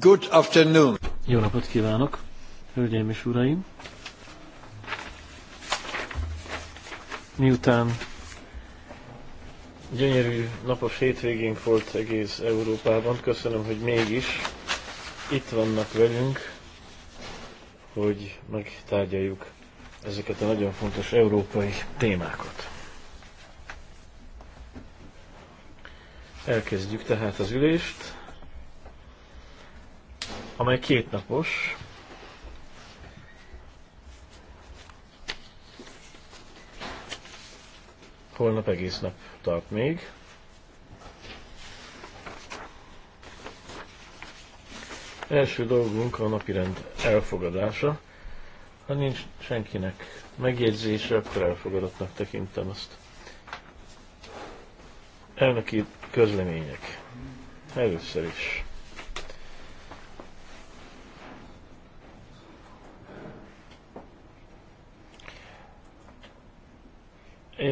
Good afternoon. Jó napot kívánok, hölgyeim és uraim! Miután gyönyörű napos hétvégénk volt egész Európában, köszönöm, hogy mégis itt vannak velünk, hogy megtárgyaljuk ezeket a nagyon fontos európai témákat. Elkezdjük tehát az ülést amely kétnapos. Holnap egész nap tart még. Első dolgunk a napirend elfogadása. Ha nincs senkinek megjegyzése, akkor elfogadottnak tekintem azt. Elnöki közlemények. Először is.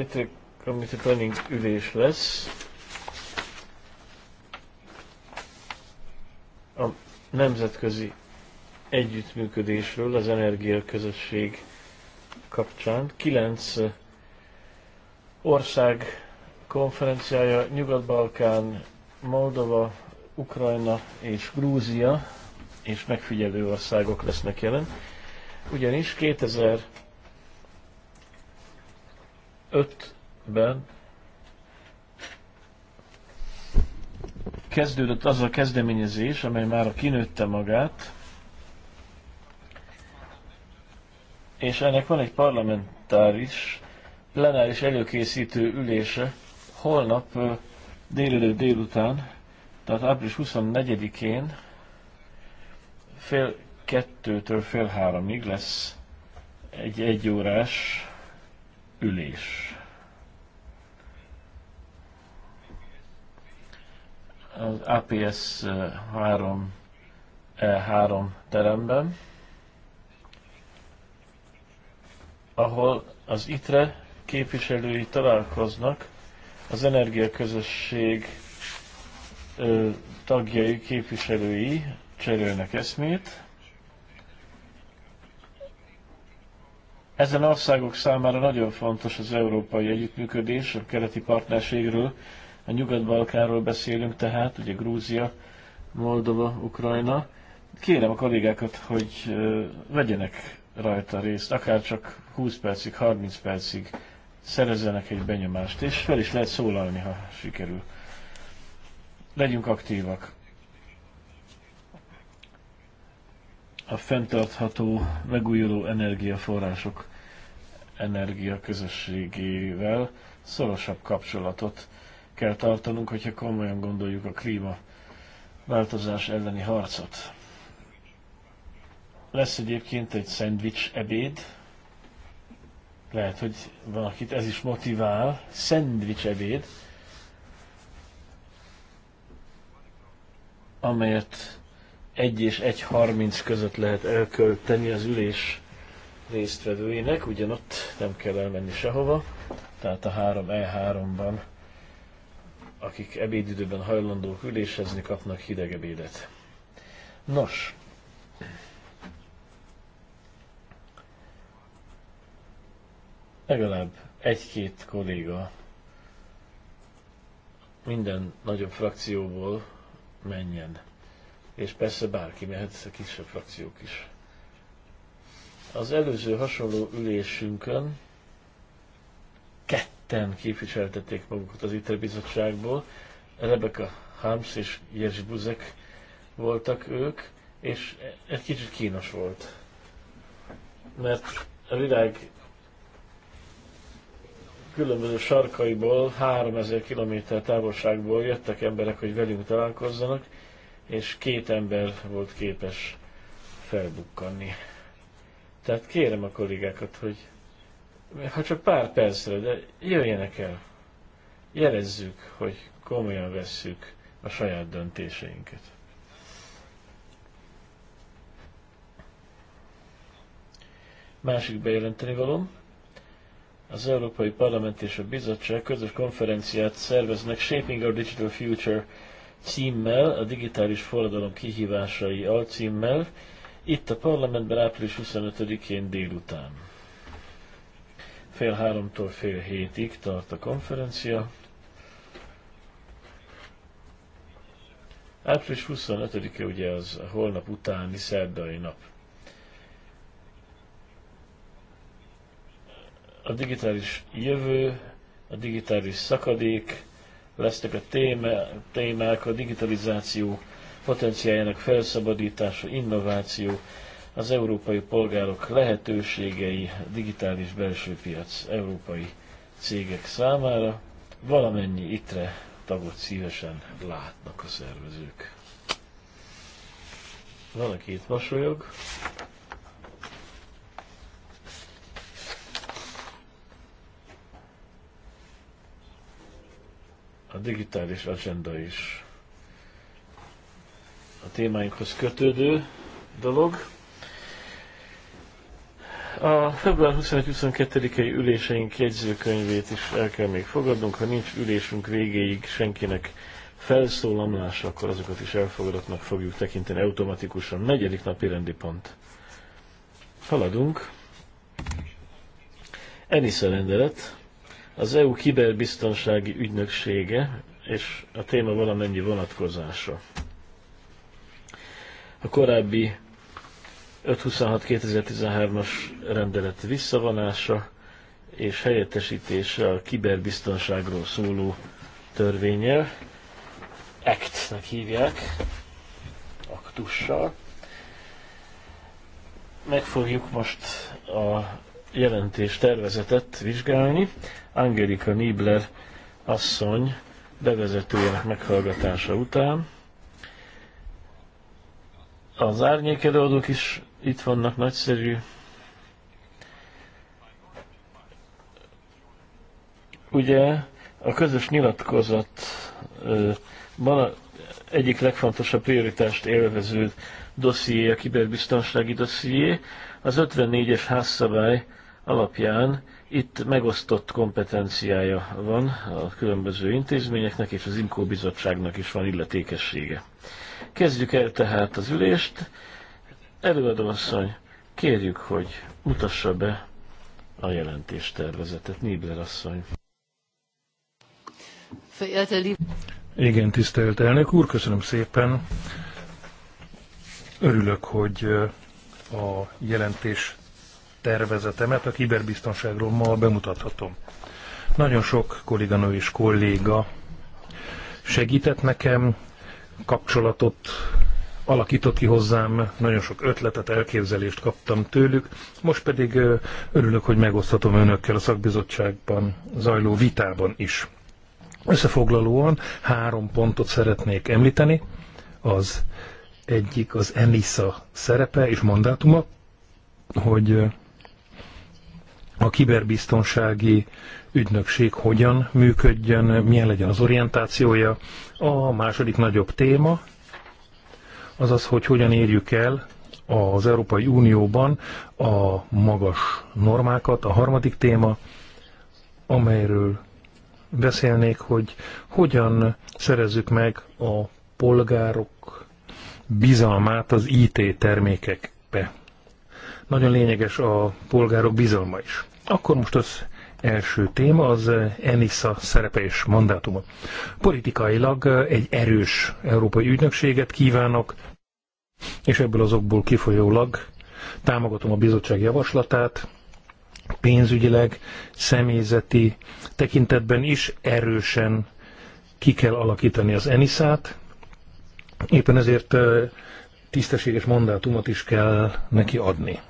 Committee, Committee Planning ülés lesz. A nemzetközi együttműködésről az energiaközösség kapcsán. Kilenc ország konferenciája Nyugat-Balkán, Moldova, Ukrajna és Grúzia és megfigyelő országok lesznek jelen. Ugyanis 2000 5 ben kezdődött az a kezdeményezés, amely már kinőtte magát, és ennek van egy parlamentáris, plenáris előkészítő ülése holnap délelőtt délután, tehát április 24-én fél kettőtől fél háromig lesz egy egyórás ülés. Az APS 3 E3 teremben, ahol az ITRE képviselői találkoznak az energiaközösség eh, tagjai, képviselői cserélnek eszmét, Ezen országok számára nagyon fontos az európai együttműködés, a keleti partnerségről, a Nyugat-Balkánról beszélünk tehát, ugye Grúzia, Moldova, Ukrajna. Kérem a kollégákat, hogy vegyenek rajta részt, akár csak 20 percig, 30 percig szerezzenek egy benyomást, és fel is lehet szólalni, ha sikerül. Legyünk aktívak. a fenntartható megújuló energiaforrások energia közösségével szorosabb kapcsolatot kell tartanunk, hogyha komolyan gondoljuk a klíma változás elleni harcot. Lesz egyébként egy szendvics ebéd, lehet, hogy van, ez is motivál, szendvics ebéd, amelyet 1 és 1.30 között lehet elkölteni az ülés résztvevőinek, ugyanott nem kell elmenni sehova, tehát a 3E3-ban, akik ebédidőben hajlandók ülésezni, kapnak hideg ebédet. Nos, legalább egy-két kolléga minden nagyobb frakcióból menjen és persze bárki mehet, a kisebb frakciók is. Az előző hasonló ülésünkön ketten képviseltették magukat az ITER bizottságból, Rebecca Harms és Jerzy Buzek voltak ők, és egy kicsit kínos volt. Mert a világ különböző sarkaiból, 3000 km távolságból jöttek emberek, hogy velünk találkozzanak, és két ember volt képes felbukkanni. Tehát kérem a kollégákat, hogy ha csak pár percre, de jöjjenek el. Jelezzük, hogy komolyan vesszük a saját döntéseinket. Másik bejelenteni valom. Az Európai Parlament és a Bizottság közös konferenciát szerveznek Shaping Our Digital Future címmel, a digitális forradalom kihívásai alcímmel, itt a parlamentben április 25-én délután. Fél háromtól fél hétig tart a konferencia. Április 25-e ugye az holnap utáni szerdai nap. A digitális jövő, a digitális szakadék, lesznek a témák, a digitalizáció potenciáljának felszabadítása, innováció, az európai polgárok lehetőségei, digitális belső piac európai cégek számára. Valamennyi itre tagot szívesen látnak a szervezők. Valaki itt mosolyog. a digitális agenda is a témáinkhoz kötődő dolog. A február 21-22-i üléseink jegyzőkönyvét is el kell még fogadnunk. Ha nincs ülésünk végéig senkinek felszólamlása, akkor azokat is elfogadatnak fogjuk tekinteni automatikusan. Negyedik napi rendi pont. Haladunk. Enisza rendelet. Az EU kiberbiztonsági ügynöksége és a téma valamennyi vonatkozása. A korábbi 526-2013-as rendelet visszavonása és helyettesítése a kiberbiztonságról szóló törvényel, ACT-nek hívják, aktussal. Meg fogjuk most a jelentés tervezetet vizsgálni. Angelika Niebler asszony bevezetőjének meghallgatása után. Az árnyék előadók is itt vannak, nagyszerű. Ugye a közös nyilatkozatban egyik legfontosabb prioritást élvező dosszié, a kiberbiztonsági dosszié, az 54-es házszabály alapján itt megosztott kompetenciája van a különböző intézményeknek, és az IMKO bizottságnak is van illetékessége. Kezdjük el tehát az ülést. Előadó asszony, kérjük, hogy mutassa be a jelentéstervezetet. Nibler asszony. Igen, tisztelt elnök úr, köszönöm szépen. Örülök, hogy a jelentés tervezetemet a kiberbiztonságról ma bemutathatom. Nagyon sok kolléganő és kolléga segített nekem, kapcsolatot alakított ki hozzám, nagyon sok ötletet, elképzelést kaptam tőlük, most pedig örülök, hogy megoszthatom önökkel a szakbizottságban zajló vitában is. Összefoglalóan három pontot szeretnék említeni. Az egyik az Enisa szerepe és mandátuma, hogy a kiberbiztonsági ügynökség hogyan működjön, milyen legyen az orientációja. A második nagyobb téma az az, hogy hogyan érjük el az Európai Unióban a magas normákat. A harmadik téma, amelyről beszélnék, hogy hogyan szerezzük meg a polgárok bizalmát az IT termékekbe. Nagyon lényeges a polgárok bizalma is. Akkor most az első téma az ENISA szerepe és mandátuma. Politikailag egy erős európai ügynökséget kívánok, és ebből azokból kifolyólag támogatom a bizottság javaslatát, pénzügyileg, személyzeti tekintetben is erősen ki kell alakítani az Enisát. Éppen ezért tisztességes mandátumot is kell neki adni.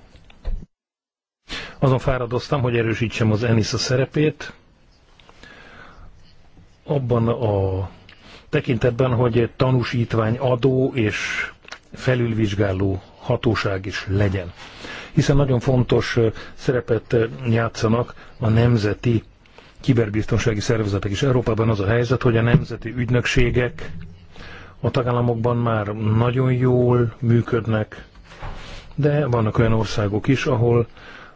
Azon fáradoztam, hogy erősítsem az ENISZA szerepét, abban a tekintetben, hogy tanúsítvány adó és felülvizsgáló hatóság is legyen. Hiszen nagyon fontos szerepet játszanak a nemzeti kiberbiztonsági szervezetek is. Európában az a helyzet, hogy a nemzeti ügynökségek a tagállamokban már nagyon jól működnek, de vannak olyan országok is, ahol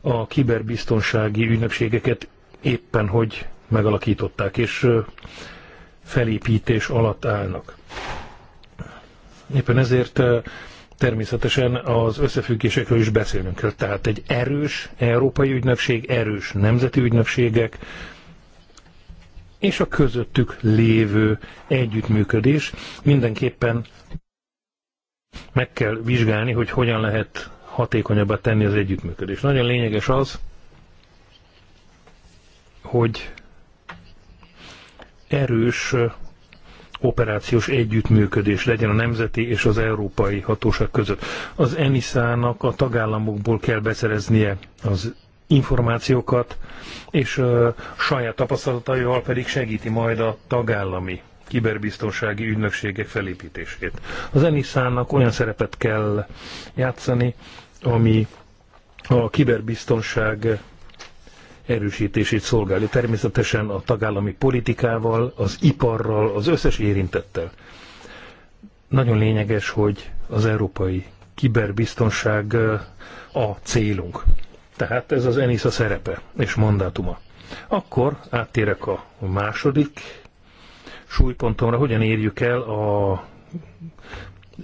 a kiberbiztonsági ünnepségeket éppen hogy megalakították, és felépítés alatt állnak. Éppen ezért természetesen az összefüggésekről is beszélnünk kell. Tehát egy erős európai ügynökség, erős nemzeti ügynökségek, és a közöttük lévő együttműködés mindenképpen meg kell vizsgálni, hogy hogyan lehet hatékonyabbá tenni az együttműködést. Nagyon lényeges az, hogy erős operációs együttműködés legyen a nemzeti és az európai hatóság között. Az eniszá nak a tagállamokból kell beszereznie az információkat, és ö, saját tapasztalataival pedig segíti majd a tagállami kiberbiztonsági ügynökségek felépítését. Az eniszá nak olyan szerepet kell játszani, ami a kiberbiztonság erősítését szolgálja. Természetesen a tagállami politikával, az iparral, az összes érintettel. Nagyon lényeges, hogy az európai kiberbiztonság eh, a célunk. Tehát ez az ENISA szerepe és mandátuma. Akkor áttérek a második súlypontomra, hogyan érjük el a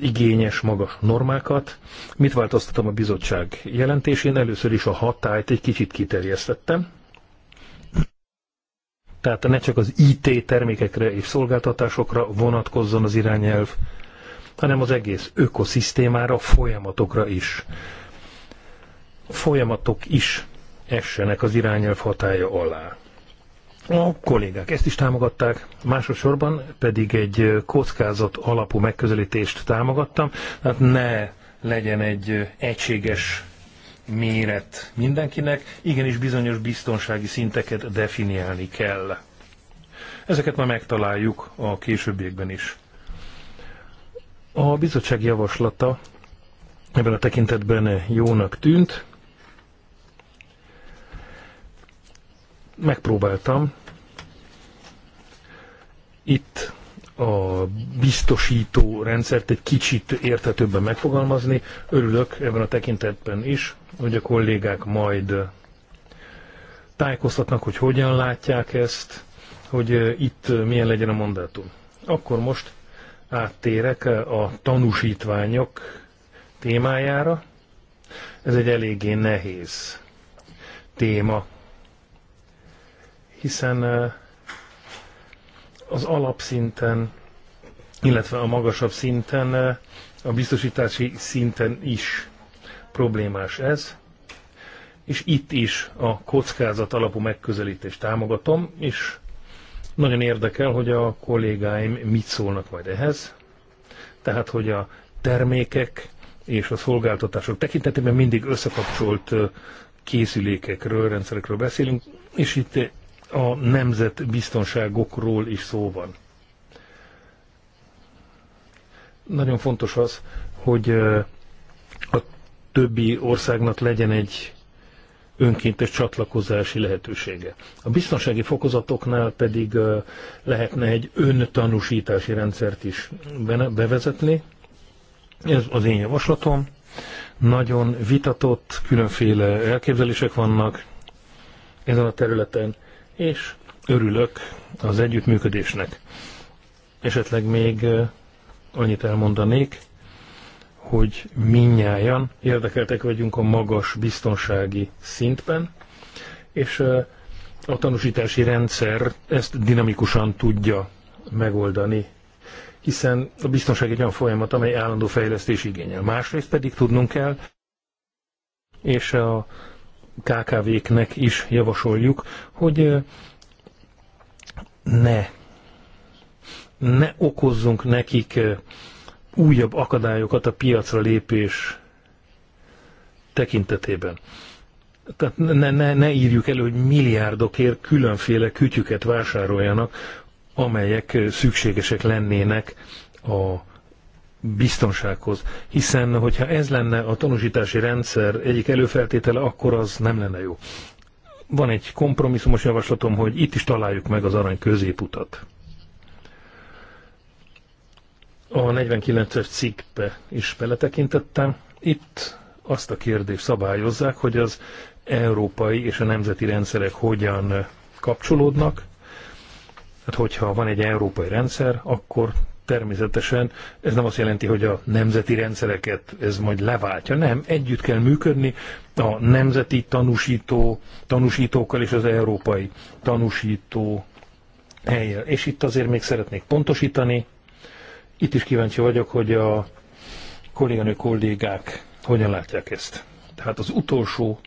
igényes, magas normákat. Mit változtatom a bizottság jelentésén? Először is a hatályt egy kicsit kiterjesztettem. Tehát ne csak az IT termékekre és szolgáltatásokra vonatkozzon az irányelv, hanem az egész ökoszisztémára, folyamatokra is. Folyamatok is essenek az irányelv hatája alá. A kollégák ezt is támogatták, másosorban pedig egy kockázat alapú megközelítést támogattam, tehát ne legyen egy egységes méret mindenkinek, igenis bizonyos biztonsági szinteket definiálni kell. Ezeket már megtaláljuk a későbbiekben is. A bizottság javaslata ebben a tekintetben jónak tűnt, megpróbáltam itt a biztosító rendszert egy kicsit érthetőbben megfogalmazni. Örülök ebben a tekintetben is, hogy a kollégák majd tájékoztatnak, hogy hogyan látják ezt, hogy eh, itt eh, milyen legyen a mandátum. Akkor most áttérek eh, a tanúsítványok témájára. Ez egy eléggé nehéz téma hiszen az alapszinten, illetve a magasabb szinten, a biztosítási szinten is problémás ez, és itt is a kockázat alapú megközelítést támogatom, és nagyon érdekel, hogy a kollégáim mit szólnak majd ehhez, tehát hogy a termékek és a szolgáltatások tekintetében mindig összekapcsolt készülékekről, rendszerekről beszélünk, és itt a nemzetbiztonságokról is szó van. Nagyon fontos az, hogy a többi országnak legyen egy önkéntes csatlakozási lehetősége. A biztonsági fokozatoknál pedig lehetne egy öntanúsítási rendszert is bevezetni. Ez az én javaslatom. Nagyon vitatott, különféle elképzelések vannak ezen a területen, és örülök az együttműködésnek. Esetleg még annyit elmondanék, hogy minnyáján érdekeltek vagyunk a magas biztonsági szintben, és a tanúsítási rendszer ezt dinamikusan tudja megoldani, hiszen a biztonság egy olyan folyamat, amely állandó fejlesztés igényel. Másrészt pedig tudnunk kell, és a KKV-knek is javasoljuk, hogy ne, ne okozzunk nekik újabb akadályokat a piacra lépés tekintetében. Tehát ne, ne, ne írjuk elő, hogy milliárdokért különféle kütyüket vásároljanak, amelyek szükségesek lennének a biztonsághoz. Hiszen, hogyha ez lenne a tanúsítási rendszer egyik előfeltétele, akkor az nem lenne jó. Van egy kompromisszumos javaslatom, hogy itt is találjuk meg az arany középutat. A 49-es cikkbe is beletekintettem. Itt azt a kérdést szabályozzák, hogy az európai és a nemzeti rendszerek hogyan kapcsolódnak. Tehát, hogyha van egy európai rendszer, akkor természetesen ez nem azt jelenti, hogy a nemzeti rendszereket ez majd leváltja, nem, együtt kell működni a nemzeti tanúsító, tanúsítókkal és az európai tanúsító helyen És itt azért még szeretnék pontosítani, itt is kíváncsi vagyok, hogy a kolléganő kollégák hogyan látják ezt. Tehát az utolsó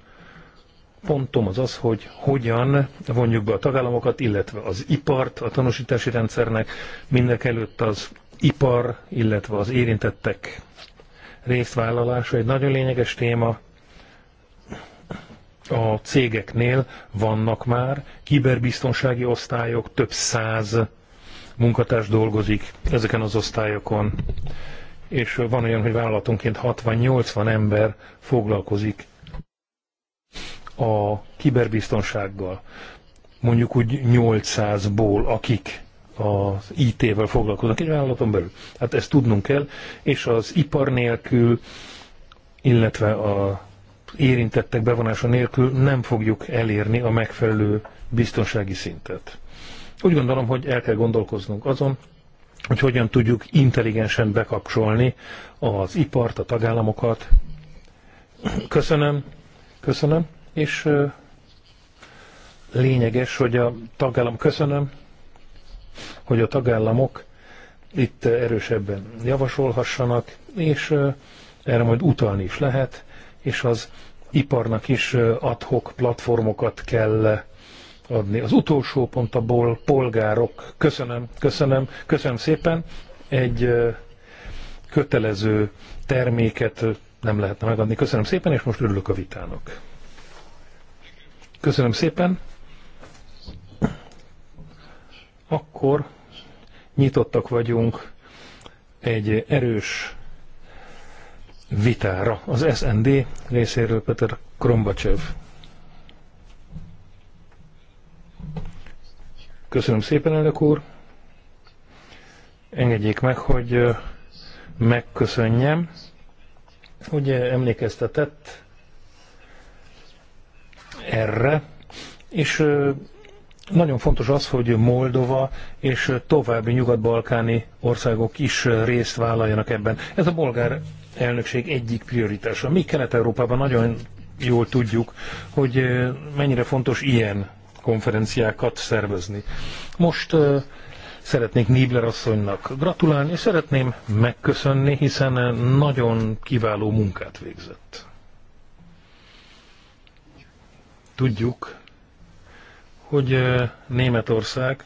pontom az az, hogy hogyan vonjuk be a tagállamokat, illetve az ipart a tanúsítási rendszernek, mindek előtt az ipar, illetve az érintettek részvállalása egy nagyon lényeges téma. A cégeknél vannak már kiberbiztonsági osztályok, több száz munkatárs dolgozik ezeken az osztályokon, és van olyan, hogy vállalatonként 60-80 ember foglalkozik a kiberbiztonsággal, mondjuk úgy 800-ból, akik az IT-vel foglalkoznak egy vállalaton belül. Hát ezt tudnunk kell, és az ipar nélkül, illetve a érintettek bevonása nélkül nem fogjuk elérni a megfelelő biztonsági szintet. Úgy gondolom, hogy el kell gondolkoznunk azon, hogy hogyan tudjuk intelligensen bekapcsolni az ipart, a tagállamokat. Köszönöm, köszönöm és lényeges, hogy a tagállam, köszönöm, hogy a tagállamok itt erősebben javasolhassanak, és erre majd utalni is lehet, és az iparnak is adhok platformokat kell adni. Az utolsó pont a polgárok. Köszönöm, köszönöm, köszönöm szépen. Egy kötelező terméket nem lehetne megadni. Köszönöm szépen, és most örülök a vitának. Köszönöm szépen. Akkor nyitottak vagyunk egy erős vitára. Az SND részéről Peter Krombacsev. Köszönöm szépen, elnök úr. Engedjék meg, hogy megköszönjem. Ugye emlékeztetett erre, és nagyon fontos az, hogy Moldova és további nyugat-balkáni országok is részt vállaljanak ebben. Ez a bolgár elnökség egyik prioritása. Mi Kelet-Európában nagyon jól tudjuk, hogy mennyire fontos ilyen konferenciákat szervezni. Most szeretnék Nibler asszonynak gratulálni, és szeretném megköszönni, hiszen nagyon kiváló munkát végzett. Tudjuk, hogy Németország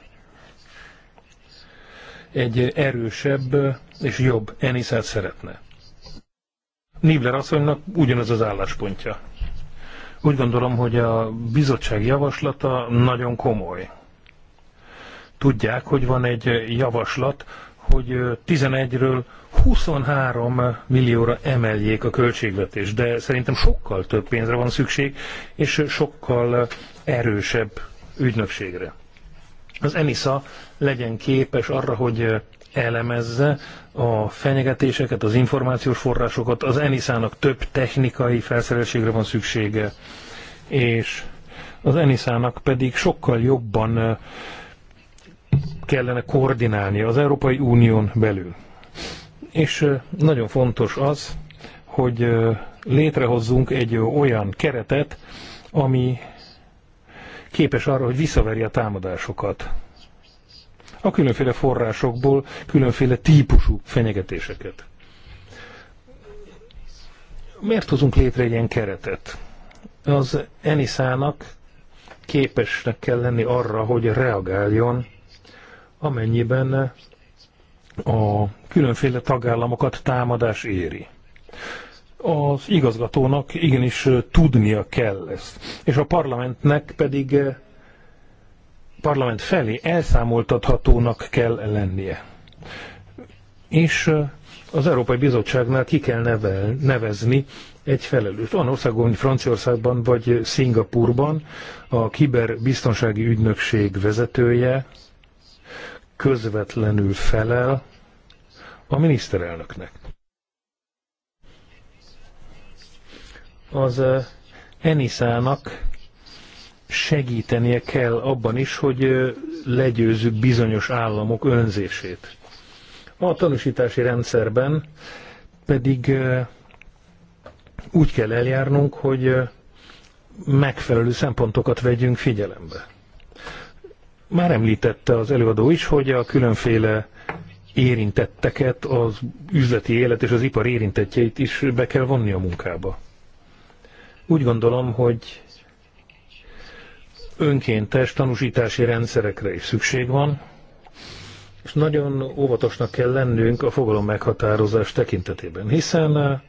egy erősebb és jobb Eniszát szeretne. Nibler asszonynak ugyanaz az álláspontja. Úgy gondolom, hogy a bizottság javaslata nagyon komoly. Tudják, hogy van egy javaslat hogy 11-ről 23 millióra emeljék a költségvetés, de szerintem sokkal több pénzre van szükség, és sokkal erősebb ügynökségre. Az ENISA legyen képes arra, hogy elemezze a fenyegetéseket, az információs forrásokat, az ENISA-nak több technikai felszereltségre van szüksége, és az ENISA-nak pedig sokkal jobban kellene koordinálni az Európai Unión belül. És nagyon fontos az, hogy létrehozzunk egy olyan keretet, ami képes arra, hogy visszaverje a támadásokat. A különféle forrásokból különféle típusú fenyegetéseket. Miért hozunk létre egy ilyen keretet? Az Enisának képesnek kell lenni arra, hogy reagáljon amennyiben a különféle tagállamokat támadás éri. Az igazgatónak igenis tudnia kell ezt, és a parlamentnek pedig eh, parlament felé elszámoltathatónak kell lennie. És eh, az Európai Bizottságnál ki kell nevel, nevezni egy felelőst. Van országban, mint Franciaországban vagy Szingapurban a kiberbiztonsági ügynökség vezetője, közvetlenül felel a miniszterelnöknek. Az eh, Enisának segítenie kell abban is, hogy eh, legyőzzük bizonyos államok önzését. A tanúsítási rendszerben pedig eh, úgy kell eljárnunk, hogy megfelelő szempontokat vegyünk figyelembe. Már említette az előadó is, hogy a különféle érintetteket, az üzleti élet és az ipar érintettjeit is be kell vonni a munkába. Úgy gondolom, hogy önkéntes tanúsítási rendszerekre is szükség van, és nagyon óvatosnak kell lennünk a fogalom meghatározás tekintetében, hiszen eh,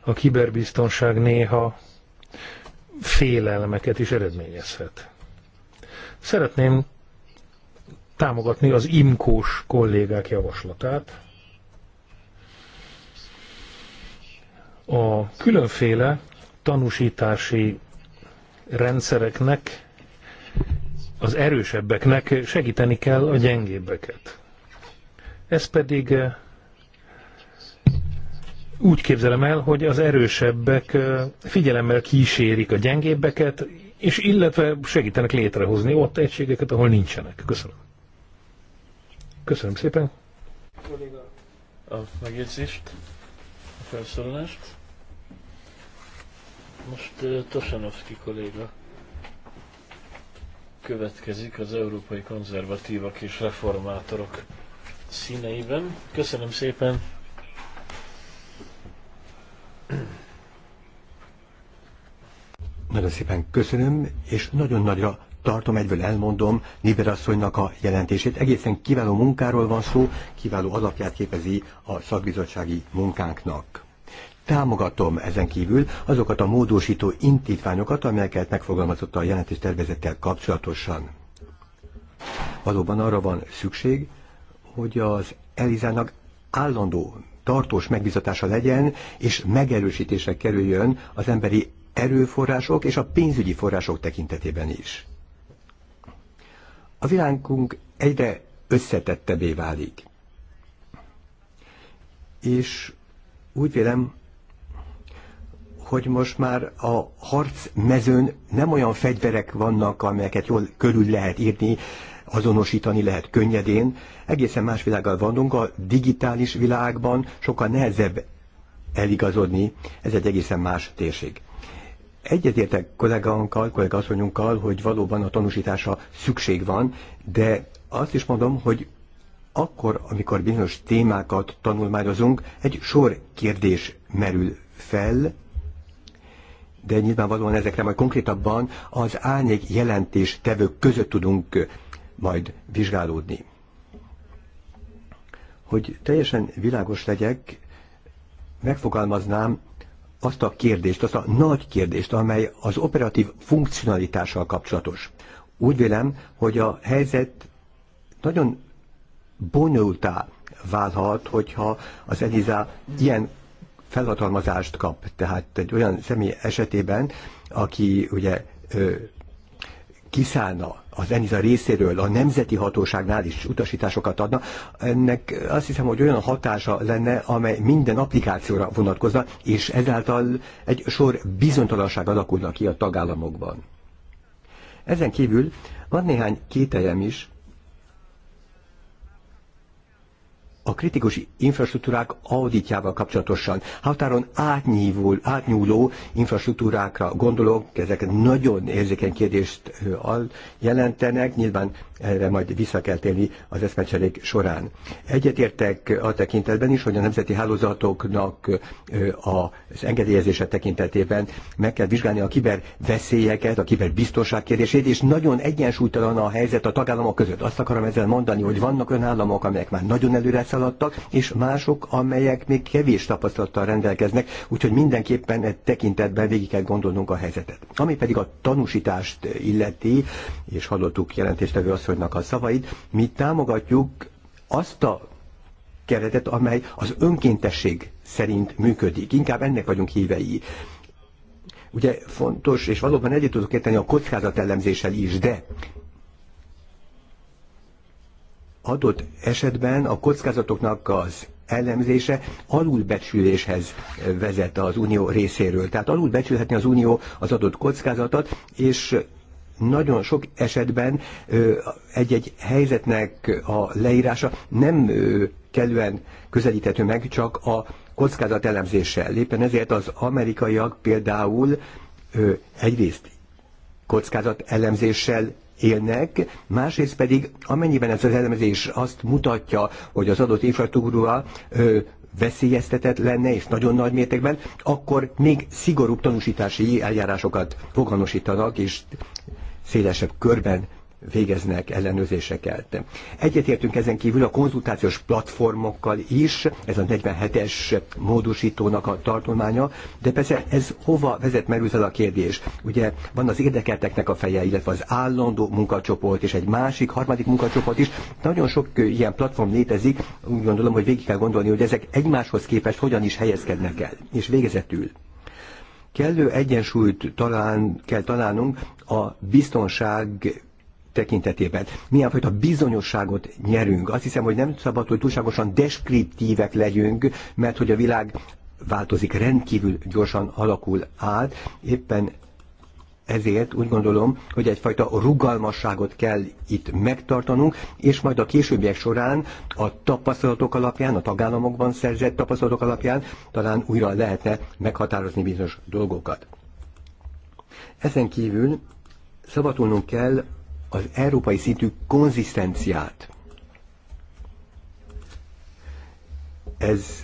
a kiberbiztonság néha félelmeket is eredményezhet. Szeretném támogatni az imkós kollégák javaslatát. A különféle tanúsítási rendszereknek, az erősebbeknek segíteni kell a gyengébbeket. Ez pedig eh, úgy képzelem el, hogy az erősebbek eh, figyelemmel kísérik a gyengébbeket, és illetve segítenek létrehozni ott egységeket, ahol nincsenek. Köszönöm. Köszönöm szépen. A megjegyzést, a felszólalást. Most Tosanovski kolléga következik az európai konzervatívak és reformátorok színeiben. Köszönöm szépen. Nagyon szépen köszönöm, és nagyon nagyra tartom, egyből elmondom Niber asszonynak a jelentését. Egészen kiváló munkáról van szó, kiváló alapját képezi a szakbizottsági munkánknak támogatom ezen kívül azokat a módosító intítványokat, amelyeket megfogalmazott a jelentés tervezettel kapcsolatosan. Valóban arra van szükség, hogy az Elizának állandó, tartós megbizatása legyen, és megerősítésre kerüljön az emberi erőforrások és a pénzügyi források tekintetében is. A világunk egyre összetettebbé válik. És úgy vélem, hogy most már a harc mezőn nem olyan fegyverek vannak, amelyeket jól körül lehet írni, azonosítani lehet könnyedén. Egészen más világgal vannunk, a digitális világban sokkal nehezebb eligazodni, ez egy egészen más térség. Egyetértek kollégánkkal, kollégasszonyunkkal, hogy valóban a tanúsítása szükség van, de azt is mondom, hogy akkor, amikor bizonyos témákat tanulmányozunk, egy sor kérdés merül fel, de nyilvánvalóan ezekre majd konkrétabban az árnyék jelentés tevők között tudunk majd vizsgálódni. Hogy teljesen világos legyek, megfogalmaznám azt a kérdést, azt a nagy kérdést, amely az operatív funkcionalitással kapcsolatos. Úgy vélem, hogy a helyzet nagyon bonyolultá válhat, hogyha az Eliza ilyen felhatalmazást kap. Tehát egy olyan személy esetében, aki ugye ö, kiszállna az ENISA részéről a nemzeti hatóságnál is utasításokat adna, ennek azt hiszem, hogy olyan hatása lenne, amely minden applikációra vonatkozna, és ezáltal egy sor bizonytalanság alakulna ki a tagállamokban. Ezen kívül van néhány kételjem is, a kritikus infrastruktúrák auditjával kapcsolatosan. Határon átnyívul, átnyúló infrastruktúrákra gondolok, ezek nagyon érzékeny kérdést jelentenek, nyilván erre majd vissza kell térni az eszmecserék során. Egyetértek a tekintetben is, hogy a nemzeti hálózatoknak az engedélyezése tekintetében meg kell vizsgálni a kiber veszélyeket, a biztonság kérdését, és nagyon egyensúlytalan a helyzet a tagállamok között. Azt akarom ezzel mondani, hogy vannak önállamok, amelyek már nagyon előre szaladtak, és mások, amelyek még kevés tapasztalattal rendelkeznek, úgyhogy mindenképpen egy tekintetben végig kell gondolnunk a helyzetet. Ami pedig a tanúsítást illeti, és hallottuk jelentéstevő azt, asszonynak a szavait, mi támogatjuk azt a keretet, amely az önkéntesség szerint működik. Inkább ennek vagyunk hívei. Ugye fontos, és valóban egyet tudok érteni a ellenzéssel is, de adott esetben a kockázatoknak az ellenzése alulbecsüléshez vezet az unió részéről. Tehát alulbecsülhetni az unió az adott kockázatot, és nagyon sok esetben egy-egy helyzetnek a leírása nem kellően közelíthető meg csak a kockázat elemzéssel. Éppen ezért az amerikaiak például egyrészt kockázat elemzéssel élnek, másrészt pedig amennyiben ez az elemzés azt mutatja, hogy az adott infrastruktúra veszélyeztetett lenne, és nagyon nagy mértékben, akkor még szigorúbb tanúsítási eljárásokat foganosítanak, és szélesebb körben végeznek ellenőrzéseket. Egyetértünk ezen kívül a konzultációs platformokkal is, ez a 47-es módosítónak a tartománya, de persze ez hova vezet, merül fel a kérdés. Ugye van az érdekelteknek a feje, illetve az állandó munkacsoport, és egy másik, harmadik munkacsoport is. Nagyon sok ilyen platform létezik, úgy gondolom, hogy végig kell gondolni, hogy ezek egymáshoz képest hogyan is helyezkednek el, és végezetül. Kellő egyensúlyt talán, kell találnunk a biztonság tekintetében. Milyen fajta bizonyosságot nyerünk. Azt hiszem, hogy nem szabad, hogy túlságosan deskriptívek legyünk, mert hogy a világ változik, rendkívül gyorsan alakul át, éppen ezért úgy gondolom, hogy egyfajta rugalmasságot kell itt megtartanunk, és majd a későbbiek során a tapasztalatok alapján, a tagállamokban szerzett tapasztalatok alapján talán újra lehetne meghatározni bizonyos dolgokat. Ezen kívül szavatolnunk kell az európai szintű konzisztenciát. Ez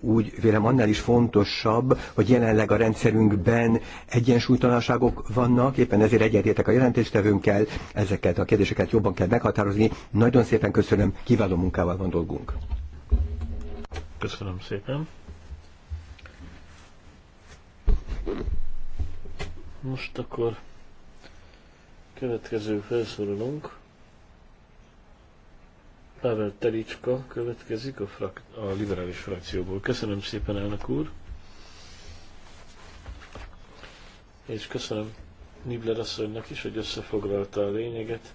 úgy vélem annál is fontosabb, hogy jelenleg a rendszerünkben egyensúlytalanságok vannak, éppen ezért egyetértek a jelentéstevőnkkel, ezeket a kérdéseket jobban kell meghatározni. Nagyon szépen köszönöm, kiváló munkával van dolgunk. Köszönöm szépen. Most akkor következő felszólalunk. Pavel Telicska következik a, frak- a liberális frakcióból. Köszönöm szépen, elnök úr! És köszönöm Nibler asszonynak is, hogy összefoglalta a lényeget.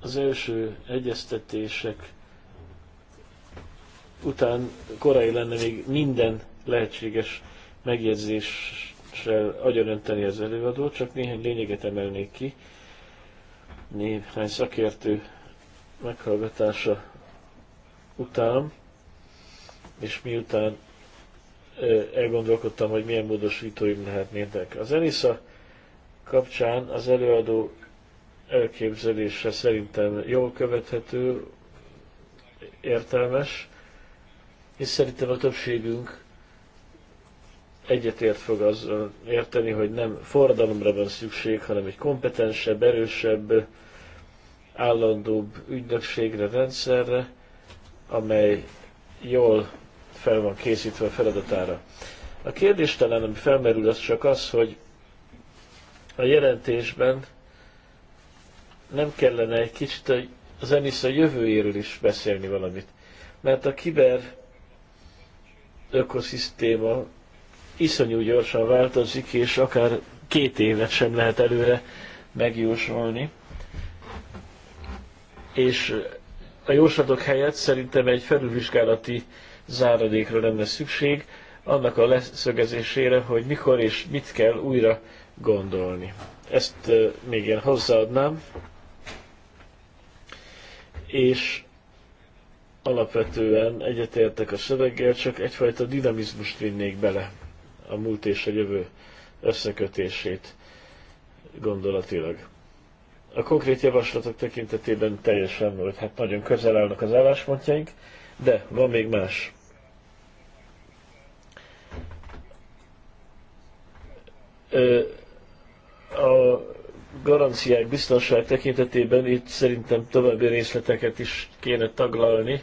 Az első egyeztetések után korai lenne még minden lehetséges megjegyzéssel agyonönteni az előadót, csak néhány lényeget emelnék ki néhány szakértő meghallgatása után, és miután elgondolkodtam, hogy milyen módosítóim lehetnének. Az Enisa kapcsán az előadó elképzelése szerintem jól követhető, értelmes, és szerintem a többségünk egyetért fog az érteni, hogy nem forradalomra van szükség, hanem egy kompetensebb, erősebb, állandóbb ügynökségre, rendszerre, amely jól fel van készítve a feladatára. A kérdés talán, ami felmerül, az csak az, hogy a jelentésben nem kellene egy kicsit az a jövőjéről is beszélni valamit. Mert a kiber ökoszisztéma iszonyú gyorsan változik, és akár két évet sem lehet előre megjósolni. És a jóslatok helyett szerintem egy felülvizsgálati záradékra lenne szükség, annak a leszögezésére, hogy mikor és mit kell újra gondolni. Ezt még én hozzáadnám, és alapvetően egyetértek a szöveggel, csak egyfajta dinamizmust vinnék bele a múlt és a jövő összekötését gondolatilag. A konkrét javaslatok tekintetében teljesen volt, hát nagyon közel állnak az álláspontjaink, de van még más. A garanciák biztonság tekintetében itt szerintem további részleteket is kéne taglalni.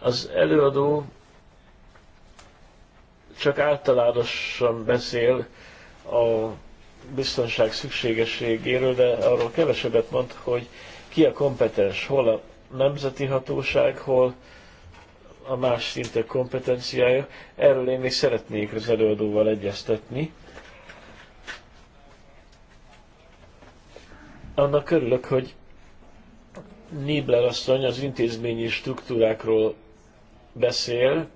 Az előadó csak általánosan beszél a biztonság szükségességéről, de arról kevesebbet mond, hogy ki a kompetens, hol a nemzeti hatóság, hol a más szintek kompetenciája. Erről én még szeretnék az előadóval egyeztetni. Annak örülök, hogy Nibler asszony az intézményi struktúrákról beszél,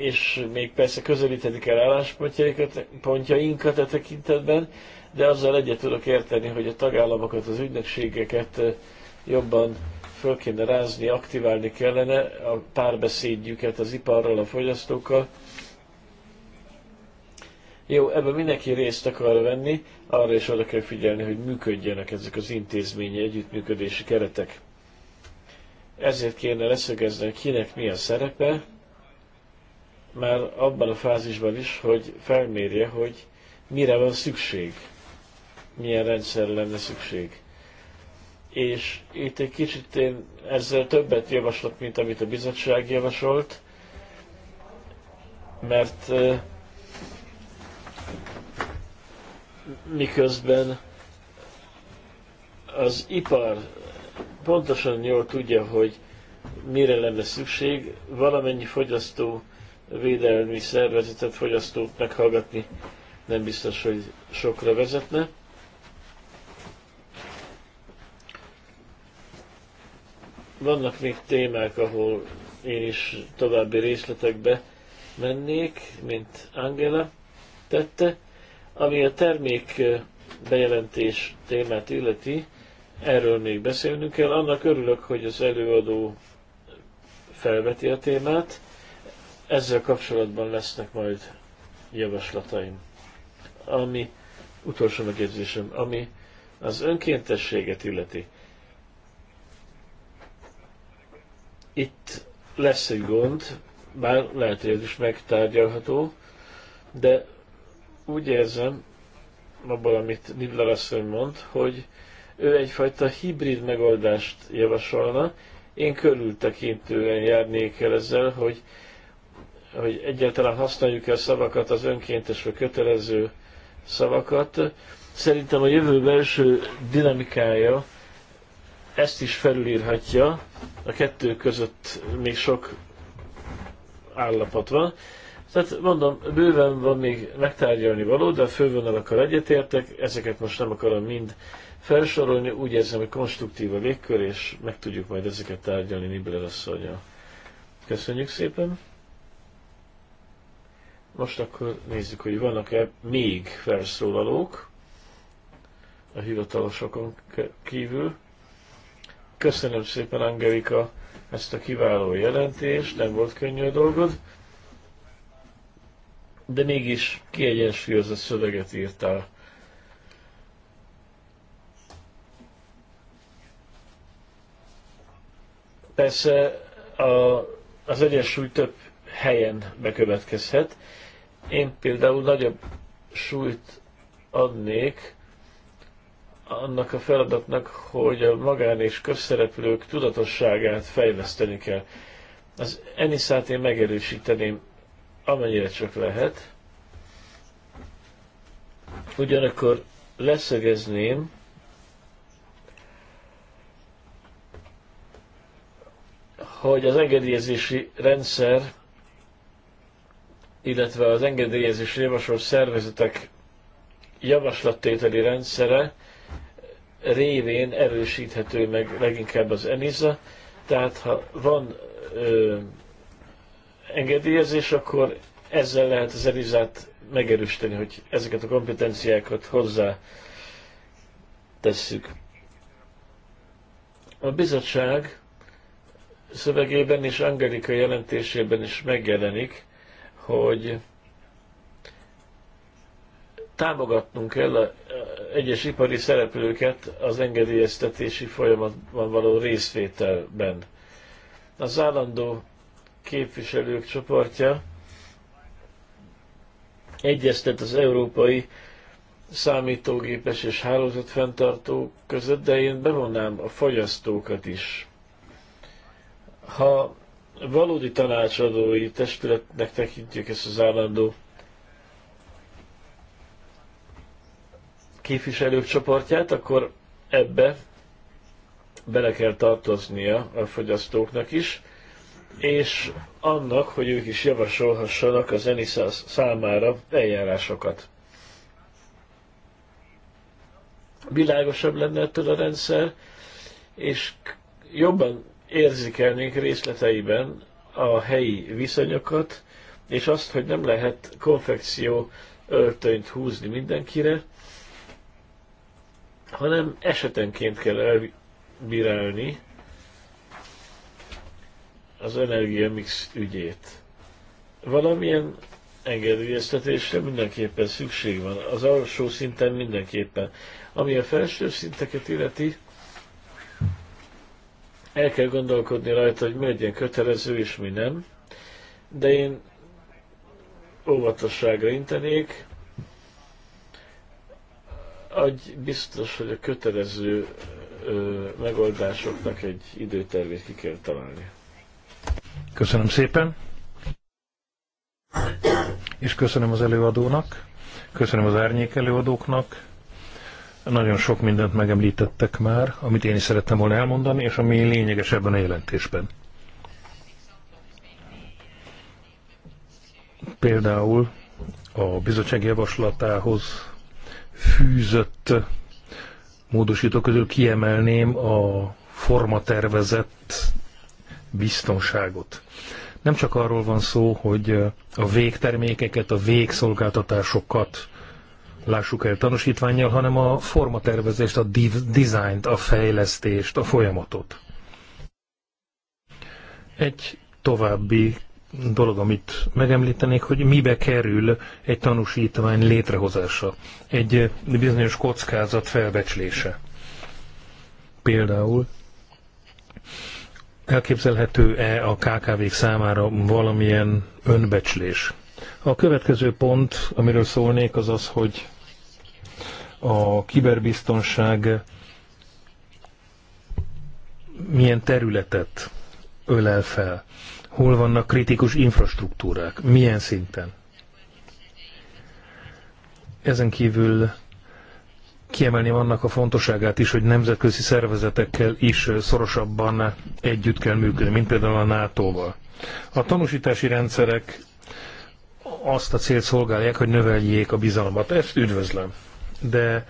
és még persze közelíthetik el álláspontjainkat e tekintetben, de azzal egyet tudok érteni, hogy a tagállamokat, az ügynökségeket e, jobban föl kéne rázni, aktiválni kellene a párbeszédjüket az iparral, a fogyasztókkal. Jó, ebben mindenki részt akar venni, arra is oda kell figyelni, hogy működjenek ezek az intézményi együttműködési keretek. Ezért kéne leszögezni, kinek mi a szerepe, már abban a fázisban is, hogy felmérje, hogy mire van szükség, milyen rendszer lenne szükség. És itt egy kicsit én ezzel többet javaslok, mint amit a bizottság javasolt, mert miközben az ipar pontosan jól tudja, hogy mire lenne szükség, valamennyi fogyasztó védelmi szervezetet, fogyasztót meghallgatni nem biztos, hogy sokra vezetne. Vannak még témák, ahol én is további részletekbe mennék, mint Angela tette. Ami a termék bejelentés témát illeti, erről még beszélnünk kell. Annak örülök, hogy az előadó felveti a témát. Ezzel kapcsolatban lesznek majd javaslataim. Ami, utolsó megjegyzésem, ami az önkéntességet illeti. Itt lesz egy gond, bár lehet, hogy ez is megtárgyalható, de úgy érzem, abból, amit Nibler asszony mond, hogy ő egyfajta hibrid megoldást javasolna. Én körültekintően járnék el ezzel, hogy hogy egyáltalán használjuk el a szavakat, az önkéntes vagy kötelező szavakat. Szerintem a jövő belső dinamikája ezt is felülírhatja, a kettő között még sok állapot van. Tehát mondom, bőven van még megtárgyalni való, de a fővonalakkal egyetértek, ezeket most nem akarom mind felsorolni, úgy érzem, hogy konstruktív a légkör, és meg tudjuk majd ezeket tárgyalni Nibler asszonyjal. Köszönjük szépen! Most akkor nézzük, hogy vannak-e még felszólalók a hivatalosokon kívül. Köszönöm szépen, Angelika, ezt a kiváló jelentést, nem volt könnyű a dolgod, de mégis kiegyensúlyozott szöveget írtál. Persze a, az egyensúly több helyen bekövetkezhet, én például nagyobb súlyt adnék annak a feladatnak, hogy a magán és közszereplők tudatosságát fejleszteni kell. Az Eniszát én megerősíteném, amennyire csak lehet. Ugyanakkor leszögezném, hogy az engedélyezési rendszer illetve az engedélyezés javasolt szervezetek javaslattételi rendszere révén erősíthető meg leginkább az ENISA, tehát ha van ö, engedélyezés, akkor ezzel lehet az ENISA-t megerősíteni, hogy ezeket a kompetenciákat hozzá tesszük. A bizottság szövegében és Angelika jelentésében is megjelenik, hogy támogatnunk kell a egyes ipari szereplőket az engedélyeztetési folyamatban való részvételben. Az állandó képviselők csoportja egyeztet az európai számítógépes és hálózatfenntartó között, de én bevonnám a fogyasztókat is. Ha valódi tanácsadói testületnek tekintjük ezt az állandó képviselők csoportját, akkor ebbe bele kell tartoznia a fogyasztóknak is, és annak, hogy ők is javasolhassanak az ENISA számára eljárásokat. Világosabb lenne ettől a rendszer, és jobban érzékelnénk részleteiben a helyi viszonyokat, és azt, hogy nem lehet konfekció öltönyt húzni mindenkire, hanem esetenként kell elbírálni az energiamix ügyét. Valamilyen engedélyeztetésre mindenképpen szükség van, az alsó szinten mindenképpen. Ami a felső szinteket illeti, el kell gondolkodni rajta, hogy mi legyen kötelező és mi nem, de én óvatosságra intenék, hogy biztos, hogy a kötelező ö, megoldásoknak egy időtervét ki kell találni. Köszönöm szépen, és köszönöm az előadónak, köszönöm az árnyék előadóknak, nagyon sok mindent megemlítettek már, amit én is szerettem volna elmondani, és ami lényeges ebben a jelentésben. Például a bizottság javaslatához fűzött módosítók közül kiemelném a formatervezett biztonságot. Nem csak arról van szó, hogy a végtermékeket, a végszolgáltatásokat lássuk el tanúsítványjal, hanem a formatervezést, a dizájnt, a fejlesztést, a folyamatot. Egy további dolog, amit megemlítenék, hogy mibe kerül egy tanúsítvány létrehozása, egy bizonyos kockázat felbecslése. Például elképzelhető-e a KKV-k számára valamilyen önbecslés? A következő pont, amiről szólnék, az az, hogy a kiberbiztonság milyen területet ölel fel, hol vannak kritikus infrastruktúrák, milyen szinten. Ezen kívül kiemelném annak a fontosságát is, hogy nemzetközi szervezetekkel is szorosabban együtt kell működni, mint például a NATO-val. A tanúsítási rendszerek azt a célt szolgálják, hogy növeljék a bizalmat. Ezt üdvözlöm. De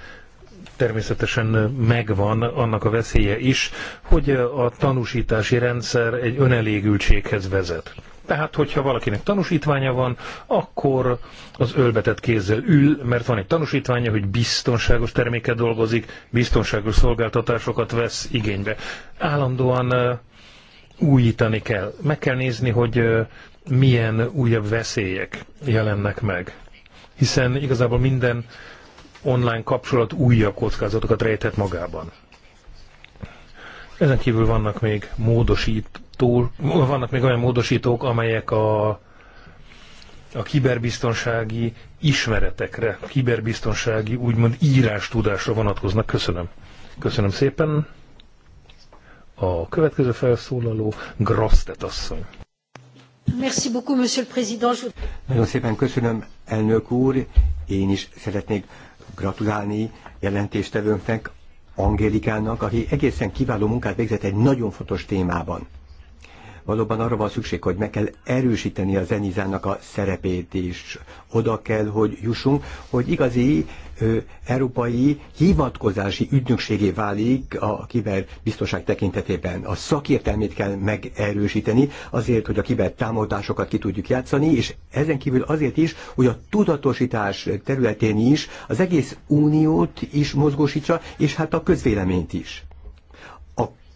természetesen megvan annak a veszélye is, hogy a tanúsítási rendszer egy önelégültséghez vezet. Tehát, hogyha valakinek tanúsítványa van, akkor az ölbetett kézzel ül, mert van egy tanúsítványa, hogy biztonságos terméket dolgozik, biztonságos szolgáltatásokat vesz igénybe. Állandóan újítani kell. Meg kell nézni, hogy milyen újabb veszélyek jelennek meg. Hiszen igazából minden online kapcsolat újabb kockázatokat rejtett magában. Ezen kívül vannak még módosító, vannak még olyan módosítók, amelyek a, a kiberbiztonsági ismeretekre, kiberbiztonsági úgymond írás tudásra vonatkoznak. Köszönöm. Köszönöm szépen. A következő felszólaló Grasztet asszony. Merci beaucoup, monsieur le président. Nagyon szépen köszönöm, elnök úr. Én is szeretnék gratulálni jelentéstevőnknek, Angélikának, aki egészen kiváló munkát végzett egy nagyon fontos témában valóban arra van szükség, hogy meg kell erősíteni a zenizának a szerepét, és oda kell, hogy jussunk, hogy igazi ö, európai hivatkozási ügynökségé válik a kiberbiztonság tekintetében. A szakértelmét kell megerősíteni azért, hogy a támogatásokat ki tudjuk játszani, és ezen kívül azért is, hogy a tudatosítás területén is az egész uniót is mozgósítsa, és hát a közvéleményt is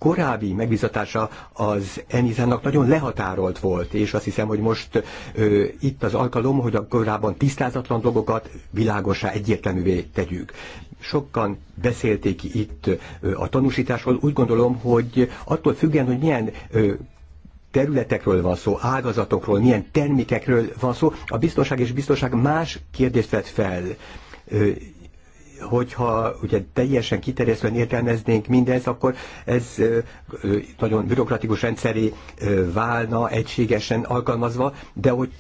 korábbi megbizatása az Enizának nagyon lehatárolt volt, és azt hiszem, hogy most ö, itt az alkalom, hogy a korábban tisztázatlan dolgokat világosá egyértelművé tegyük. Sokan beszélték itt ö, a tanúsításról, úgy gondolom, hogy attól függően, hogy milyen ö, területekről van szó, ágazatokról, milyen termékekről van szó, a biztonság és biztonság más kérdést vett fel hogyha ugye teljesen kiterjesztően értelmeznénk mindezt, akkor ez nagyon bürokratikus rendszeré válna egységesen alkalmazva, de hogy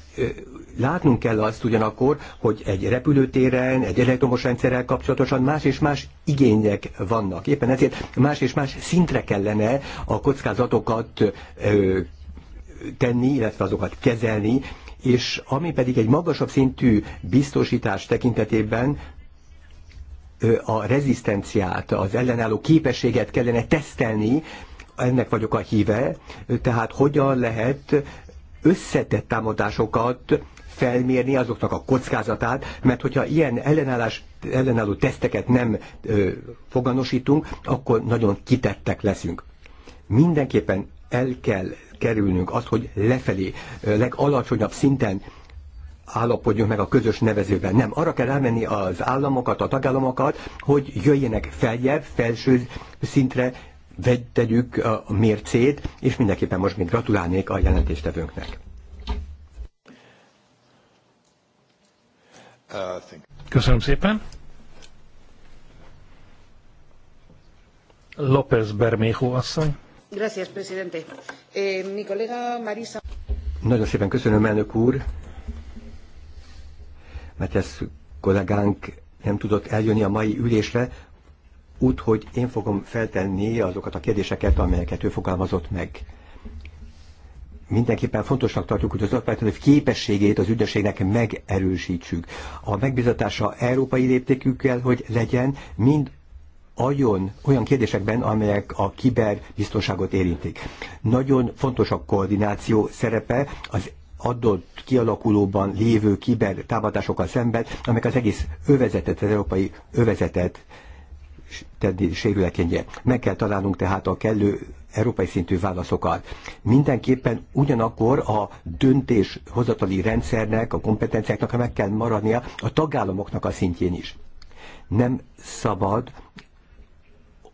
látnunk kell azt ugyanakkor, hogy egy repülőtéren, egy elektromos rendszerrel kapcsolatosan más és más igények vannak. Éppen ezért más és más szintre kellene a kockázatokat tenni, illetve azokat kezelni, és ami pedig egy magasabb szintű biztosítás tekintetében a rezisztenciát, az ellenálló képességet kellene tesztelni, ennek vagyok a híve, tehát hogyan lehet összetett támadásokat felmérni azoknak a kockázatát, mert hogyha ilyen ellenállás, ellenálló teszteket nem ö, foganosítunk, akkor nagyon kitettek leszünk. Mindenképpen el kell kerülnünk azt, hogy lefelé, legalacsonyabb szinten állapodjunk meg a közös nevezőben. Nem, arra kell elmenni az államokat, a tagállamokat, hogy jöjjenek feljebb, felső szintre, vegyük a mércét, és mindenképpen most még gratulálnék a jelentéstevőnknek. Köszönöm szépen. López Bermejo asszony. Gracias, presidente. Eh, mi Marisa... Nagyon szépen köszönöm, elnök úr ez kollégánk nem tudott eljönni a mai ülésre, úgyhogy én fogom feltenni azokat a kérdéseket, amelyeket ő fogalmazott meg. Mindenképpen fontosnak tartjuk, hogy az operatív képességét az ügynökségnek megerősítsük. A megbizatása európai léptékükkel, hogy legyen, mind ajon olyan kérdésekben, amelyek a kiberbiztonságot érintik. Nagyon fontos a koordináció szerepe, az adott kialakulóban lévő kiber támadásokkal szemben, amelyek az egész övezetet, az európai övezetet tenni sérülékenyé. Meg kell találnunk tehát a kellő európai szintű válaszokat. Mindenképpen ugyanakkor a döntéshozatali rendszernek, a kompetenciáknak meg kell maradnia a tagállamoknak a szintjén is. Nem szabad,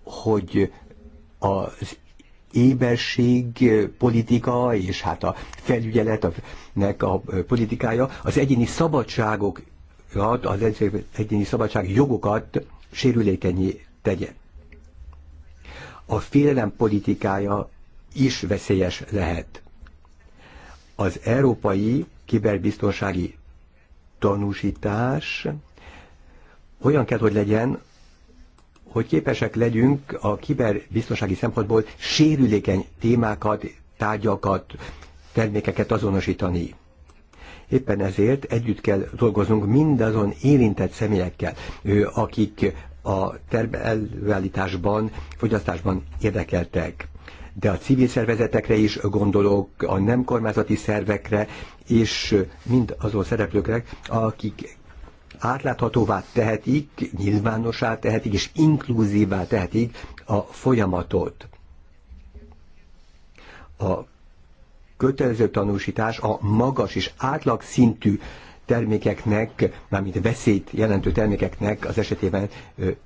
hogy az éberség politika, és hát a felügyeletnek a politikája az egyéni szabadságok az egyéni szabadság jogokat sérülékenyé tegye. A félelem politikája is veszélyes lehet. Az európai kiberbiztonsági tanúsítás olyan kell, hogy legyen, hogy képesek legyünk a kiberbiztonsági szempontból sérülékeny témákat, tárgyakat, termékeket azonosítani. Éppen ezért együtt kell dolgoznunk mindazon érintett személyekkel, akik a termelőállításban, fogyasztásban érdekeltek. De a civil szervezetekre is gondolok, a nem kormányzati szervekre, és mind azon szereplőkre, akik átláthatóvá tehetik, nyilvánossá tehetik és inkluzívá tehetik a folyamatot. A kötelező tanúsítás a magas és átlag szintű termékeknek, mármint veszélyt jelentő termékeknek az esetében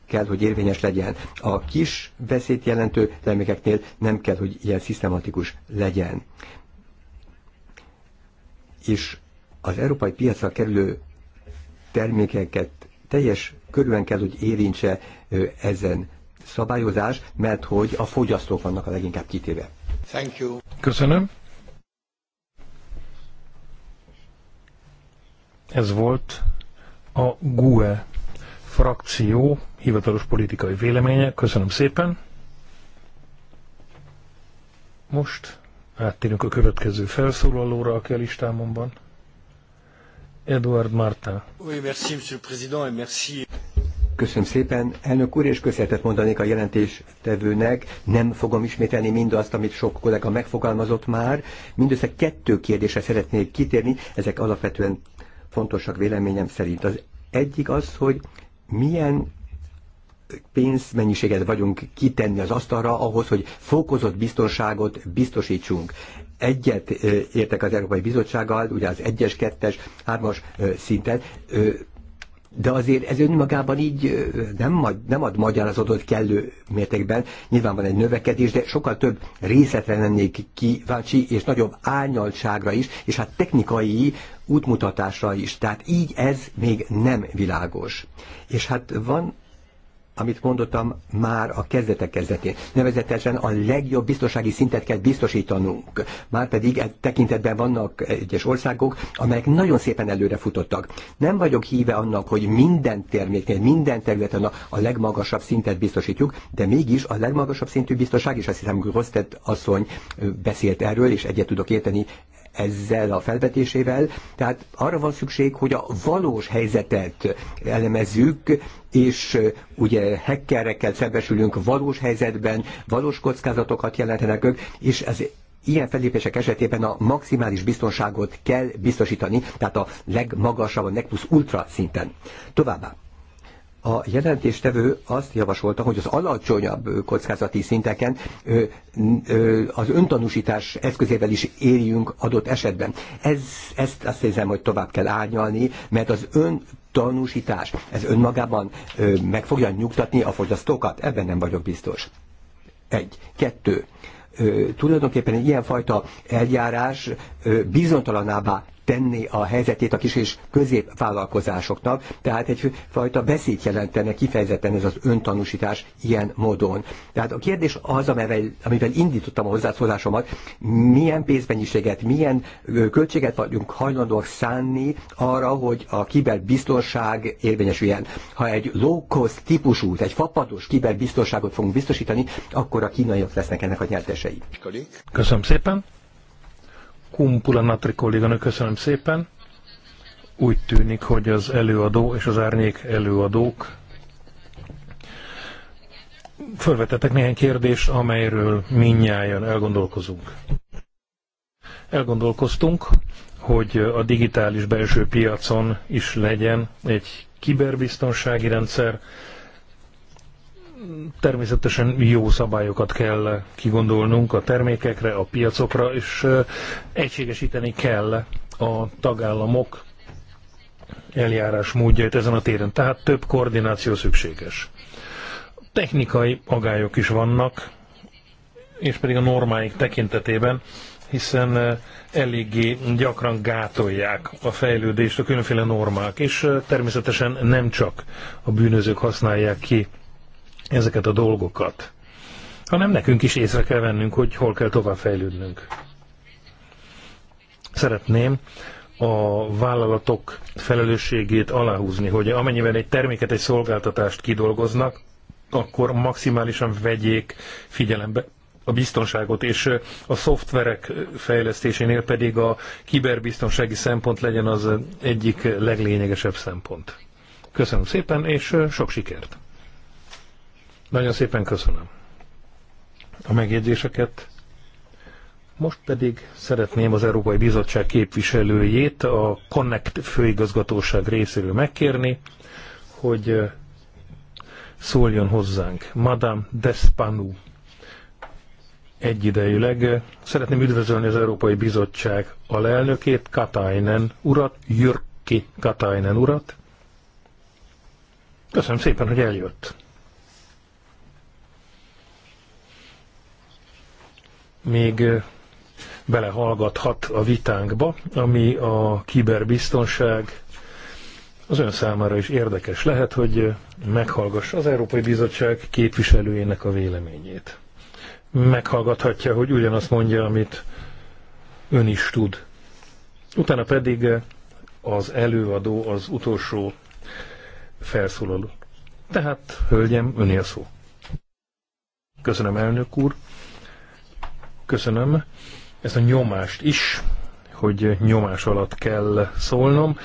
kell, hogy érvényes legyen. A kis veszélyt jelentő termékeknél nem kell, hogy ilyen szisztematikus legyen. És az európai piacra kerülő termékeket teljes körülön kell, hogy érintse ezen szabályozás, mert hogy a fogyasztók vannak a leginkább kitéve. Thank you. Köszönöm. Ez volt a GUE frakció hivatalos politikai véleménye. Köszönöm szépen. Most áttérünk a következő felszólalóra, a kell listámomban. Köszönöm szépen, elnök úr, és köszönetet mondanék a jelentéstevőnek. Nem fogom ismételni mindazt, amit sok kollega megfogalmazott már. Mindössze kettő kérdésre szeretnék kitérni, ezek alapvetően fontosak véleményem szerint. Az egyik az, hogy milyen pénzmennyiséget vagyunk kitenni az asztalra ahhoz, hogy fokozott biztonságot biztosítsunk egyet értek az Európai Bizottsággal, ugye az egyes, kettes, hármas szinten, de azért ez önmagában így nem, ad, nem ad magyarázatot kellő mértékben. Nyilván van egy növekedés, de sokkal több részletre lennék kíváncsi, és nagyobb árnyaltságra is, és hát technikai útmutatásra is. Tehát így ez még nem világos. És hát van amit mondottam már a kezdetek kezdetén. Nevezetesen a legjobb biztonsági szintet kell biztosítanunk. Márpedig e tekintetben vannak egyes országok, amelyek nagyon szépen előre futottak. Nem vagyok híve annak, hogy minden terméknél, minden területen a legmagasabb szintet biztosítjuk, de mégis a legmagasabb szintű biztonság, és azt hiszem, hogy Roszted asszony beszélt erről, és egyet tudok érteni ezzel a felvetésével. Tehát arra van szükség, hogy a valós helyzetet elemezzük, és ugye hackerekkel szembesülünk valós helyzetben, valós kockázatokat jelentenek ők, és ez ilyen fellépések esetében a maximális biztonságot kell biztosítani, tehát a legmagasabb, a NEC plusz ultra szinten. Továbbá, a jelentéstevő azt javasolta, hogy az alacsonyabb kockázati szinteken az öntanúsítás eszközével is érjünk adott esetben. Ez, ezt azt hiszem, hogy tovább kell árnyalni, mert az öntanúsítás ez önmagában ö, meg fogja nyugtatni a fogyasztókat? Ebben nem vagyok biztos. Egy. Kettő. Ö, tulajdonképpen egy ilyenfajta eljárás ö, bizonytalanábbá tenni a helyzetét a kis és középvállalkozásoknak, tehát egyfajta beszéd jelentene kifejezetten ez az öntanúsítás ilyen módon. Tehát a kérdés az, amivel, amivel indítottam a hozzászólásomat, milyen pénzmennyiséget, milyen költséget vagyunk hajlandóak szánni arra, hogy a kiberbiztonság érvényesüljen. Ha egy low-cost típusú, egy fapados kiberbiztonságot fogunk biztosítani, akkor a kínaiak lesznek ennek a nyertesei. Köszönöm szépen! Kumpula Natri kolléganő, köszönöm szépen. Úgy tűnik, hogy az előadó és az árnyék előadók fölvetettek néhány kérdést, amelyről minnyáján elgondolkozunk. Elgondolkoztunk, hogy a digitális belső piacon is legyen egy kiberbiztonsági rendszer, természetesen jó szabályokat kell kigondolnunk a termékekre, a piacokra, és egységesíteni kell a tagállamok eljárás módjait ezen a téren. Tehát több koordináció szükséges. Technikai agályok is vannak, és pedig a normáik tekintetében, hiszen eléggé gyakran gátolják a fejlődést a különféle normák, és természetesen nem csak a bűnözők használják ki ezeket a dolgokat, hanem nekünk is észre kell vennünk, hogy hol kell továbbfejlődnünk. Szeretném a vállalatok felelősségét aláhúzni, hogy amennyiben egy terméket, egy szolgáltatást kidolgoznak, akkor maximálisan vegyék figyelembe a biztonságot, és a szoftverek fejlesztésénél pedig a kiberbiztonsági szempont legyen az egyik leglényegesebb szempont. Köszönöm szépen, és sok sikert! Nagyon szépen köszönöm a megjegyzéseket. Most pedig szeretném az Európai Bizottság képviselőjét, a Connect főigazgatóság részéről megkérni, hogy szóljon hozzánk. Madame Despanu egyidejűleg. Szeretném üdvözölni az Európai Bizottság alelnökét, Katainen urat, Jürki Katainen urat. Köszönöm szépen, hogy eljött. még belehallgathat a vitánkba, ami a kiberbiztonság az ön számára is érdekes lehet, hogy meghallgassa az Európai Bizottság képviselőjének a véleményét. Meghallgathatja, hogy ugyanazt mondja, amit ön is tud. Utána pedig az előadó az utolsó felszólaló. Tehát, hölgyem, öné a szó. Köszönöm, elnök úr. Köszönöm ezt a nyomást is, hogy nyomás alatt kell szólnom,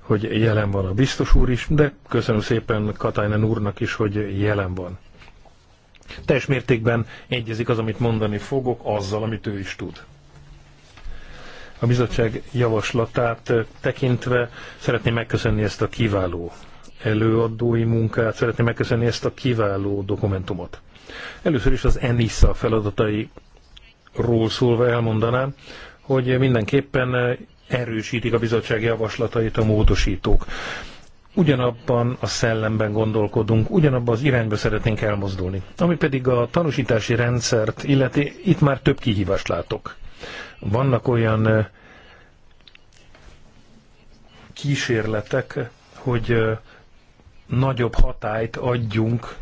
hogy jelen van a biztos úr is, de köszönöm szépen Katajnen úrnak is, hogy jelen van. Teljes mértékben egyezik az, amit mondani fogok, azzal, amit ő is tud. A bizottság javaslatát tekintve szeretném megköszönni ezt a kiváló előadói munkát, szeretném megköszönni ezt a kiváló dokumentumot. Először is az ENISA feladatai ról szólva elmondanám, hogy mindenképpen erősítik a bizottság javaslatait a módosítók. Ugyanabban a szellemben gondolkodunk, ugyanabban az irányba szeretnénk elmozdulni. Ami pedig a tanúsítási rendszert illeti, itt már több kihívást látok. Vannak olyan kísérletek, hogy nagyobb hatályt adjunk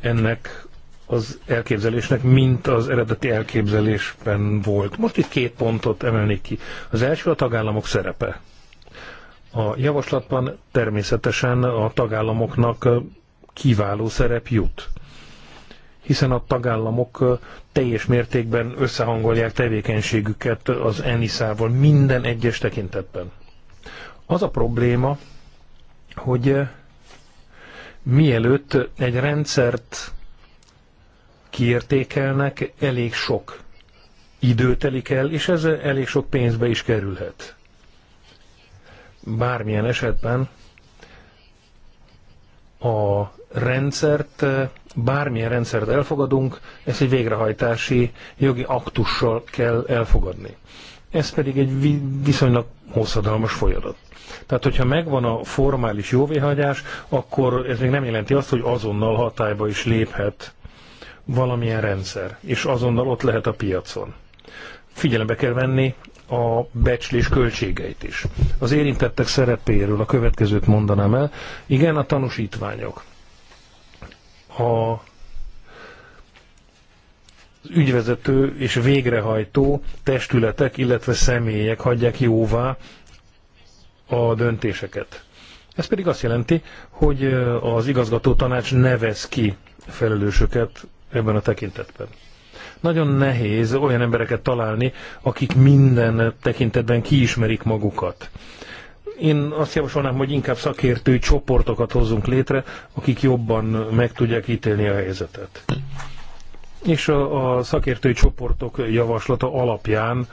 ennek az elképzelésnek, mint az eredeti elképzelésben volt. Most itt két pontot emelnék ki. Az első a tagállamok szerepe. A javaslatban természetesen a tagállamoknak kiváló szerep jut, hiszen a tagállamok teljes mértékben összehangolják tevékenységüket az ENISZ-ával minden egyes tekintetben. Az a probléma, hogy mielőtt egy rendszert kiértékelnek, elég sok idő telik el, és ez elég sok pénzbe is kerülhet. Bármilyen esetben a rendszert, bármilyen rendszert elfogadunk, ezt egy végrehajtási jogi aktussal kell elfogadni. Ez pedig egy viszonylag hosszadalmas folyadat. Tehát, hogyha megvan a formális jóvéhagyás, akkor ez még nem jelenti azt, hogy azonnal hatályba is léphet valamilyen rendszer, és azonnal ott lehet a piacon. Figyelembe kell venni a becslés költségeit is. Az érintettek szerepéről a következőt mondanám el. Igen, a tanúsítványok. A az ügyvezető és végrehajtó testületek, illetve személyek hagyják jóvá a döntéseket. Ez pedig azt jelenti, hogy az igazgató tanács nevez ki felelősöket ebben a tekintetben. Nagyon nehéz olyan embereket találni, akik minden tekintetben kiismerik magukat. Én azt javasolnám, hogy inkább szakértő csoportokat hozzunk létre, akik jobban meg tudják ítélni a helyzetet. És a, a szakértői csoportok javaslata alapján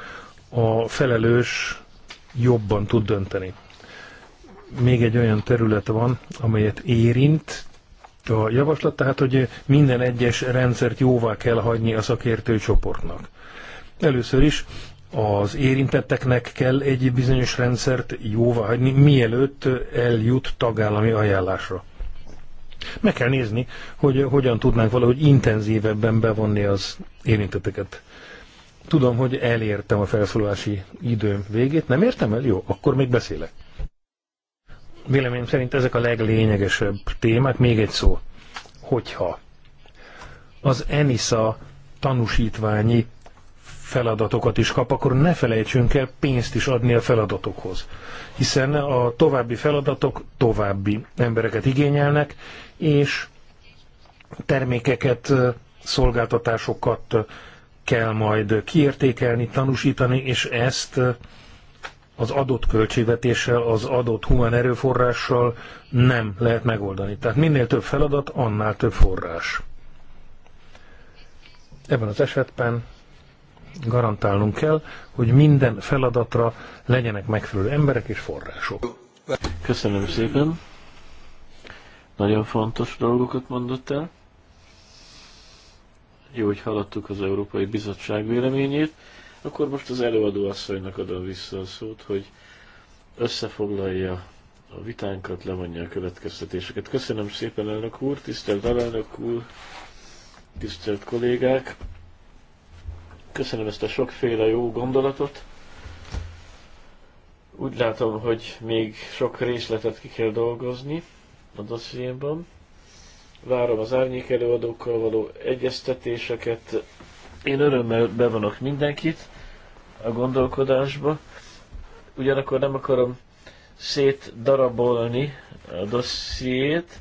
a felelős jobban tud dönteni. Még egy olyan terület van, amelyet érint, a javaslat, tehát hogy minden egyes rendszert jóvá kell hagyni a szakértő csoportnak. Először is az érintetteknek kell egy bizonyos rendszert jóvá hagyni, mielőtt eljut tagállami ajánlásra. Meg kell nézni, hogy hogyan tudnánk valahogy intenzívebben bevonni az érintetteket. Tudom, hogy elértem a felszólási időm végét. Nem értem el? Jó, akkor még beszélek. Véleményem szerint ezek a leglényegesebb témák. Még egy szó, hogyha az ENISA tanúsítványi feladatokat is kap, akkor ne felejtsünk el pénzt is adni a feladatokhoz. Hiszen a további feladatok további embereket igényelnek, és termékeket, szolgáltatásokat kell majd kiértékelni, tanúsítani, és ezt az adott költségvetéssel, az adott humán erőforrással nem lehet megoldani. Tehát minél több feladat, annál több forrás. Ebben az esetben garantálnunk kell, hogy minden feladatra legyenek megfelelő emberek és források. Köszönöm szépen. Nagyon fontos dolgokat mondott el. Jó, hogy hallottuk az Európai Bizottság véleményét. Akkor most az előadó asszonynak adom vissza a szót, hogy összefoglalja a vitánkat, levonja a következtetéseket. Köszönöm szépen, elnök úr, tisztelt alelnök úr, tisztelt kollégák. Köszönöm ezt a sokféle jó gondolatot. Úgy látom, hogy még sok részletet ki kell dolgozni a dossziémban. Várom az árnyék előadókkal való egyeztetéseket. Én örömmel bevonok mindenkit a gondolkodásba. Ugyanakkor nem akarom szétdarabolni a dossziét,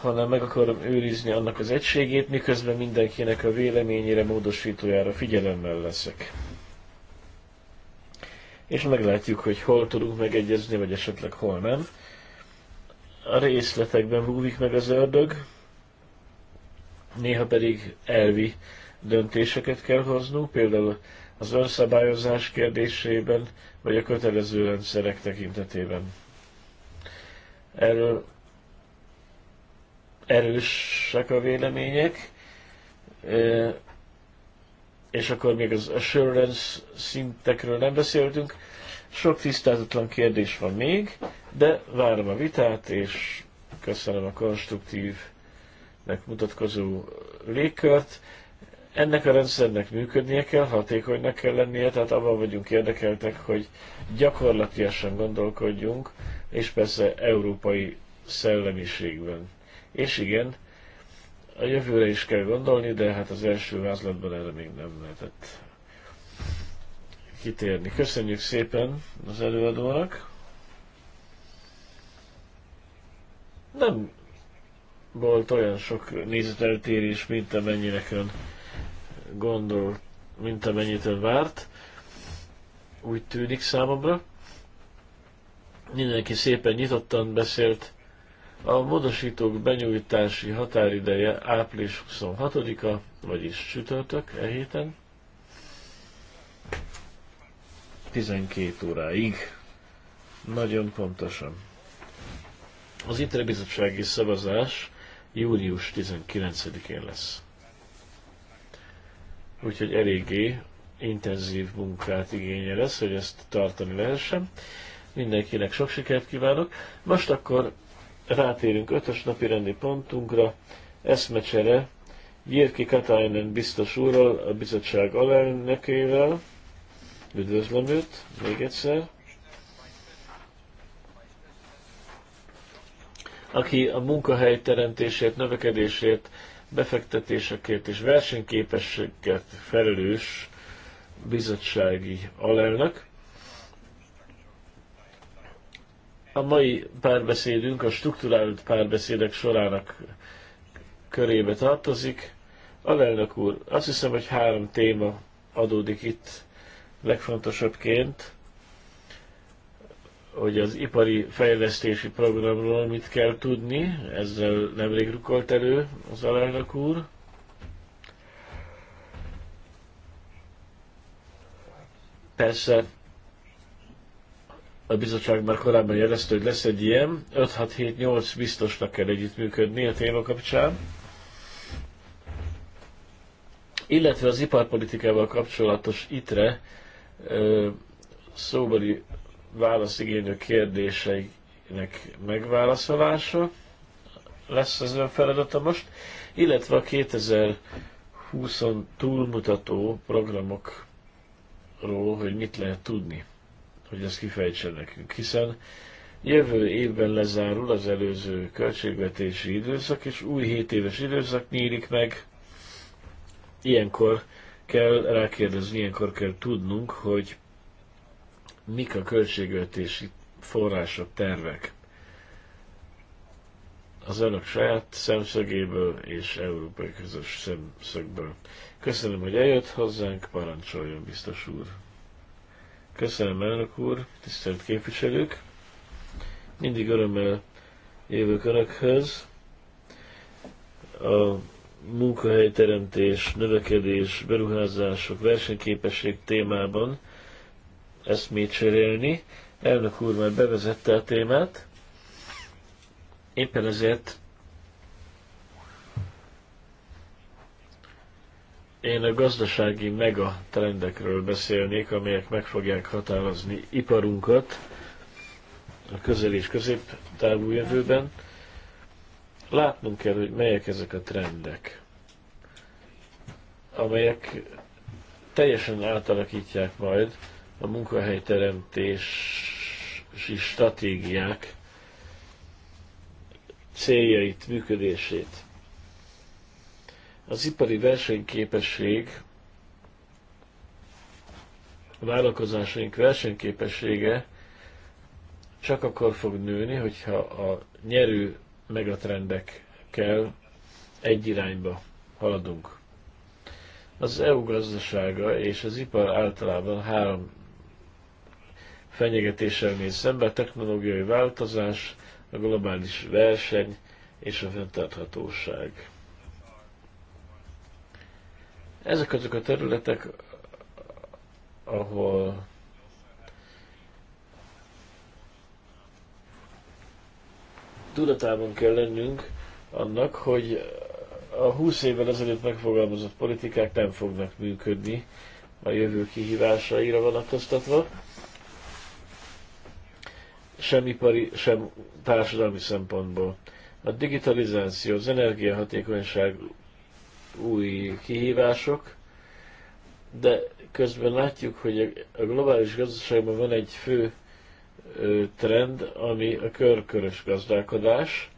hanem meg akarom őrizni annak az egységét, miközben mindenkinek a véleményére, módosítójára figyelemmel leszek. És meglátjuk, hogy hol tudunk megegyezni, vagy esetleg hol nem. A részletekben búvik meg az ördög, néha pedig elvi döntéseket kell hoznunk, például az önszabályozás kérdésében, vagy a kötelező rendszerek tekintetében. Erről erősek a vélemények, és akkor még az assurance szintekről nem beszéltünk. Sok tisztázatlan kérdés van még, de várom a vitát, és köszönöm a konstruktívnek mutatkozó légkört. Ennek a rendszernek működnie kell, hatékonynak kell lennie, tehát abban vagyunk érdekeltek, hogy gyakorlatilag gondolkodjunk, és persze európai szellemiségben. És igen, a jövőre is kell gondolni, de hát az első vázlatban erre még nem lehetett kitérni. Köszönjük szépen az előadónak. Nem volt olyan sok nézeteltérés, mint amennyire ön gondol, mint amennyit ön várt. Úgy tűnik számomra. Mindenki szépen nyitottan beszélt. A módosítók benyújtási határideje április 26-a, vagyis csütörtök e héten. 12 óráig. Nagyon pontosan. Az ITRE bizottsági szavazás július 19-én lesz úgyhogy eléggé intenzív munkát igényel ez, hogy ezt tartani lehessen. Mindenkinek sok sikert kívánok. Most akkor rátérünk ötös napi rendi pontunkra, eszmecsere Jirki Katainen biztos úrral, a bizottság alelnökével. Üdvözlöm őt még egyszer. Aki a munkahely teremtését, növekedését befektetésekért és versenyképességet felelős bizottsági alelnök. A mai párbeszédünk a strukturált párbeszédek sorának körébe tartozik. Alelnök úr, azt hiszem, hogy három téma adódik itt legfontosabbként hogy az ipari fejlesztési programról mit kell tudni, ezzel nemrég rukolt elő az alelnök úr. Persze a bizottság már korábban jelezte, hogy lesz egy ilyen, 5-6-7-8 biztosnak kell együttműködni a téma kapcsán, illetve az iparpolitikával kapcsolatos ITRE szóbeli válaszigényő kérdéseinek megválaszolása lesz az ön feladata most, illetve a 2020-on túlmutató programokról, hogy mit lehet tudni, hogy ezt kifejtsen nekünk, hiszen jövő évben lezárul az előző költségvetési időszak, és új 7 éves időszak nyílik meg. Ilyenkor kell rákérdezni, ilyenkor kell tudnunk, hogy mik a költségvetési források, tervek az önök saját szemszögéből és európai közös szemszögből. Köszönöm, hogy eljött hozzánk, parancsoljon biztos úr. Köszönöm, elnök úr, tisztelt képviselők. Mindig örömmel jövök önökhöz. A munkahelyteremtés, növekedés, beruházások, versenyképesség témában eszmét cserélni. Elnök úr már bevezette a témát. Éppen ezért én a gazdasági mega-trendekről beszélnék, amelyek meg fogják határozni iparunkat a közel és távú jövőben. Látnunk kell, hogy melyek ezek a trendek, amelyek teljesen átalakítják majd a munkahelyteremtési stratégiák céljait, működését. Az ipari versenyképesség, a vállalkozásaink versenyképessége csak akkor fog nőni, hogyha a nyerő megatrendekkel egy irányba haladunk. Az EU gazdasága és az ipar általában három fenyegetéssel néz szembe, a technológiai változás, a globális verseny és a fenntarthatóság. Ezek azok a területek, ahol tudatában kell lennünk annak, hogy a 20 évvel ezelőtt megfogalmazott politikák nem fognak működni a jövő kihívásaira vonatkoztatva sem ipari, sem társadalmi szempontból. A digitalizáció, az energiahatékonyság új kihívások, de közben látjuk, hogy a globális gazdaságban van egy fő trend, ami a körkörös gazdálkodás.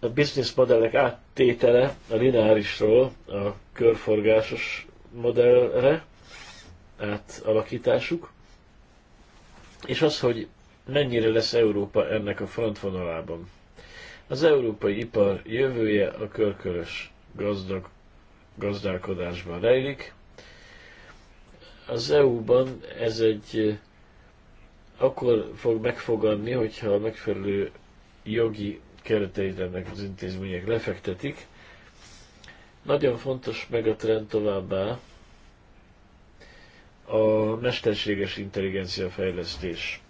A business modellek áttétele a lineárisról a körforgásos modellre, átalakításuk és az, hogy mennyire lesz Európa ennek a frontvonalában. Az európai ipar jövője a körkörös gazdag gazdálkodásban rejlik. Az EU-ban ez egy akkor fog megfogadni, hogyha a megfelelő jogi kereteit ennek az intézmények lefektetik. Nagyon fontos meg a trend továbbá, a mesterséges intelligencia fejlesztés.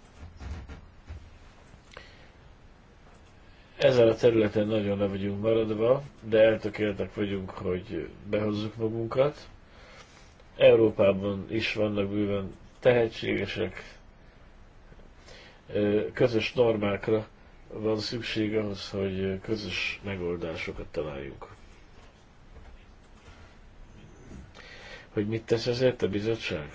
Ezzel a területen nagyon le vagyunk maradva, de eltökéltek vagyunk, hogy behozzuk magunkat. Európában is vannak bőven tehetségesek, közös normákra van szükség ahhoz, hogy közös megoldásokat találjunk. Hogy mit tesz ezért a bizottság?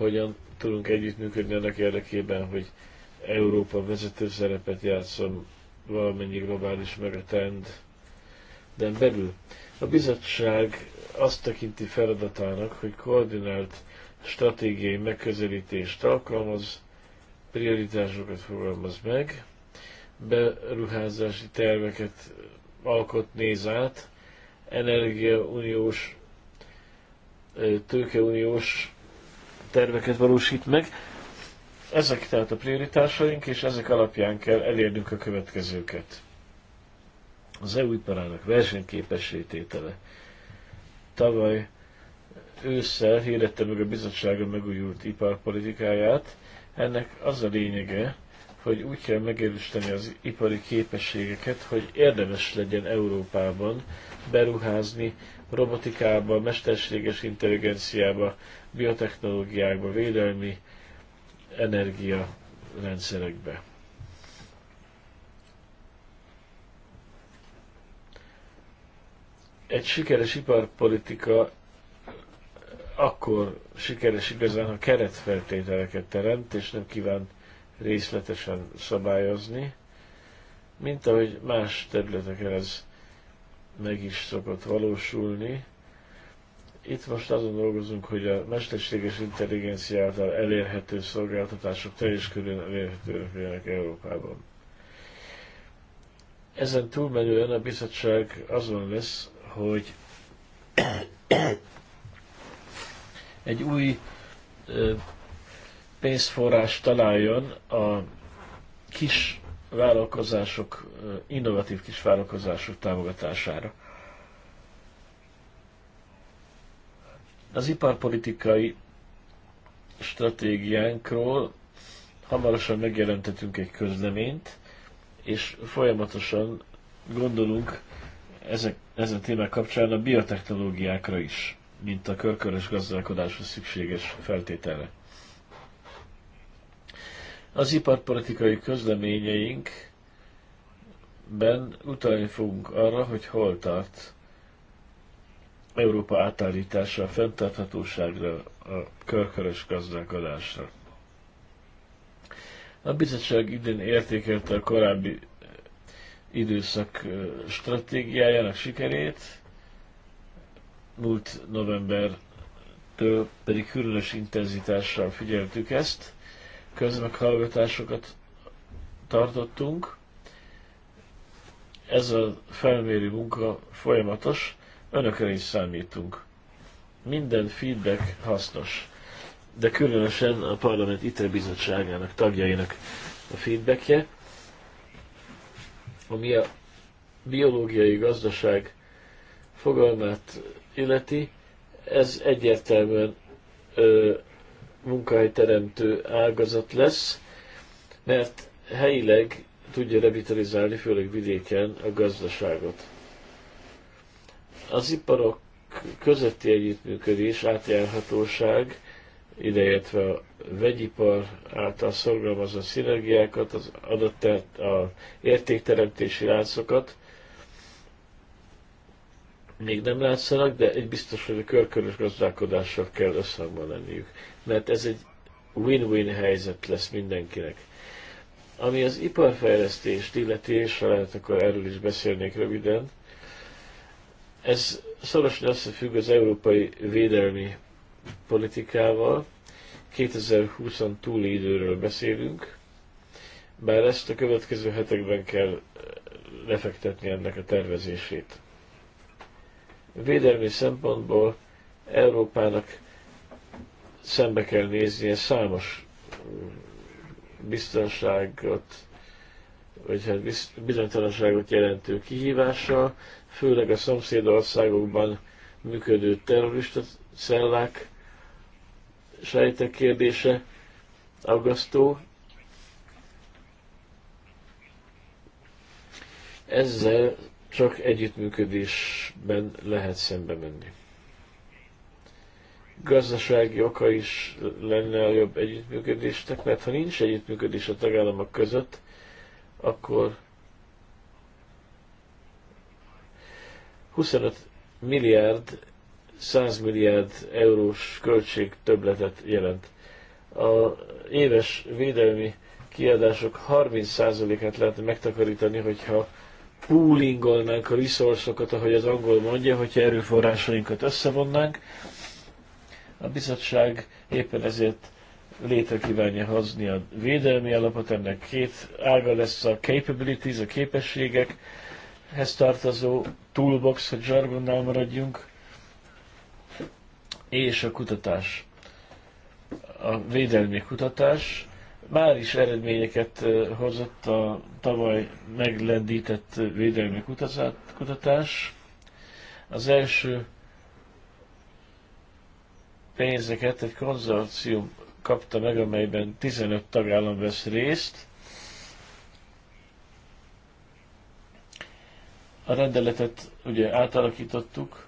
hogyan tudunk együttműködni annak érdekében, hogy Európa vezető szerepet játszom valamennyi globális megatrend, de belül. A bizottság azt tekinti feladatának, hogy koordinált stratégiai megközelítést alkalmaz, prioritásokat fogalmaz meg, beruházási terveket alkot, néz át, energiauniós, tőkeuniós terveket valósít meg. Ezek tehát a prioritásaink, és ezek alapján kell elérnünk a következőket. Az EU iparának versenyképesítétele. Tavaly ősszel hirdette meg a bizottsága megújult iparpolitikáját. Ennek az a lényege, hogy úgy kell megerősíteni az ipari képességeket, hogy érdemes legyen Európában beruházni robotikába, mesterséges intelligenciába, biotechnológiákba, védelmi energia rendszerekbe. Egy sikeres iparpolitika akkor sikeres igazán, ha keretfeltételeket teremt, és nem kíván részletesen szabályozni, mint ahogy más területeken ez meg is szokott valósulni. Itt most azon dolgozunk, hogy a mesterséges intelligencia által elérhető szolgáltatások teljes körül elérhetőek legyenek Európában. Ezen túlmenően a bizottság azon lesz, hogy egy új pénzforrás találjon a kis vállalkozások, innovatív kis vállalkozások támogatására. Az iparpolitikai stratégiánkról hamarosan megjelentetünk egy közleményt, és folyamatosan gondolunk ezek, ezen témák kapcsán a biotechnológiákra is, mint a körkörös gazdálkodáshoz szükséges feltételre. Az iparpolitikai közleményeinkben utalni fogunk arra, hogy hol tart Európa átállítása a fenntarthatóságra, a körkörös gazdálkodásra. A bizottság idén értékelte a korábbi eh, időszak eh, stratégiájának sikerét, múlt novembertől pedig különös intenzitással figyeltük ezt, közmeghallgatásokat tartottunk. Ez a felmérő munka folyamatos, önökre is számítunk. Minden feedback hasznos, de különösen a Parlament ITRE Bizottságának tagjainak a feedbackje, ami a biológiai gazdaság fogalmát illeti, ez egyértelműen ö, munkahelyteremtő ágazat lesz, mert helyileg tudja revitalizálni, főleg vidéken a gazdaságot. Az iparok közötti együttműködés, átjárhatóság, ideértve a vegyipar által szorgalmazott szinergiákat, az adott a értékteremtési láncokat, még nem látszanak, de egy biztos, hogy a körkörös gazdálkodással kell összhangban lenniük. Mert ez egy win-win helyzet lesz mindenkinek. Ami az iparfejlesztést illeti, és ha lehet, akkor erről is beszélnék röviden, ez szorosan összefügg az európai védelmi politikával. 2020-on túli időről beszélünk, bár ezt a következő hetekben kell eh, lefektetni ennek a tervezését. Védelmi szempontból Európának szembe kell néznie számos mm, biztonságot, vagy hát bizonytalanságot jelentő kihívással, főleg a szomszédországokban működő terrorista szellák sejtek kérdése aggasztó. Ezzel csak együttműködésben lehet szembe menni. Gazdasági oka is lenne a jobb együttműködésnek, mert ha nincs együttműködés a tagállamok között, akkor 25 milliárd, 100 milliárd eurós költség többletet jelent. A éves védelmi kiadások 30%-át lehet megtakarítani, hogyha poolingolnánk a resourcokat, ahogy az angol mondja, hogyha erőforrásainkat összevonnánk. A bizottság éppen ezért létre kívánja hozni a védelmi alapot, ennek két ága lesz a capabilities, a képességek, ehhez tartozó toolbox, hogy zsargonnál maradjunk, és a kutatás, a védelmi kutatás már is eredményeket hozott a tavaly meglendített védelmi kutatás. Az első pénzeket egy konzorcium kapta meg, amelyben 15 tagállam vesz részt, A rendeletet ugye átalakítottuk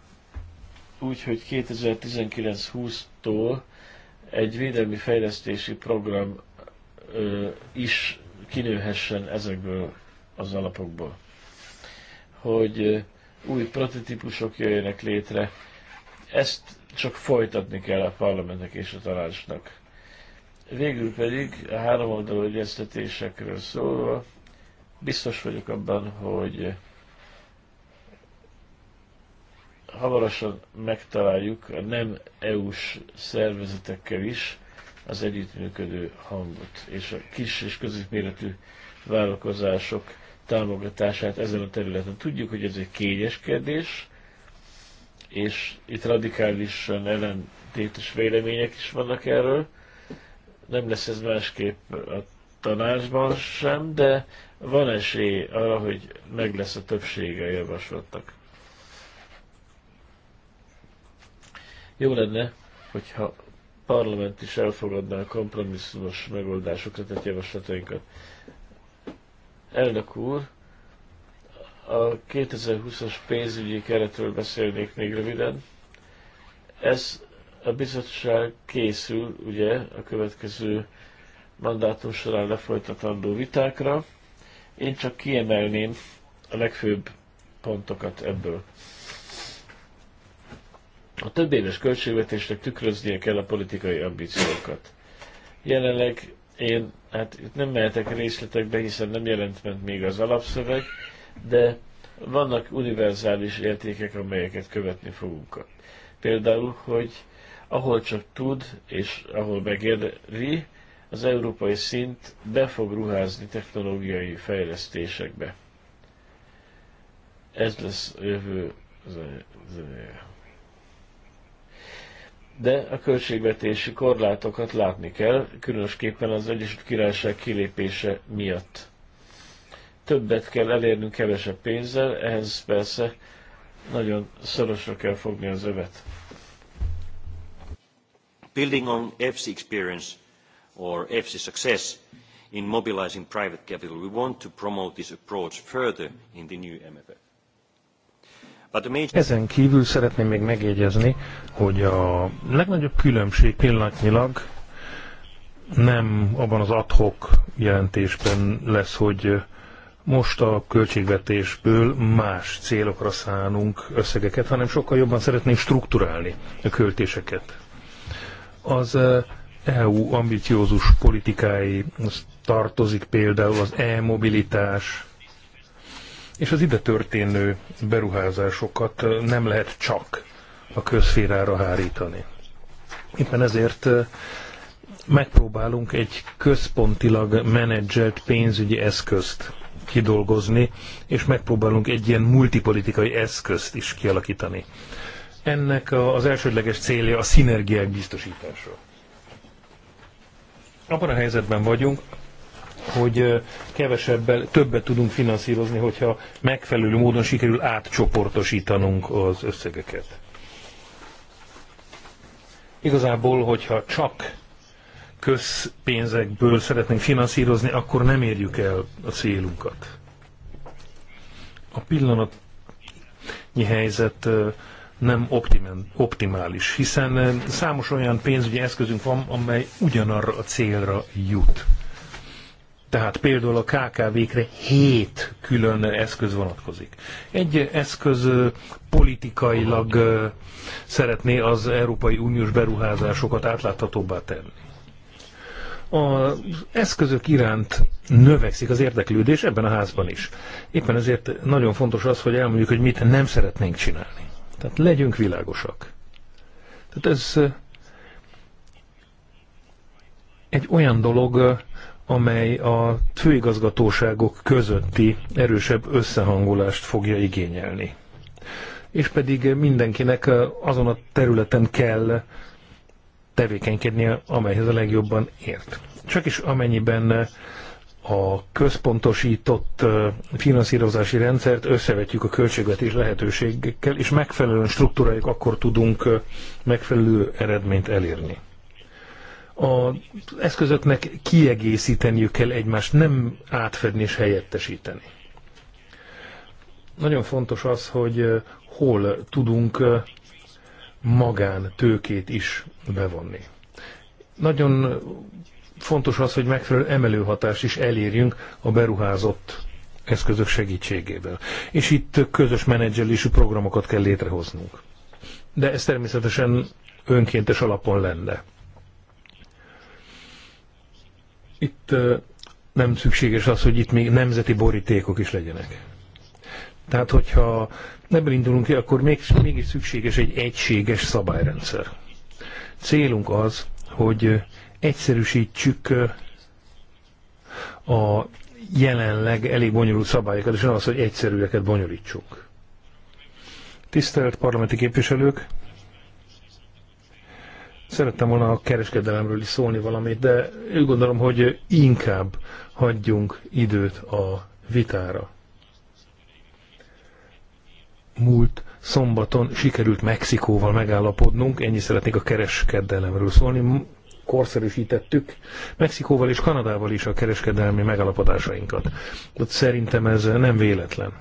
úgyhogy 2019-20-tól egy védelmi fejlesztési program ö, is kinőhessen ezekből az alapokból. Hogy ö, új prototípusok jöjjenek létre, ezt csak folytatni kell a parlamentnek és a tanácsnak. Végül pedig a három oldalú egyeztetésekről szólva, biztos vagyok abban, hogy hamarosan megtaláljuk a nem EU-s szervezetekkel is az együttműködő hangot, és a kis és középméretű vállalkozások támogatását ezen a területen. Tudjuk, hogy ez egy kényes kérdés, és itt radikálisan ellentétes vélemények is vannak erről. Nem lesz ez másképp a tanácsban sem, de van esély arra, hogy meg lesz a többsége a Jó lenne, hogyha parlament is elfogadná a kompromisszumos megoldásokat a javaslatainkat. Elnök úr, a 2020-as pénzügyi keretről beszélnék még röviden. Ez a bizottság készül ugye a következő mandátum során lefolytatandó vitákra. Én csak kiemelném a legfőbb pontokat ebből. A több éves költségvetésnek tükröznie kell a politikai ambíciókat. Jelenleg én, hát itt nem mehetek részletekbe, hiszen nem jelent ment még az alapszöveg, de vannak univerzális értékek, amelyeket követni fogunk. Például, hogy ahol csak tud, és ahol megéri, az európai szint be fog ruházni technológiai fejlesztésekbe. Ez lesz a jövő zenéje de a költségvetési korlátokat látni kell, különösképpen az Egyesült Királyság kilépése miatt. Többet kell elérnünk kevesebb pénzzel, ehhez persze nagyon szorosra kell fogni az övet. Building on EFSI experience or EFSI success in mobilizing private capital, we want to promote this approach further in the new MFF ezen kívül szeretném még megjegyezni, hogy a legnagyobb különbség pillanatnyilag nem abban az adhok jelentésben lesz, hogy most a költségvetésből más célokra szánunk összegeket, hanem sokkal jobban szeretnénk strukturálni a költéseket. Az EU ambiciózus politikái tartozik például az e-mobilitás, és az ide történő beruházásokat nem lehet csak a közférára hárítani. Éppen ezért megpróbálunk egy központilag menedzselt pénzügyi eszközt kidolgozni, és megpróbálunk egy ilyen multipolitikai eszközt is kialakítani. Ennek az elsődleges célja a szinergiák biztosítása. Abban a helyzetben vagyunk, hogy kevesebbel többet tudunk finanszírozni, hogyha megfelelő módon sikerül átcsoportosítanunk az összegeket. Igazából, hogyha csak közpénzekből szeretnénk finanszírozni, akkor nem érjük el a célunkat. A pillanatnyi helyzet nem optimális, hiszen számos olyan pénzügyi eszközünk van, amely ugyanarra a célra jut. Tehát például a KKV-kre hét külön eszköz vonatkozik. Egy eszköz politikailag szeretné az Európai Uniós beruházásokat átláthatóbbá tenni. Az eszközök iránt növekszik az érdeklődés ebben a házban is. Éppen ezért nagyon fontos az, hogy elmondjuk, hogy mit nem szeretnénk csinálni. Tehát legyünk világosak. Tehát ez egy olyan dolog, amely a főigazgatóságok közötti erősebb összehangolást fogja igényelni. És pedig mindenkinek azon a területen kell tevékenykednie, amelyhez a legjobban ért. Csak is amennyiben a központosított finanszírozási rendszert összevetjük a költségvetés lehetőségekkel, és megfelelően struktúráljuk, akkor tudunk megfelelő eredményt elérni az eszközöknek kiegészíteniük kell egymást, nem átfedni és helyettesíteni. Nagyon fontos az, hogy hol tudunk magán tőkét is bevonni. Nagyon fontos az, hogy megfelelő emelőhatást is elérjünk a beruházott eszközök segítségével. És itt közös menedzselésű programokat kell létrehoznunk. De ez természetesen önkéntes alapon lenne. itt nem szükséges az, hogy itt még nemzeti borítékok is legyenek. Tehát, hogyha ebből indulunk ki, akkor még, mégis szükséges egy egységes szabályrendszer. Célunk az, hogy egyszerűsítsük a jelenleg elég bonyolult szabályokat, és nem az, hogy egyszerűeket bonyolítsunk. Tisztelt parlamenti képviselők! Szerettem volna a kereskedelemről is szólni valamit, de úgy gondolom, hogy inkább hagyjunk időt a vitára. Múlt szombaton sikerült Mexikóval megállapodnunk, ennyi szeretnék a kereskedelemről szólni. Korszerűsítettük Mexikóval és Kanadával is a kereskedelmi megállapodásainkat. Ott szerintem ez nem véletlen.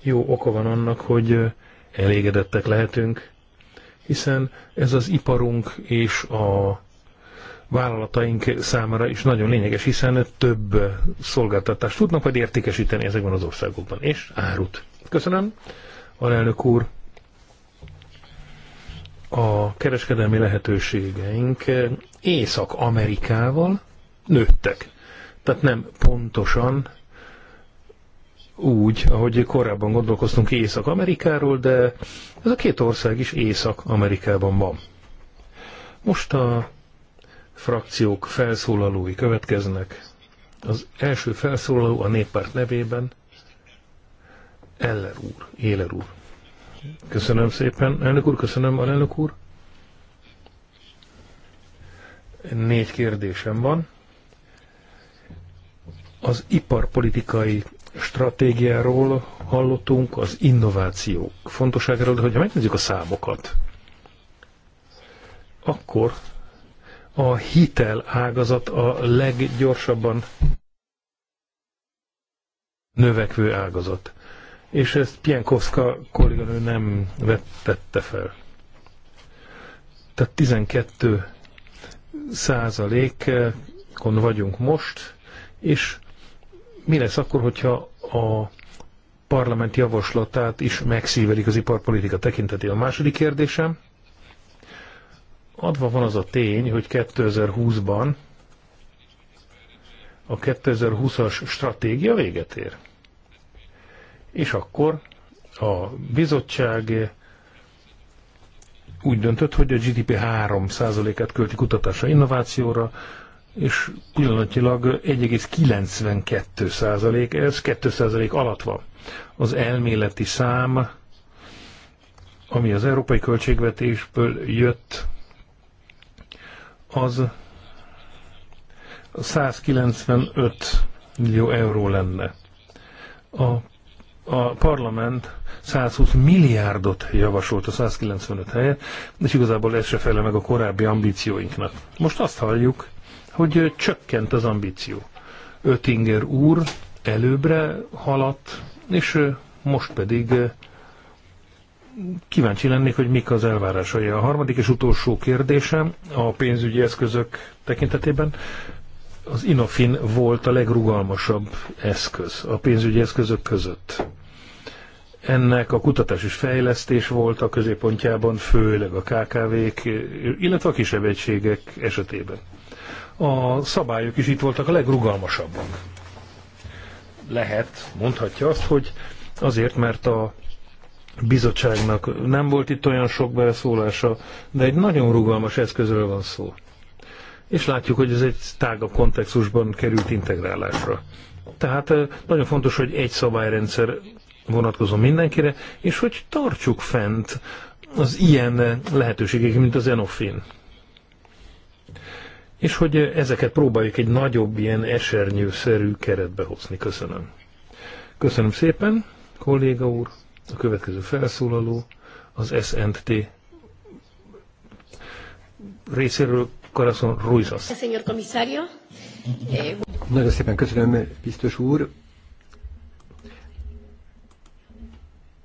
Jó oka van annak, hogy elégedettek lehetünk, hiszen ez az iparunk és a vállalataink számára is nagyon lényeges, hiszen több szolgáltatást tudnak majd értékesíteni ezekben az országokban, és árut. Köszönöm, alelnök úr! A kereskedelmi lehetőségeink Észak-Amerikával nőttek. Tehát nem pontosan úgy, ahogy korábban gondolkoztunk Észak-Amerikáról, de ez a két ország is Észak-Amerikában van. Most a frakciók felszólalói következnek. Az első felszólaló a néppárt nevében Eller úr, Éler úr. Köszönöm szépen. Elnök úr, köszönöm, alelnök úr. Négy kérdésem van. Az iparpolitikai stratégiáról hallottunk, az innováció fontosságáról, de hogyha megnézzük a számokat, akkor a hitel ágazat a leggyorsabban növekvő ágazat. És ezt Pienkowska kolléganő nem vettette fel. Tehát 12 százalékon eh, vagyunk most, és mi lesz akkor, hogyha a parlament javaslatát is megszívelik az iparpolitika tekintetében? A második kérdésem, adva van az a tény, hogy 2020-ban a 2020-as stratégia véget ér. És akkor a bizottság úgy döntött, hogy a GDP 3%-át költi kutatásra, innovációra, és pillanatilag 1,92 százalék, ez 2 százalék alatt van. Az elméleti szám, ami az európai költségvetésből jött, az 195 millió euró lenne. A, a parlament 120 milliárdot javasolt a 195 helyet, és igazából ez se fele meg a korábbi ambícióinknak. Most azt halljuk, hogy csökkent az ambíció. Ötinger úr előbbre haladt, és most pedig kíváncsi lennék, hogy mik az elvárásai. A harmadik és utolsó kérdésem a pénzügyi eszközök tekintetében. Az Inofin volt a legrugalmasabb eszköz a pénzügyi eszközök között. Ennek a kutatás és fejlesztés volt a középpontjában, főleg a KKV-k, illetve a kisebb egységek esetében a szabályok is itt voltak a legrugalmasabbak. Lehet, mondhatja azt, hogy azért, mert a bizottságnak nem volt itt olyan sok beleszólása, de egy nagyon rugalmas eszközről van szó. És látjuk, hogy ez egy tágabb kontextusban került integrálásra. Tehát nagyon fontos, hogy egy szabályrendszer vonatkozom mindenkire, és hogy tartsuk fent az ilyen lehetőségek, mint az Enofin és hogy ezeket próbáljuk egy nagyobb, ilyen esernyőszerű keretbe hozni. Köszönöm. Köszönöm szépen, kolléga úr. A következő felszólaló az SNT részéről Karaszon Ruizas. Eh, Nagyon szépen köszönöm, biztos úr.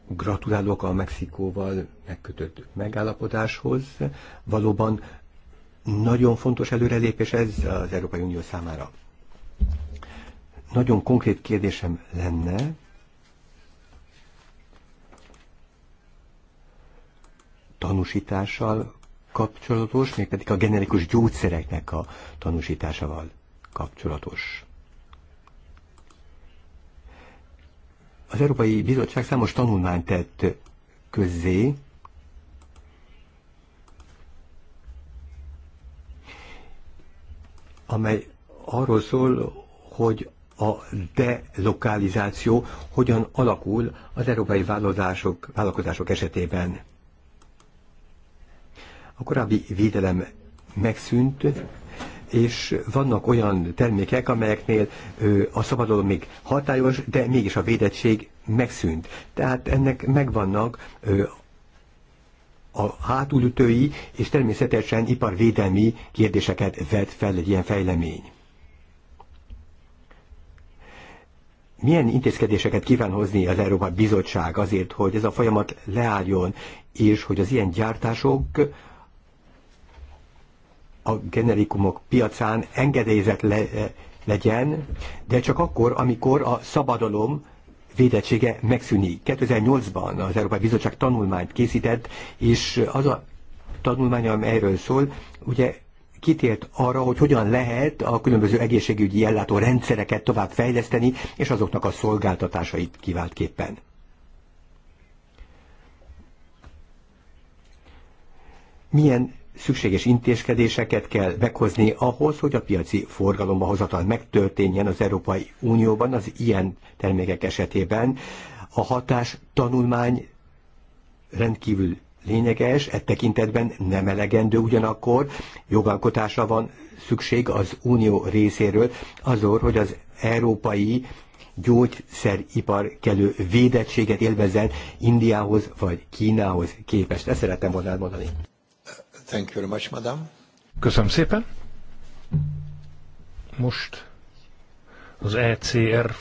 Gratulálok a Mexikóval megkötött megállapodáshoz. Valóban nagyon fontos előrelépés ez az Európai Unió számára. Nagyon konkrét kérdésem lenne, tanúsítással kapcsolatos, mégpedig a generikus gyógyszereknek a tanúsításával kapcsolatos. Az Európai Bizottság számos tanulmányt tett közzé, amely arról szól, hogy a delokalizáció hogyan alakul az európai vállalkozások, vállalkozások esetében. A korábbi védelem megszűnt, és vannak olyan termékek, amelyeknél a szabadalom még hatályos, de mégis a védettség megszűnt. Tehát ennek megvannak a hátulütői és természetesen iparvédelmi kérdéseket vet fel egy ilyen fejlemény. Milyen intézkedéseket kíván hozni az Európai Bizottság azért, hogy ez a folyamat leálljon, és hogy az ilyen gyártások a generikumok piacán engedélyezett le, legyen, de csak akkor, amikor a szabadalom védettsége megszűnik. 2008-ban az Európai Bizottság tanulmányt készített, és az a tanulmány, amely erről szól, ugye kitért arra, hogy hogyan lehet a különböző egészségügyi ellátó rendszereket tovább fejleszteni, és azoknak a szolgáltatásait kiváltképpen. Milyen szükséges intézkedéseket kell meghozni ahhoz, hogy a piaci forgalomba hozatal megtörténjen az Európai Unióban az ilyen termékek esetében. A hatás tanulmány rendkívül lényeges, e tekintetben nem elegendő ugyanakkor, jogalkotásra van szükség az unió részéről azor, hogy az európai gyógyszeripar kellő védettséget élvezzen Indiához vagy Kínához képest. Ezt szerettem volna elmondani. Thank you very much, madam. Köszönöm szépen. Most az ECR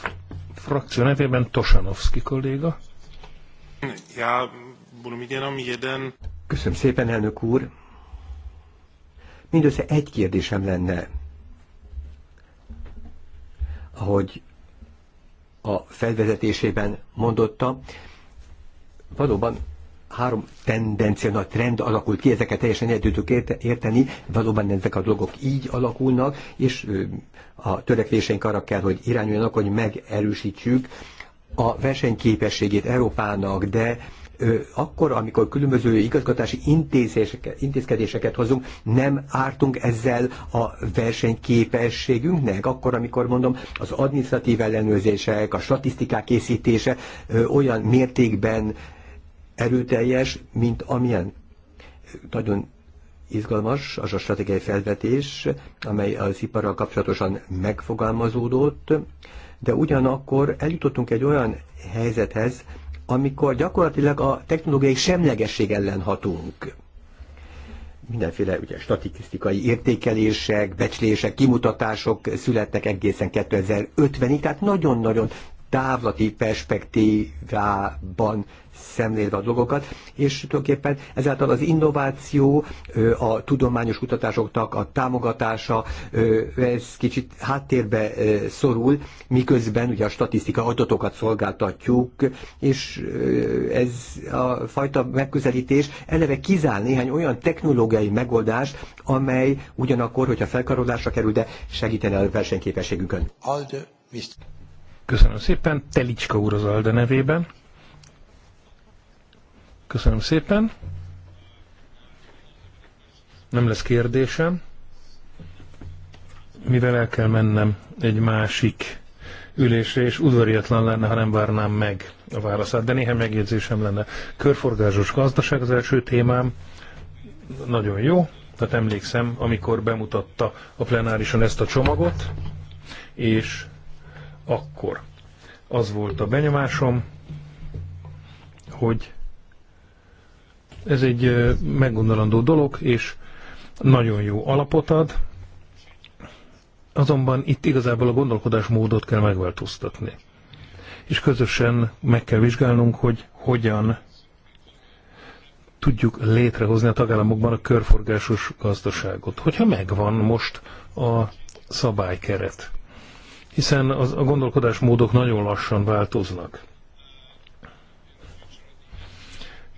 frakció nevében Tosanovski kolléga. Ja, budu mít jeden. Köszönöm szépen, elnök úr. Mindössze egy kérdésem lenne. Ahogy a felvezetésében mondotta, valóban három tendencia, nagy trend alakult ki, ezeket teljesen el tudjuk érteni, valóban ezek a dolgok így alakulnak, és a törekvéseink arra kell, hogy irányuljanak, hogy megerősítsük a versenyképességét Európának, de akkor, amikor különböző igazgatási intézkedéseket hozunk, nem ártunk ezzel a versenyképességünknek. Akkor, amikor mondom, az administratív ellenőrzések, a statisztikák készítése olyan mértékben erőteljes, mint amilyen. Nagyon izgalmas az a stratégiai felvetés, amely az iparral kapcsolatosan megfogalmazódott, de ugyanakkor eljutottunk egy olyan helyzethez, amikor gyakorlatilag a technológiai semlegesség ellen hatunk. Mindenféle ugye, statisztikai értékelések, becslések, kimutatások születtek egészen 2050-ig, tehát nagyon-nagyon távlati perspektívában szemlélve a dolgokat, és tulajdonképpen ezáltal az innováció, a tudományos kutatásoknak a támogatása, ez kicsit háttérbe szorul, miközben ugye a statisztika adatokat szolgáltatjuk, és ez a fajta megközelítés eleve kizár néhány olyan technológiai megoldást, amely ugyanakkor, hogyha felkarolásra kerül, de segítene a versenyképességükön. Köszönöm szépen, Telicska úr az Alde nevében. Köszönöm szépen. Nem lesz kérdésem, mivel el kell mennem egy másik ülésre, és udvariatlan lenne, ha nem várnám meg a válaszát, de néhány megjegyzésem lenne. Körforgásos gazdaság az első témám, nagyon jó, tehát emlékszem, amikor bemutatta a plenárison ezt a csomagot, és akkor az volt a benyomásom, hogy ez egy meggondolandó dolog, és nagyon jó alapot ad, azonban itt igazából a gondolkodásmódot kell megváltoztatni. És közösen meg kell vizsgálnunk, hogy hogyan tudjuk létrehozni a tagállamokban a körforgásos gazdaságot, hogyha megvan most a szabálykeret. Hiszen az, a gondolkodásmódok nagyon lassan változnak.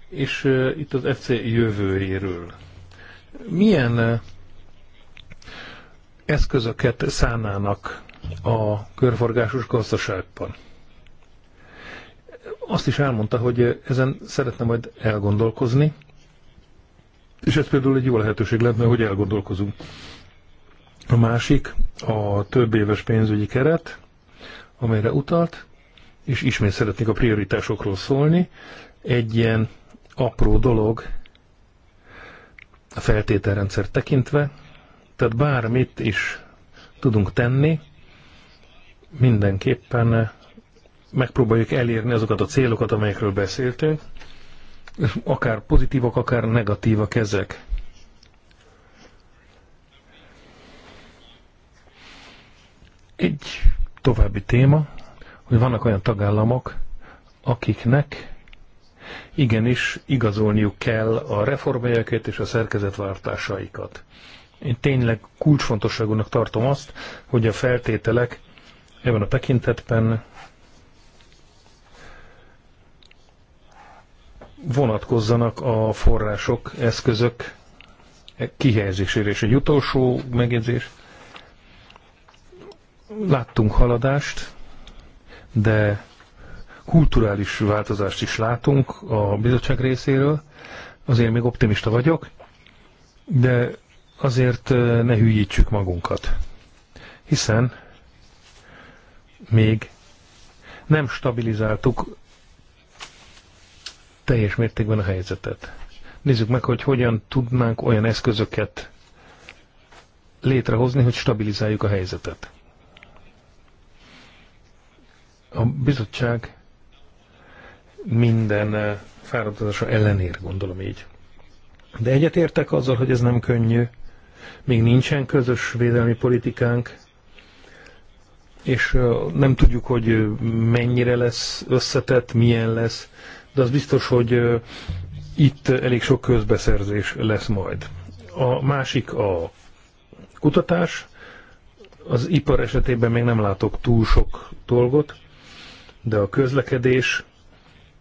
és itt az FC jövőjéről. Milyen eszközöket szánának a körforgásos gazdaságban? Azt is elmondta, hogy ezen szeretne majd elgondolkozni, és ez például egy jó lehetőség lenne, hogy elgondolkozunk. A másik a több éves pénzügyi keret, amelyre utalt, és ismét szeretnék a prioritásokról szólni. Egy ilyen apró dolog a feltételrendszer tekintve, tehát bármit is tudunk tenni, mindenképpen megpróbáljuk elérni azokat a célokat, amelyekről beszéltünk, akár pozitívak, akár negatívak ezek. Egy további téma, hogy vannak olyan tagállamok, akiknek igenis igazolniuk kell a reformjaikat és a szerkezetváltásaikat. Én tényleg kulcsfontosságúnak tartom azt, hogy a feltételek ebben a tekintetben vonatkozzanak a források, eszközök kihelyezésére. És egy utolsó megjegyzés. Láttunk haladást, de kulturális változást is látunk a bizottság részéről. Azért még optimista vagyok, de azért ne hülyítsük magunkat. Hiszen még nem stabilizáltuk teljes mértékben a helyzetet. Nézzük meg, hogy hogyan tudnánk olyan eszközöket létrehozni, hogy stabilizáljuk a helyzetet. A bizottság minden eh, fáradozása ellenére, gondolom így. De egyetértek azzal, hogy ez nem könnyű, még nincsen közös védelmi politikánk, és eh, nem tudjuk, hogy eh, mennyire lesz összetett, milyen lesz, de az biztos, hogy itt elég sok közbeszerzés lesz majd. A másik a kutatás. Az ipar esetében még nem látok túl sok dolgot, de a közlekedés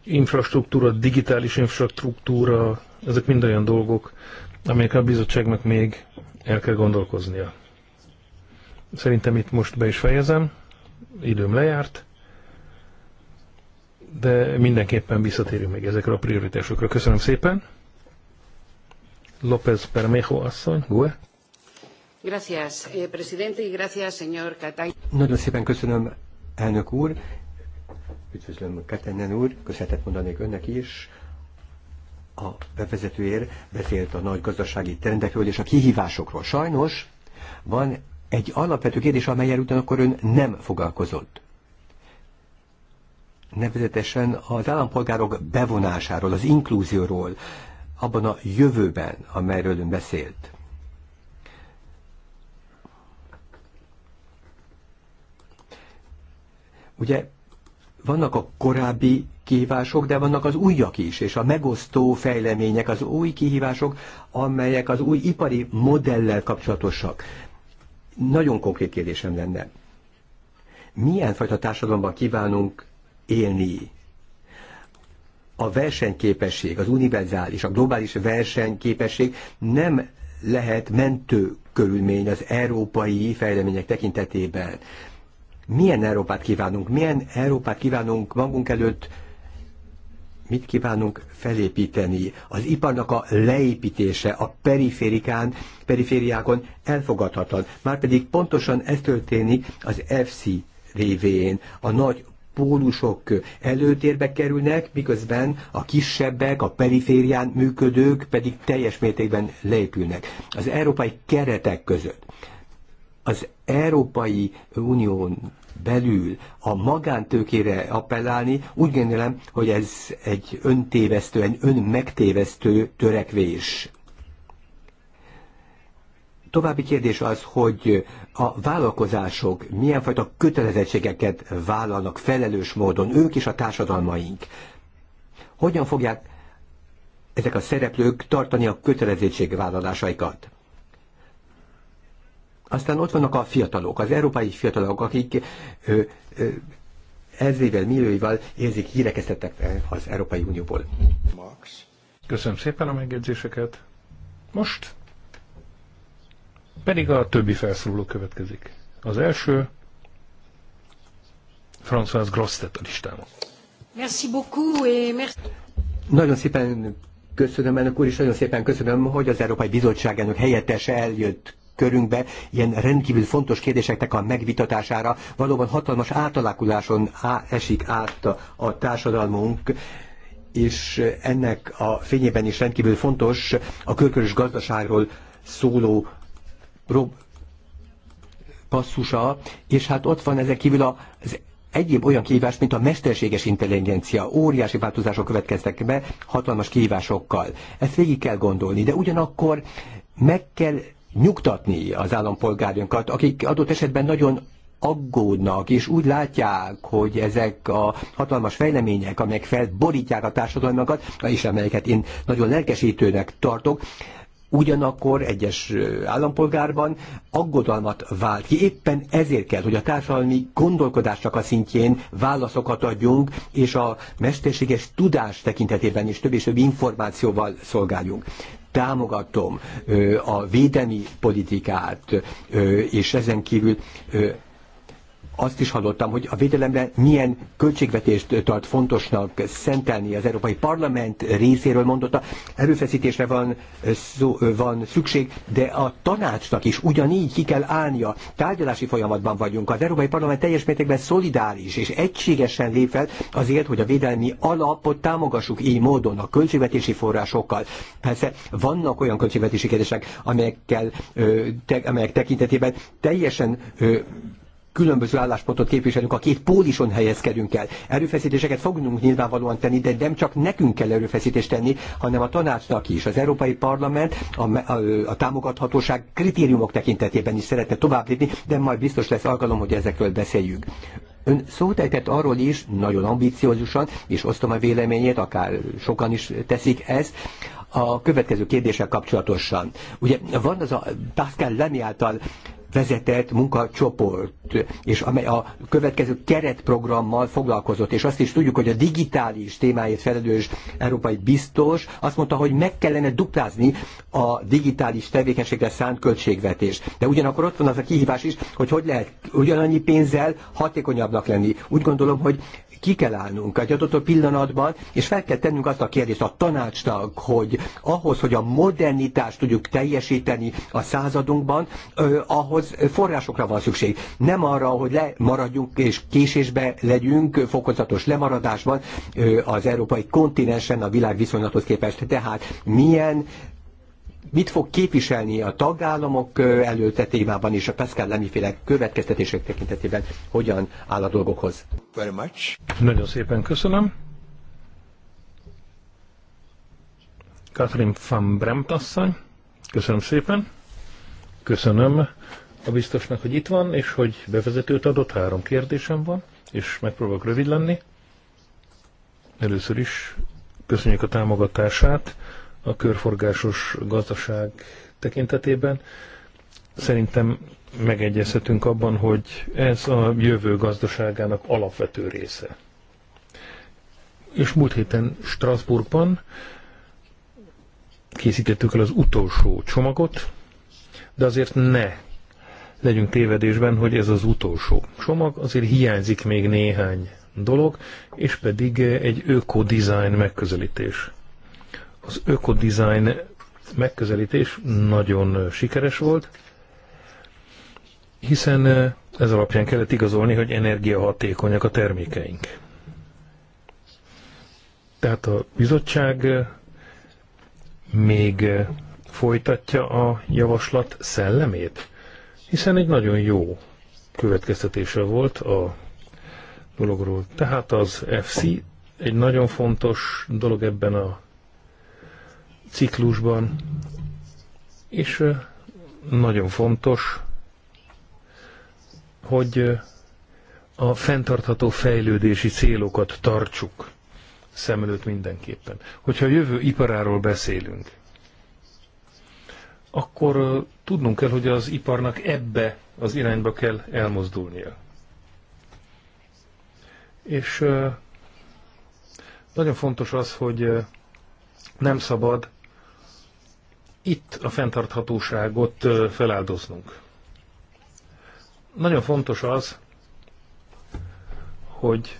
infrastruktúra, digitális infrastruktúra, ezek mind olyan dolgok, amelyek a bizottságnak még el kell gondolkoznia. Szerintem itt most be is fejezem, időm lejárt, de mindenképpen visszatérünk még ezekre a prioritásokra. Köszönöm szépen! López Permejo asszony, GUE. Gracias, eh, presidente, y gracias, señor Katainen. Nagyon szépen köszönöm, elnök úr, Üdvözlöm Ketenen úr, köszönetet mondanék önnek is. A bevezetőért beszélt a nagy gazdasági trendekről és a kihívásokról. Sajnos van egy alapvető kérdés, amelyel ugyanakkor ön nem foglalkozott. Nevezetesen az állampolgárok bevonásáról, az inklúzióról, abban a jövőben, amelyről ön beszélt. Ugye vannak a korábbi kihívások, de vannak az újak is, és a megosztó fejlemények, az új kihívások, amelyek az új ipari modellel kapcsolatosak. Nagyon konkrét kérdésem lenne. Milyen fajta társadalomban kívánunk élni? A versenyképesség, az univerzális, a globális versenyképesség nem lehet mentő körülmény az európai fejlemények tekintetében milyen Európát kívánunk, milyen Európát kívánunk magunk előtt, mit kívánunk felépíteni. Az iparnak a leépítése a periférikán, perifériákon elfogadhatatlan. Márpedig pontosan ez történik az FC révén. A nagy pólusok előtérbe kerülnek, miközben a kisebbek, a periférián működők pedig teljes mértékben leépülnek. Az európai keretek között. Az Európai Unión belül a magántőkére appellálni, úgy gondolom, hogy ez egy öntévesztő, egy önmegtévesztő törekvés. További kérdés az, hogy a vállalkozások milyen fajta kötelezettségeket vállalnak felelős módon, ők és a társadalmaink. Hogyan fogják ezek a szereplők tartani a kötelezettségvállalásaikat? Aztán ott vannak a fiatalok, az európai fiatalok, akik ö, ö, ezével, millióival érzik hírekeztettek az Európai Unióból. Max. Köszönöm szépen a megjegyzéseket. Most pedig a többi felszóló következik. Az első François Grostet a listámon. Merci beaucoup et merci. Nagyon szépen köszönöm, elnök úr, és nagyon szépen köszönöm, hogy az Európai Bizottságának helyettese eljött körünkbe ilyen rendkívül fontos kérdéseknek a megvitatására valóban hatalmas átalakuláson á, esik át a, a társadalmunk és ennek a fényében is rendkívül fontos a körkörös gazdaságról szóló rob, passzusa, és hát ott van ezek kívül az egyéb olyan kihívás, mint a mesterséges intelligencia. Óriási változások következtek be, hatalmas kihívásokkal. Ezt végig kell gondolni, de ugyanakkor meg kell nyugtatni az állampolgárjunkat, akik adott esetben nagyon aggódnak, és úgy látják, hogy ezek a hatalmas fejlemények, amelyek felborítják a társadalmakat, és amelyeket én nagyon lelkesítőnek tartok, ugyanakkor egyes állampolgárban aggodalmat vált ki. Éppen ezért kell, hogy a társadalmi gondolkodásnak a szintjén válaszokat adjunk, és a mesterséges tudás tekintetében is több és több információval szolgáljunk támogatom a védelmi politikát, és ezen kívül azt is hallottam, hogy a védelemre milyen költségvetést tart fontosnak szentelni az Európai Parlament részéről mondotta. Erőfeszítésre van, szó, van szükség, de a tanácsnak is ugyanígy ki kell állnia. Tárgyalási folyamatban vagyunk. Az Európai Parlament teljes mértékben szolidáris és egységesen lép fel azért, hogy a védelmi alapot támogassuk így módon a költségvetési forrásokkal. Persze vannak olyan költségvetési kérdések, amelyekkel, te, amelyek tekintetében teljesen különböző álláspontot képviselünk, a két pólison helyezkedünk el. Erőfeszítéseket fognunk nyilvánvalóan tenni, de nem csak nekünk kell erőfeszítést tenni, hanem a tanácsnak is. Az Európai Parlament a, a, a támogathatóság kritériumok tekintetében is szeretne tovább lépni, de majd biztos lesz alkalom, hogy ezekről beszéljük. Ön szót ejtett arról is, nagyon ambiciózusan, és osztom a véleményét, akár sokan is teszik ezt, a következő kérdéssel kapcsolatosan. Ugye van az a Pascal Lemi által vezetett munkacsoport, és amely a következő keretprogrammal foglalkozott, és azt is tudjuk, hogy a digitális témáért felelős európai biztos azt mondta, hogy meg kellene duplázni a digitális tevékenységre szánt költségvetés. De ugyanakkor ott van az a kihívás is, hogy hogy lehet ugyanannyi pénzzel hatékonyabbnak lenni. Úgy gondolom, hogy ki kell állnunk egy adott pillanatban, és fel kell tennünk azt a kérdést a tanácsnak, hogy ahhoz, hogy a modernitást tudjuk teljesíteni a századunkban, ahhoz forrásokra van szükség. Nem arra, hogy lemaradjunk és késésbe legyünk, fokozatos lemaradásban az európai kontinensen a világ viszonylathoz képest. Tehát milyen mit fog képviselni a tagállamok előtt témában és a Pascal lemiféle következtetések tekintetében hogyan áll a dolgokhoz. Very much. Nagyon szépen köszönöm. Katrin van Bremt asszony, köszönöm szépen. Köszönöm a biztosnak, hogy itt van, és hogy bevezetőt adott. Három kérdésem van, és megpróbálok rövid lenni. Először is köszönjük a támogatását a körforgásos gazdaság tekintetében. Szerintem megegyezhetünk abban, hogy ez a jövő gazdaságának alapvető része. És múlt héten Strasbourgban készítettük el az utolsó csomagot, de azért ne legyünk tévedésben, hogy ez az utolsó csomag, azért hiányzik még néhány dolog, és pedig egy öko-design megközelítés. Az ökodizájn megközelítés nagyon sikeres volt, hiszen ez alapján kellett igazolni, hogy energiahatékonyak a termékeink. Tehát a bizottság még folytatja a javaslat szellemét, hiszen egy nagyon jó következtetése volt a dologról. Tehát az FC egy nagyon fontos dolog ebben a ciklusban, és nagyon fontos, hogy a fenntartható fejlődési célokat tartsuk szem előtt mindenképpen. Hogyha a jövő iparáról beszélünk, akkor tudnunk kell, hogy az iparnak ebbe az irányba kell elmozdulnia. És nagyon fontos az, hogy nem szabad itt a fenntarthatóságot feláldoznunk. Nagyon fontos az, hogy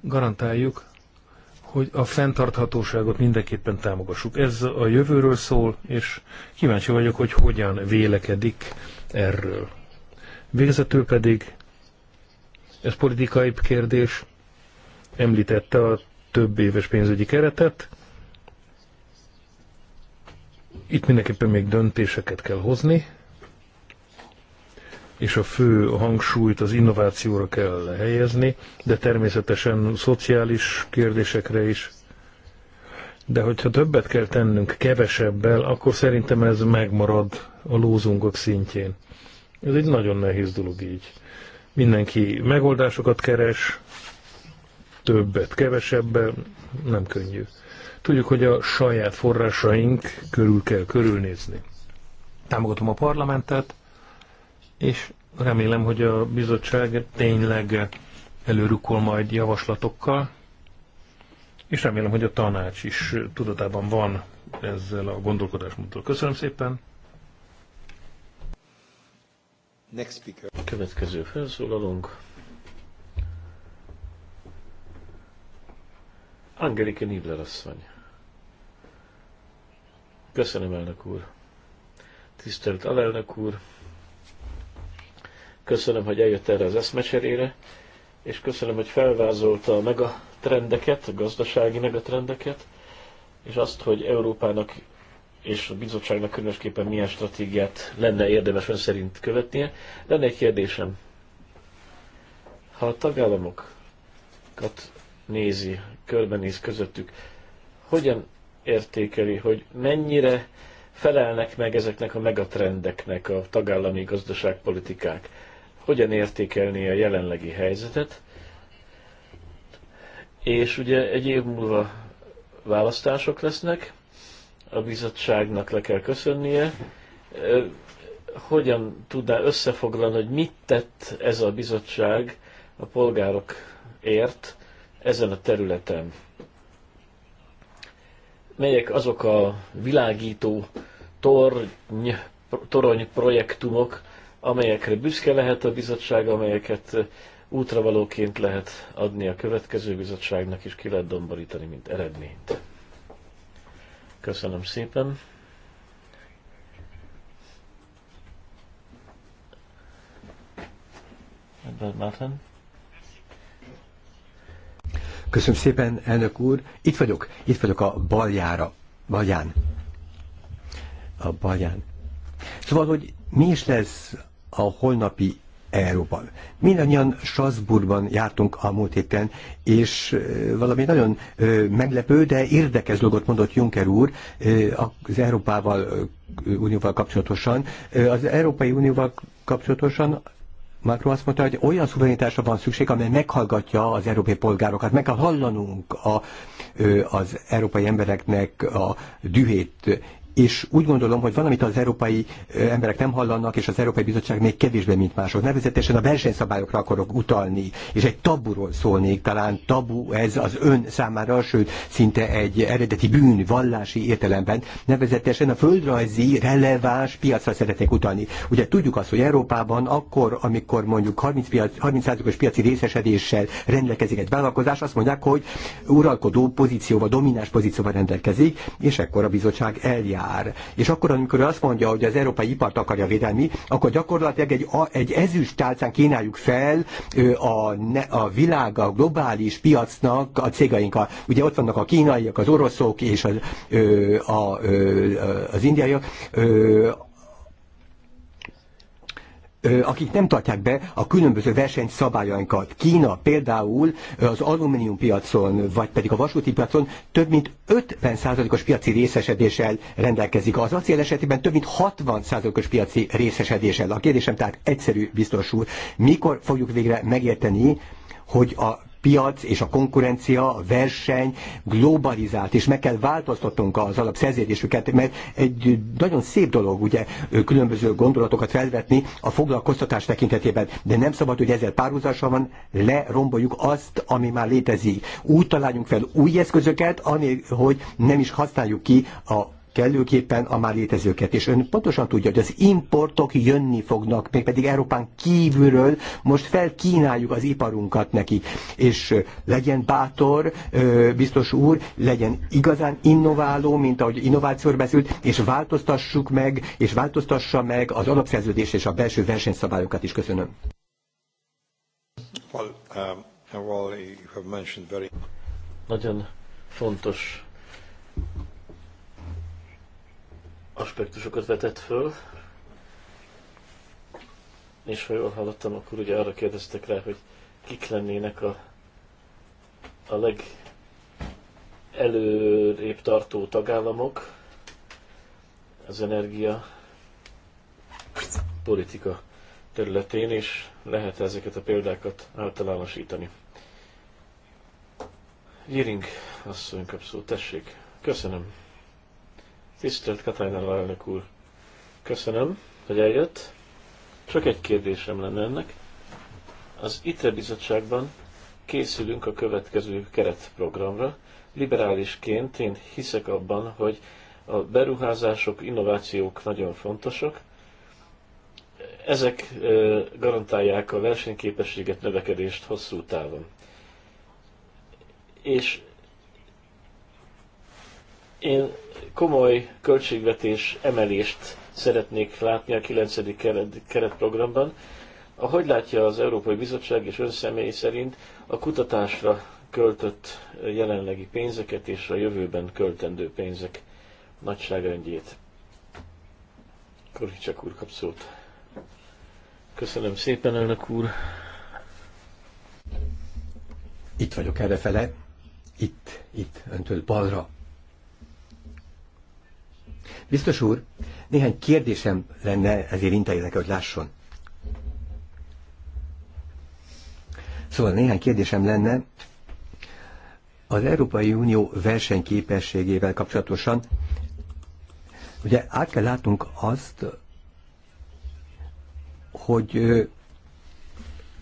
garantáljuk, hogy a fenntarthatóságot mindenképpen támogassuk. Ez a jövőről szól, és kíváncsi vagyok, hogy hogyan vélekedik erről. Végezetül pedig, ez politikai kérdés, említette a több éves pénzügyi keretet, itt mindenképpen még döntéseket kell hozni, és a fő hangsúlyt az innovációra kell helyezni, de természetesen szociális kérdésekre is. De hogyha többet kell tennünk kevesebbel, akkor szerintem ez megmarad a lózungok szintjén. Ez egy nagyon nehéz dolog így. Mindenki megoldásokat keres, többet, kevesebbel, nem könnyű. Tudjuk, hogy a saját forrásaink körül kell körülnézni. Támogatom a parlamentet, és remélem, hogy a bizottság tényleg előrukol majd javaslatokkal, és remélem, hogy a tanács is tudatában van ezzel a gondolkodásmódtól. Köszönöm szépen! Next speaker. Következő felszólalónk. Angelike Nibler asszony. Köszönöm, elnök úr. Tisztelt alelnök úr. Köszönöm, hogy eljött erre az eszmecserére, és köszönöm, hogy felvázolta a megatrendeket, a gazdasági megatrendeket, és azt, hogy Európának és a bizottságnak különösképpen milyen stratégiát lenne érdemes ön szerint követnie. Lenne egy kérdésem. Ha a tagállamokat nézi, körbenéz közöttük, hogyan értékeli, hogy mennyire felelnek meg ezeknek a megatrendeknek a tagállami gazdaságpolitikák, hogyan értékelni a jelenlegi helyzetet, és ugye egy év múlva választások lesznek, a bizottságnak le kell köszönnie, hogyan tudná összefoglalni, hogy mit tett ez a bizottság a polgárokért ezen a területen melyek azok a világító torny, torony projektumok, amelyekre büszke lehet a bizottság, amelyeket útravalóként lehet adni a következő bizottságnak, és ki lehet domborítani, mint eredményt. Köszönöm szépen! Edward Martin. Köszönöm szépen, elnök úr. Itt vagyok, itt vagyok a baljára, balján. A balján. Szóval, hogy mi is lesz a holnapi Európa. Mindannyian Strasbourgban jártunk a múlt héten, és valami nagyon meglepő, de érdekes dolgot mondott Juncker úr az Európával Unióval kapcsolatosan. Az Európai Unióval kapcsolatosan Macron azt mondta, hogy olyan szuverenitásra van szükség, amely meghallgatja az európai polgárokat. Meg kell hallanunk a, az európai embereknek a dühét, és úgy gondolom, hogy van, amit az európai emberek nem hallanak, és az Európai Bizottság még kevésbé, mint mások. Nevezetesen a versenyszabályokra akarok utalni, és egy taburól szólnék, talán tabu ez az ön számára, sőt, szinte egy eredeti bűn vallási értelemben. Nevezetesen a földrajzi releváns piacra szeretnék utalni. Ugye tudjuk azt, hogy Európában akkor, amikor mondjuk 30, piac, 30 piaci részesedéssel rendelkezik egy vállalkozás, azt mondják, hogy uralkodó pozícióval, domináns pozícióval rendelkezik, és ekkor a bizottság eljár jár. És akkor, amikor azt mondja, hogy az európai ipart akarja védelmi, akkor gyakorlatilag egy, egy ezüst tálcán kínáljuk fel a, a világ, a globális piacnak a cégainkkal. Ugye ott vannak a kínaiak, az oroszok és az, a, a, az indiaiak, akik nem tartják be a különböző versenyszabályainkat. Kína például az alumínium piacon, vagy pedig a vasúti piacon több mint 50%-os piaci részesedéssel rendelkezik. Az acél esetében több mint 60%-os piaci részesedéssel. A kérdésem tehát egyszerű, biztos úr, mikor fogjuk végre megérteni, hogy a piac és a konkurencia, a verseny globalizált, és meg kell változtatnunk az alapszerződésüket, mert egy nagyon szép dolog ugye különböző gondolatokat felvetni a foglalkoztatás tekintetében, de nem szabad, hogy ezzel párhuzással leromboljuk azt, ami már létezik. Úgy találjunk fel új eszközöket, anél, hogy nem is használjuk ki a kellőképpen a már létezőket. És ön pontosan tudja, hogy az importok jönni fognak, mégpedig Európán kívülről most felkínáljuk az iparunkat neki. És legyen bátor, biztos úr, legyen igazán innováló, mint ahogy innovációra beszélt, és változtassuk meg, és változtassa meg az alapszerződést és a belső versenyszabályokat is. Köszönöm. Well, um, well, you have mentioned very... Nagyon fontos aspektusokat vetett föl, és ha jól hallottam, akkor ugye arra kérdeztek rá, hogy kik lennének a, a előrébb tartó tagállamok az energia politika területén, és lehet ezeket a példákat általánosítani. Jiring asszony kapszó, tessék. Köszönöm. Tisztelt Katajnál elnök úr! Köszönöm, hogy eljött. Csak egy kérdésem lenne ennek. Az ITRE bizottságban készülünk a következő keretprogramra. Liberálisként én hiszek abban, hogy a beruházások, innovációk nagyon fontosak. Ezek garantálják a versenyképességet, növekedést hosszú távon. És én komoly költségvetés emelést szeretnék látni a 9. Keret, keretprogramban. Ahogy látja az Európai Bizottság és ön személy szerint, a kutatásra költött jelenlegi pénzeket és a jövőben költendő pénzek nagyságrendjét. Koricsak úr kap szót. Köszönöm szépen, elnök úr. Itt vagyok errefele. Itt, itt, öntől balra. Biztos úr, néhány kérdésem lenne, ezért intézek, hogy lásson. Szóval néhány kérdésem lenne az Európai Unió versenyképességével kapcsolatosan. Ugye át kell látnunk azt, hogy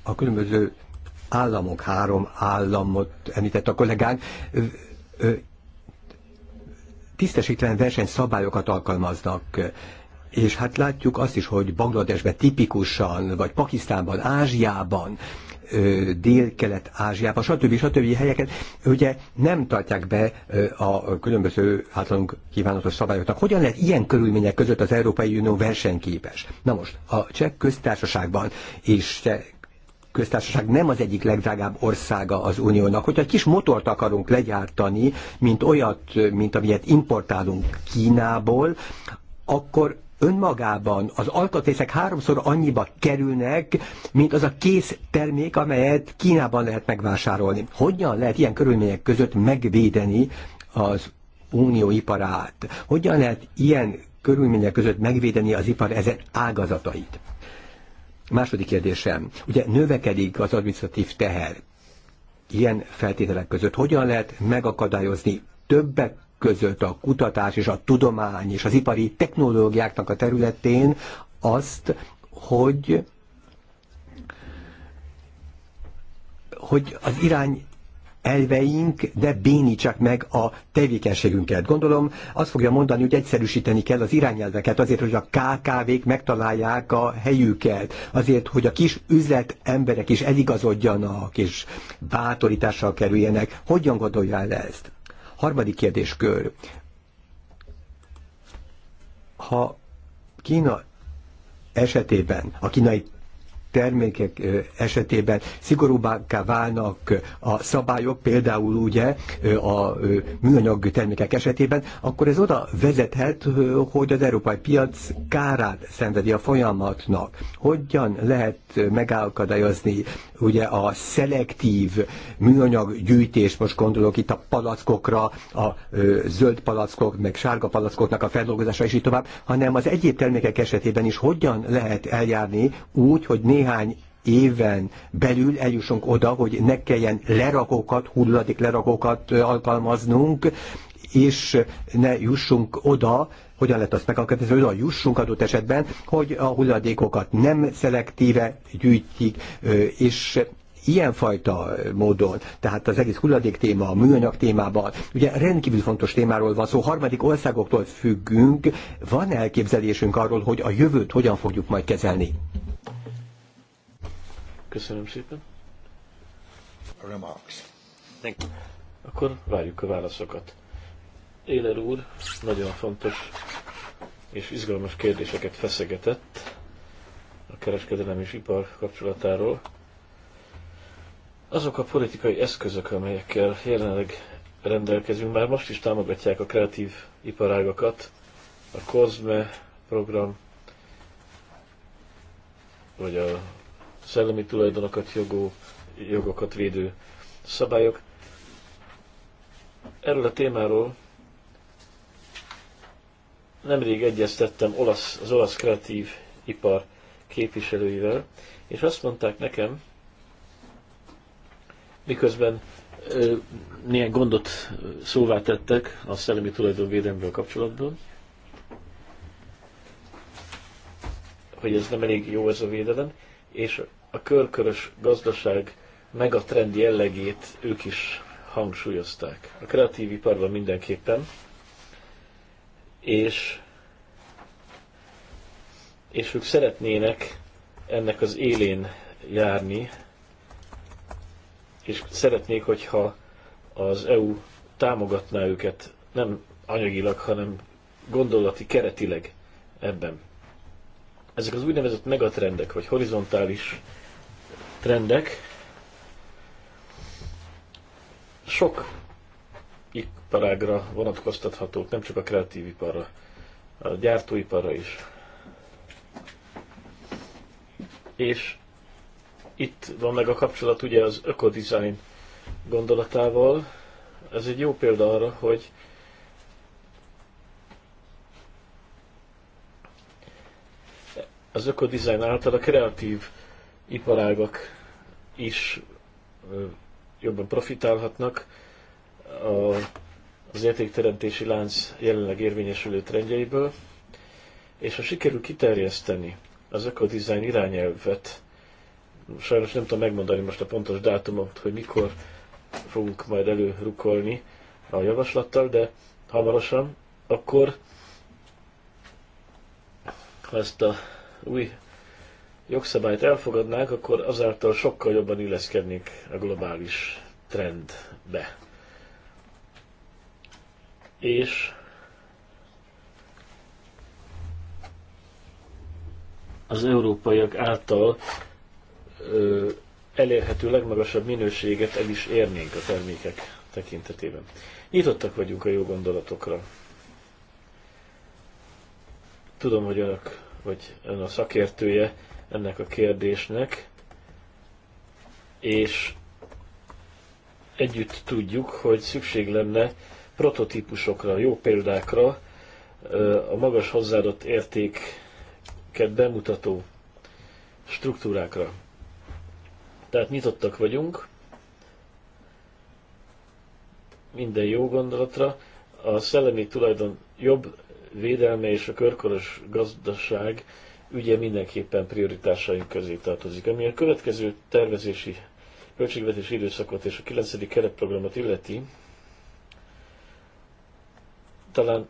a különböző államok, három államot említett a kollégánk, tisztesítlen versenyszabályokat alkalmaznak. És hát látjuk azt is, hogy Bangladesben tipikusan, vagy Pakisztánban, Ázsiában, Dél-Kelet-Ázsiában, stb. stb. helyeken ugye nem tartják be a különböző általunk kívánatos szabályoknak. Hogyan lehet ilyen körülmények között az Európai Unió versenyképes? Na most, a cseh köztársaságban és cseh köztársaság nem az egyik legdrágább országa az uniónak. Hogyha egy kis motort akarunk legyártani, mint olyat, mint amilyet importálunk Kínából, akkor önmagában az alkatrészek háromszor annyiba kerülnek, mint az a kész termék, amelyet Kínában lehet megvásárolni. Hogyan lehet ilyen körülmények között megvédeni az unió iparát? Hogyan lehet ilyen körülmények között megvédeni az ipar ezen ágazatait? Második kérdésem. Ugye növekedik az administratív teher. Ilyen feltételek között hogyan lehet megakadályozni többek között a kutatás és a tudomány és az ipari technológiáknak a területén azt, hogy hogy az irány elveink, de bénítsák meg a tevékenységünket. Gondolom, azt fogja mondani, hogy egyszerűsíteni kell az irányelveket azért, hogy a KKV-k megtalálják a helyüket, azért, hogy a kis üzlet emberek is eligazodjanak, és bátorítással kerüljenek. Hogyan gondolja el ezt? Harmadik kérdéskör. Ha Kína esetében a kínai termékek esetében szigorúbbá válnak a szabályok, például ugye a műanyag termékek esetében, akkor ez oda vezethet, hogy az európai piac kárát szenvedi a folyamatnak. Hogyan lehet megakadályozni ugye a szelektív műanyag gyűjtés, most gondolok itt a palackokra, a zöld palackok, meg sárga palackoknak a feldolgozása és így tovább, hanem az egyéb termékek esetében is hogyan lehet eljárni úgy, hogy néhány néhány éven belül eljussunk oda, hogy ne kelljen lerakókat, hulladék lerakókat alkalmaznunk, és ne jussunk oda, hogyan lehet azt megakadályozni, hogy jussunk adott esetben, hogy a hulladékokat nem szelektíve gyűjtjük, és ilyenfajta módon, tehát az egész hulladék téma, a műanyag témában, ugye rendkívül fontos témáról van szó, harmadik országoktól függünk, van elképzelésünk arról, hogy a jövőt hogyan fogjuk majd kezelni? Köszönöm szépen. Remarks. Thank you. Akkor várjuk a válaszokat. Éler úr nagyon fontos és izgalmas kérdéseket feszegetett a kereskedelem és ipar kapcsolatáról. Azok a politikai eszközök, amelyekkel jelenleg rendelkezünk, már most is támogatják a kreatív iparágakat, a COSME program, vagy a szellemi tulajdonokat, jogó, jogokat védő szabályok. Erről a témáról nemrég egyeztettem olasz, az olasz kreatív ipar képviselőivel, és azt mondták nekem, miközben ö, néhány gondot szóvá tettek a szellemi védelmével kapcsolatban, hogy ez nem elég jó ez a védelem, és a körkörös gazdaság megatrend jellegét ők is hangsúlyozták. A kreatív iparban mindenképpen, és, és ők szeretnének ennek az élén járni, és szeretnék, hogyha az EU támogatná őket nem anyagilag, hanem gondolati keretileg ebben. Ezek az úgynevezett megatrendek, vagy horizontális trendek. Sok iparágra vonatkoztathatók, nem csak a kreatív iparra, a gyártóiparra is. És itt van meg a kapcsolat ugye az ökodizájn gondolatával. Ez egy jó példa arra, hogy az ökodizájn által a kreatív iparágak is jobban profitálhatnak az értékteremtési lánc jelenleg érvényesülő trendjeiből, és ha sikerül kiterjeszteni az ökodizájn irányelvet, sajnos nem tudom megmondani most a pontos dátumot, hogy mikor fogunk majd előrukolni a javaslattal, de hamarosan, akkor ha ezt a új jogszabályt elfogadnák, akkor azáltal sokkal jobban illeszkednék a globális trendbe. És az európaiak által ö, elérhető legmagasabb minőséget el is érnénk a termékek tekintetében. Nyitottak vagyunk a jó gondolatokra. Tudom, hogy önök, vagy ön a szakértője ennek a kérdésnek, és együtt tudjuk, hogy szükség lenne prototípusokra, jó példákra, a magas hozzáadott értéket bemutató struktúrákra. Tehát nyitottak vagyunk minden jó gondolatra. A szellemi tulajdon jobb védelme és a körkoros gazdaság ügye mindenképpen prioritásaink közé tartozik. Ami a következő tervezési költségvetési időszakot és a 9. keretprogramot illeti, talán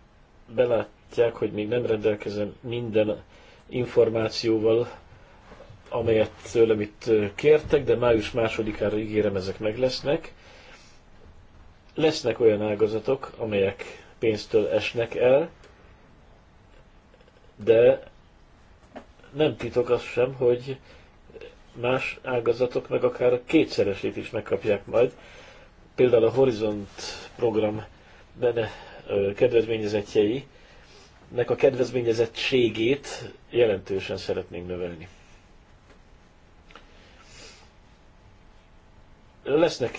belátják, hogy még nem rendelkezem minden információval, amelyet tőlem itt kértek, de május másodikára ígérem, ezek meg lesznek. Lesznek olyan ágazatok, amelyek pénztől esnek el, de nem titok az sem, hogy más ágazatok meg akár a kétszeresét is megkapják majd. Például a Horizont program benne kedvezményezettjei, nek a kedvezményezettségét jelentősen szeretnénk növelni. Lesznek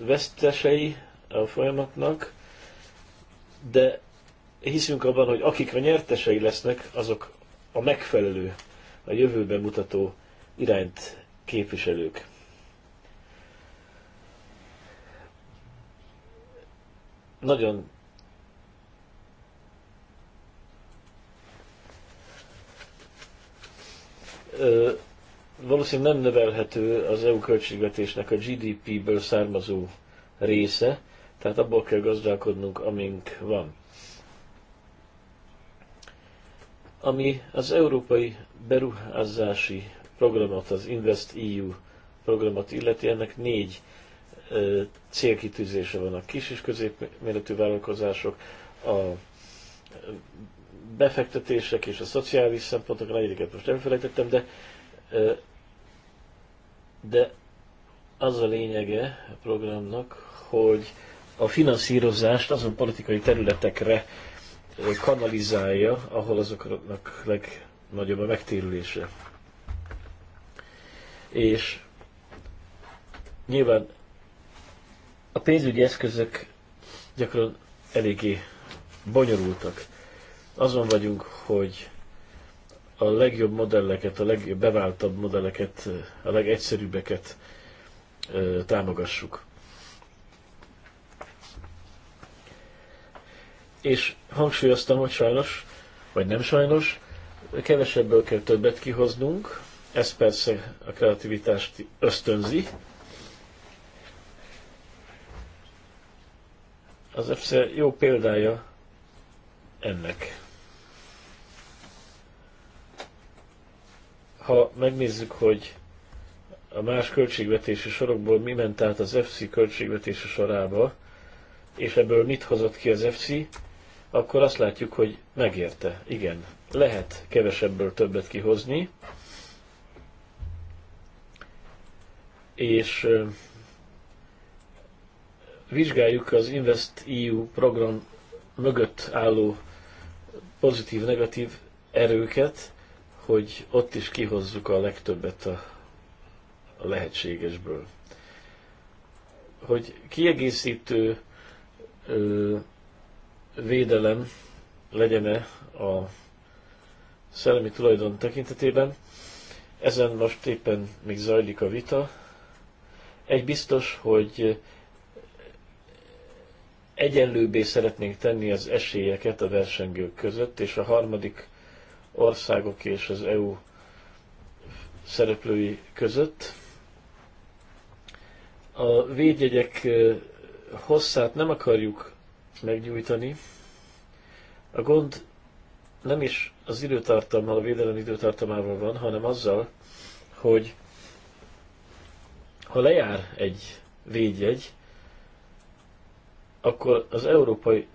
vesztesei a folyamatnak, de hiszünk abban, hogy akik a nyertesei lesznek, azok a megfelelő, a jövőben mutató irányt képviselők. Nagyon ö, valószínűleg nem növelhető az EU költségvetésnek a GDP-ből származó része, tehát abból kell gazdálkodnunk, amink van. Ami az európai beruházási programot, az Invest EU programot illeti, ennek négy ö, célkitűzése van. A kis és középméretű vállalkozások, a befektetések és a szociális szempontok, a negyediket most elfelejtettem, de, ö, de az a lényege a programnak, hogy a finanszírozást azon politikai területekre kanalizálja, ahol azoknak legnagyobb a megtérülése. És nyilván a pénzügyi eszközök gyakran eléggé bonyolultak. Azon vagyunk, hogy a legjobb modelleket, a legbeváltabb modelleket, a legegyszerűbbeket támogassuk. és hangsúlyoztam, hogy sajnos, vagy nem sajnos, kevesebből kell többet kihoznunk, ez persze a kreativitást ösztönzi. Az EFSZE jó példája ennek. Ha megnézzük, hogy a más költségvetési sorokból mi ment át az FC költségvetési sorába, és ebből mit hozott ki az FC, akkor azt látjuk, hogy megérte. Igen, lehet kevesebből többet kihozni, és vizsgáljuk az Invest EU program mögött álló pozitív-negatív erőket, hogy ott is kihozzuk a legtöbbet a, lehetségesből. Hogy kiegészítő védelem legyen-e a szellemi tulajdon tekintetében. Ezen most éppen még zajlik a vita. Egy biztos, hogy egyenlőbbé szeretnénk tenni az esélyeket a versengők között, és a harmadik országok és az EU szereplői között. A védjegyek hosszát nem akarjuk meggyújtani. A gond nem is az időtartammal, a védelem időtartamával van, hanem azzal, hogy ha lejár egy védjegy, akkor az európai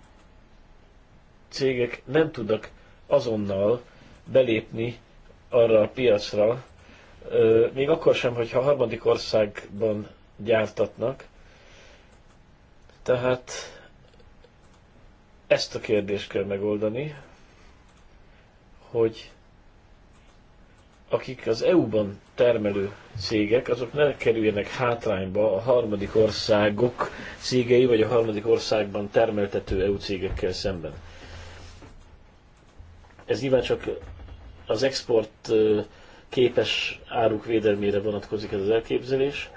cégek nem tudnak azonnal belépni arra a piacra, még akkor sem, hogyha a harmadik országban gyártatnak. Tehát ezt a kérdést kell megoldani, hogy akik az EU-ban termelő cégek, azok ne kerüljenek hátrányba a harmadik országok cégei, vagy a harmadik országban termeltető EU cégekkel szemben. Ez nyilván csak az export képes áruk védelmére vonatkozik ez az elképzelés,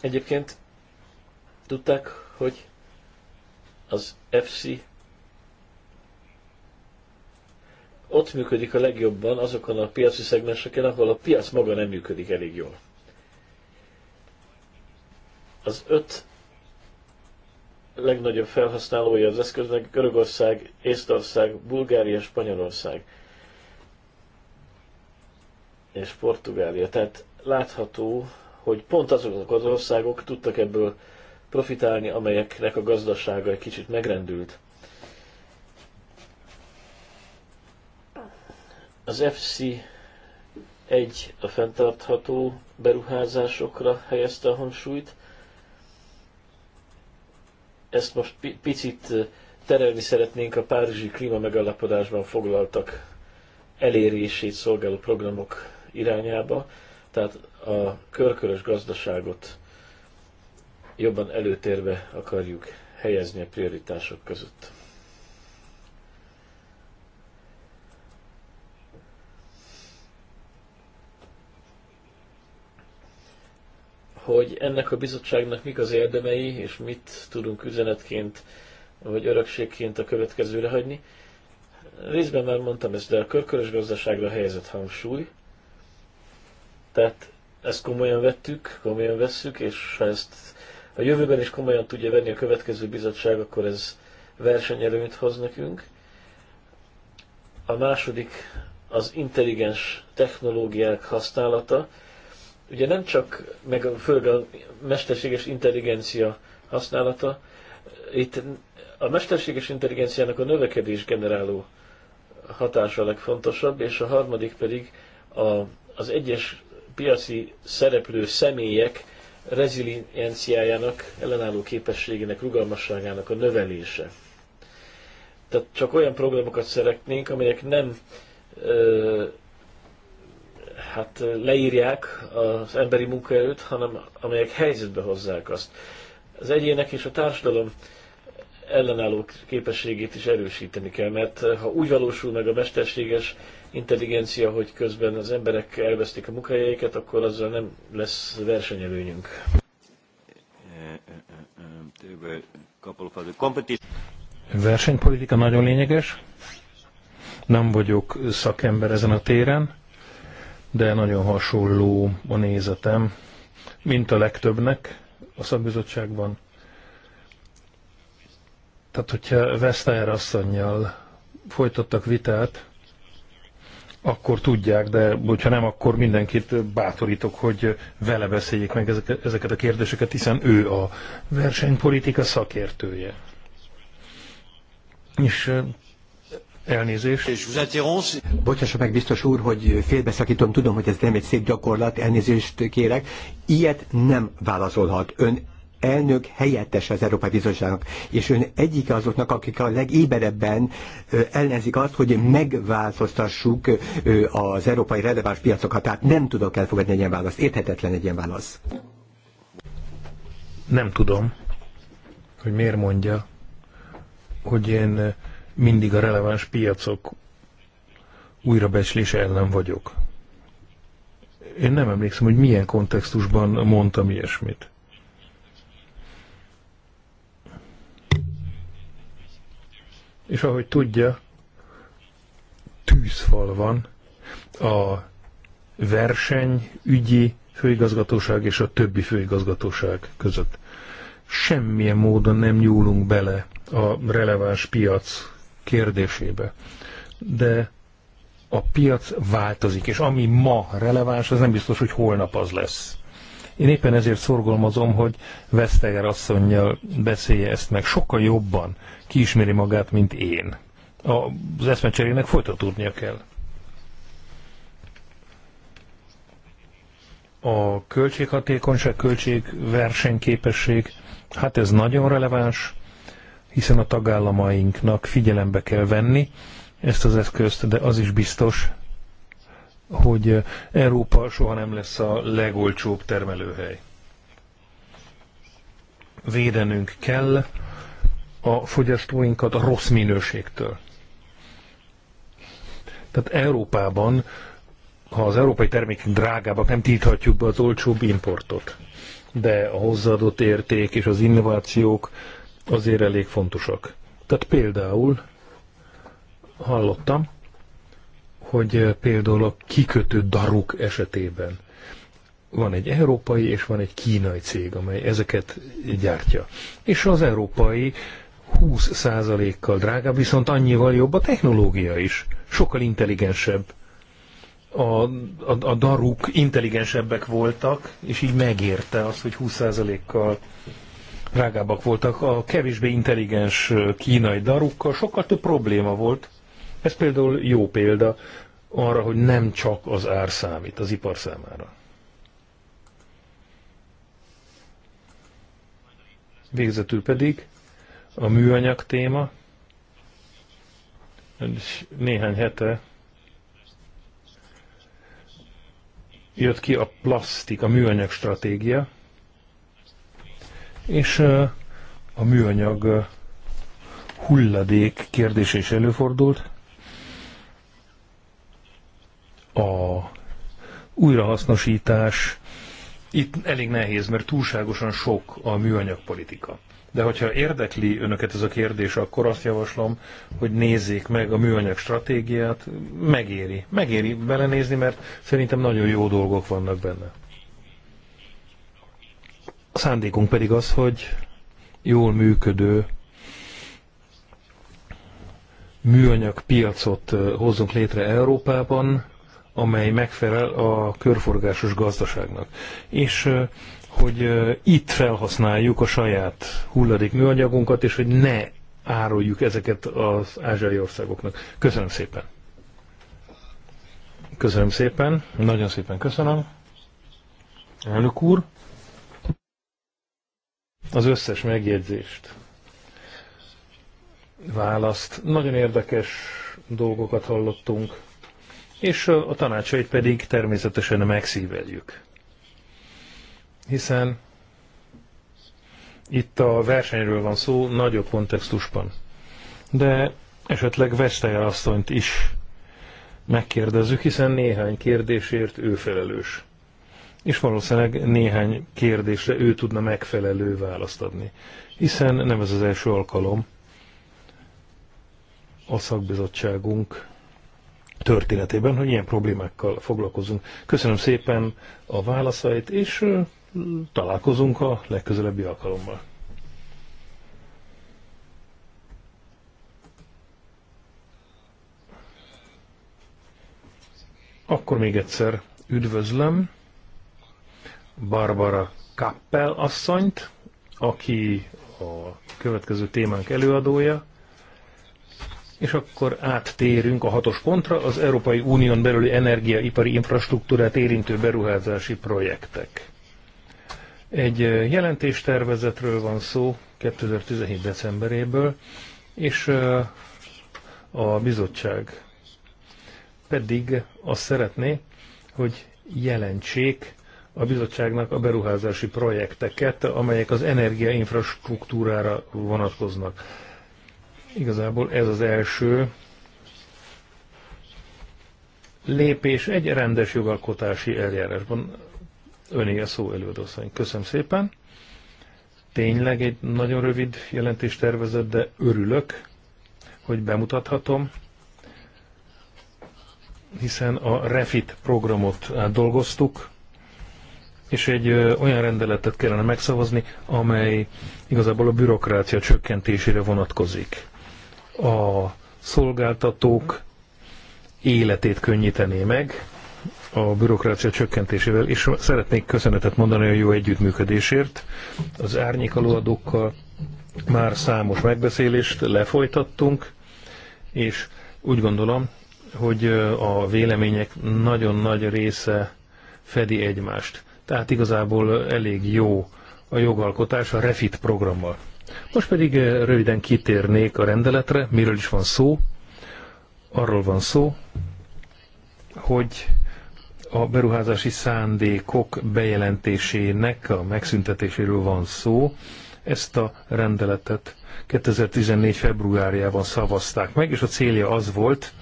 Egyébként tudták, hogy az FC ott működik a legjobban azokon a piaci szegmenseken, ahol a piac maga nem működik elég jól. Az öt legnagyobb felhasználója az eszköznek Görögország, Észtország, Bulgária, Spanyolország és Portugália. Tehát látható, hogy pont azok az országok tudtak ebből profitálni, amelyeknek a gazdasága egy kicsit megrendült. Az FC egy a fenntartható beruházásokra helyezte a hangsúlyt. Ezt most picit terelni szeretnénk a Párizsi klíma megállapodásban foglaltak elérését szolgáló programok irányába tehát a körkörös gazdaságot jobban előtérbe akarjuk helyezni a prioritások között. hogy ennek a bizottságnak mik az érdemei, és mit tudunk üzenetként, vagy örökségként a következőre hagyni. Részben már mondtam ezt, de a körkörös gazdaságra helyezett hangsúly, tehát ezt komolyan vettük, komolyan vesszük, és ha ezt a jövőben is komolyan tudja venni a következő bizottság, akkor ez versenyelőnyt hoz nekünk. A második az intelligens technológiák használata. Ugye nem csak, meg a főleg a mesterséges intelligencia használata, itt a mesterséges intelligenciának a növekedés generáló hatása a legfontosabb, és a harmadik pedig a, az egyes piaci szereplő személyek rezilienciájának, ellenálló képességének, rugalmasságának a növelése. Tehát csak olyan programokat szeretnénk, amelyek nem ö, hát leírják az emberi munkaerőt, hanem amelyek helyzetbe hozzák azt. Az egyének és a társadalom ellenálló képességét is erősíteni kell, mert eh, ha úgy valósul meg a mesterséges intelligencia, hogy közben az emberek elvesztik a munkahelyeiket, akkor azzal nem lesz versenyelőnyünk. Versenypolitika nagyon lényeges. Nem vagyok szakember ezen a téren, de nagyon hasonló a nézetem, mint a legtöbbnek a szakbizottságban tehát, hogyha Vesztájer asszonynal folytattak vitát, akkor tudják, de hogyha nem, akkor mindenkit bátorítok, hogy vele beszéljék meg ezeket a kérdéseket, hiszen ő a versenypolitika szakértője. És Elnézést. Bocsássa meg, biztos úr, hogy félbeszakítom, tudom, hogy ez nem egy szép gyakorlat, elnézést kérek. Ilyet nem válaszolhat. Ön elnök helyettes az Európai Bizottságnak, és ön egyik azoknak, akik a legéberebben ellenzik azt, hogy megváltoztassuk az európai releváns piacokat. Tehát nem tudok elfogadni egy ilyen választ. Érthetetlen egy ilyen válasz. Nem tudom, hogy miért mondja, hogy én mindig a releváns piacok újrabecslése ellen vagyok. Én nem emlékszem, hogy milyen kontextusban mondtam ilyesmit. És ahogy tudja, tűzfal van a verseny ügyi főigazgatóság és a többi főigazgatóság között. Semmilyen módon nem nyúlunk bele a releváns piac kérdésébe. De a piac változik, és ami ma releváns, az nem biztos, hogy holnap az lesz. Én éppen ezért szorgalmazom, hogy Veszteger asszonynal beszélje ezt meg. Sokkal jobban kiismeri magát, mint én. Az eszmecserének folytatódnia kell. A költséghatékonyság, költségversenyképesség, hát ez nagyon releváns, hiszen a tagállamainknak figyelembe kell venni ezt az eszközt, de az is biztos, hogy Európa soha nem lesz a legolcsóbb termelőhely. Védenünk kell a fogyasztóinkat a rossz minőségtől. Tehát Európában, ha az európai termékek drágábbak, nem tilthatjuk be az olcsóbb importot. De a hozzáadott érték és az innovációk azért elég fontosak. Tehát például hallottam, hogy eh, például a kikötő daruk esetében van egy európai és van egy kínai cég, amely ezeket gyártja. És az európai 20%-kal drágább, viszont annyival jobb a technológia is. Sokkal intelligensebb. A, a, a daruk intelligensebbek voltak, és így megérte azt, hogy 20%-kal drágábbak voltak. A kevésbé intelligens eh, kínai darukkal sokkal több probléma volt, ez például jó példa arra, hogy nem csak az ár számít az ipar számára. Végzetül pedig a műanyag téma. És néhány hete jött ki a plastik, a műanyag stratégia, és a műanyag hulladék kérdése is előfordult a újrahasznosítás itt elég nehéz, mert túlságosan sok a műanyag politika. De hogyha érdekli önöket ez a kérdés, akkor azt javaslom, hogy nézzék meg a műanyag stratégiát, megéri. Megéri belenézni, mert szerintem nagyon jó dolgok vannak benne. A szándékunk pedig az, hogy jól működő műanyag piacot hozzunk létre Európában, amely megfelel a körforgásos gazdaságnak. És hogy itt felhasználjuk a saját hulladék műanyagunkat, és hogy ne áruljuk ezeket az ázsiai országoknak. Köszönöm szépen! Köszönöm szépen, nagyon szépen köszönöm. Elnök úr, az összes megjegyzést, választ, nagyon érdekes dolgokat hallottunk és a tanácsait pedig természetesen megszívedjük. Hiszen itt a versenyről van szó nagyobb kontextusban. De esetleg Veszteje asszonyt is megkérdezzük, hiszen néhány kérdésért ő felelős. És valószínűleg néhány kérdésre ő tudna megfelelő választ adni. Hiszen nem ez az első alkalom a szakbizottságunk történetében, hogy ilyen problémákkal foglalkozunk. Köszönöm szépen a válaszait, és találkozunk a legközelebbi alkalommal. Akkor még egyszer üdvözlöm Barbara Kappel asszonyt, aki a következő témánk előadója. És akkor áttérünk a hatos pontra, az Európai Unión belüli energiaipari infrastruktúrát érintő beruházási projektek. Egy jelentéstervezetről van szó 2017. decemberéből, és a bizottság pedig azt szeretné, hogy jelentsék a bizottságnak a beruházási projekteket, amelyek az energiainfrastruktúrára vonatkoznak. Igazából ez az első lépés egy rendes jogalkotási eljárásban. Öné a szó előadószony. Köszönöm szépen. Tényleg egy nagyon rövid tervezett, de örülök, hogy bemutathatom, hiszen a Refit programot dolgoztuk és egy olyan rendeletet kellene megszavazni, amely igazából a bürokrácia csökkentésére vonatkozik a szolgáltatók életét könnyítené meg a bürokrácia csökkentésével, és szeretnék köszönetet mondani a jó együttműködésért az árnyékalóadókkal. Már számos megbeszélést lefolytattunk, és úgy gondolom, hogy a vélemények nagyon nagy része fedi egymást. Tehát igazából elég jó a jogalkotás a REFIT programmal. Most pedig eh, röviden kitérnék a rendeletre, miről is van szó. Arról van szó, hogy a beruházási szándékok bejelentésének a megszüntetéséről van szó. Ezt a rendeletet 2014. februárjában szavazták meg, és a célja az volt,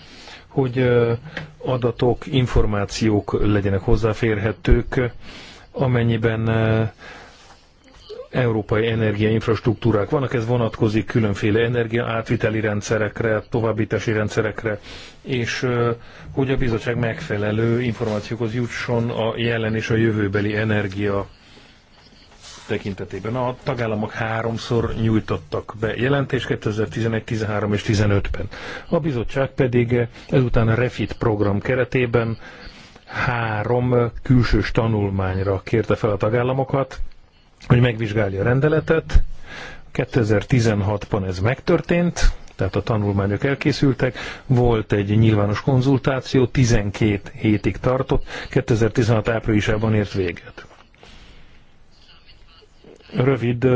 hogy eh, adatok, információk legyenek hozzáférhetők, amennyiben eh, európai energiainfrastruktúrák vannak, ez vonatkozik különféle energia átviteli rendszerekre, továbbítási rendszerekre, és hogy a bizottság megfelelő információkhoz jusson a jelen és a jövőbeli energia tekintetében. A tagállamok háromszor nyújtottak be jelentést 2011, 13 és 15-ben. A bizottság pedig ezután a Refit program keretében három külsős tanulmányra kérte fel a tagállamokat, hogy megvizsgálja a rendeletet. 2016-ban ez megtörtént, tehát a tanulmányok elkészültek, volt egy nyilvános konzultáció, 12 hétig tartott, 2016 áprilisában ért véget. Rövid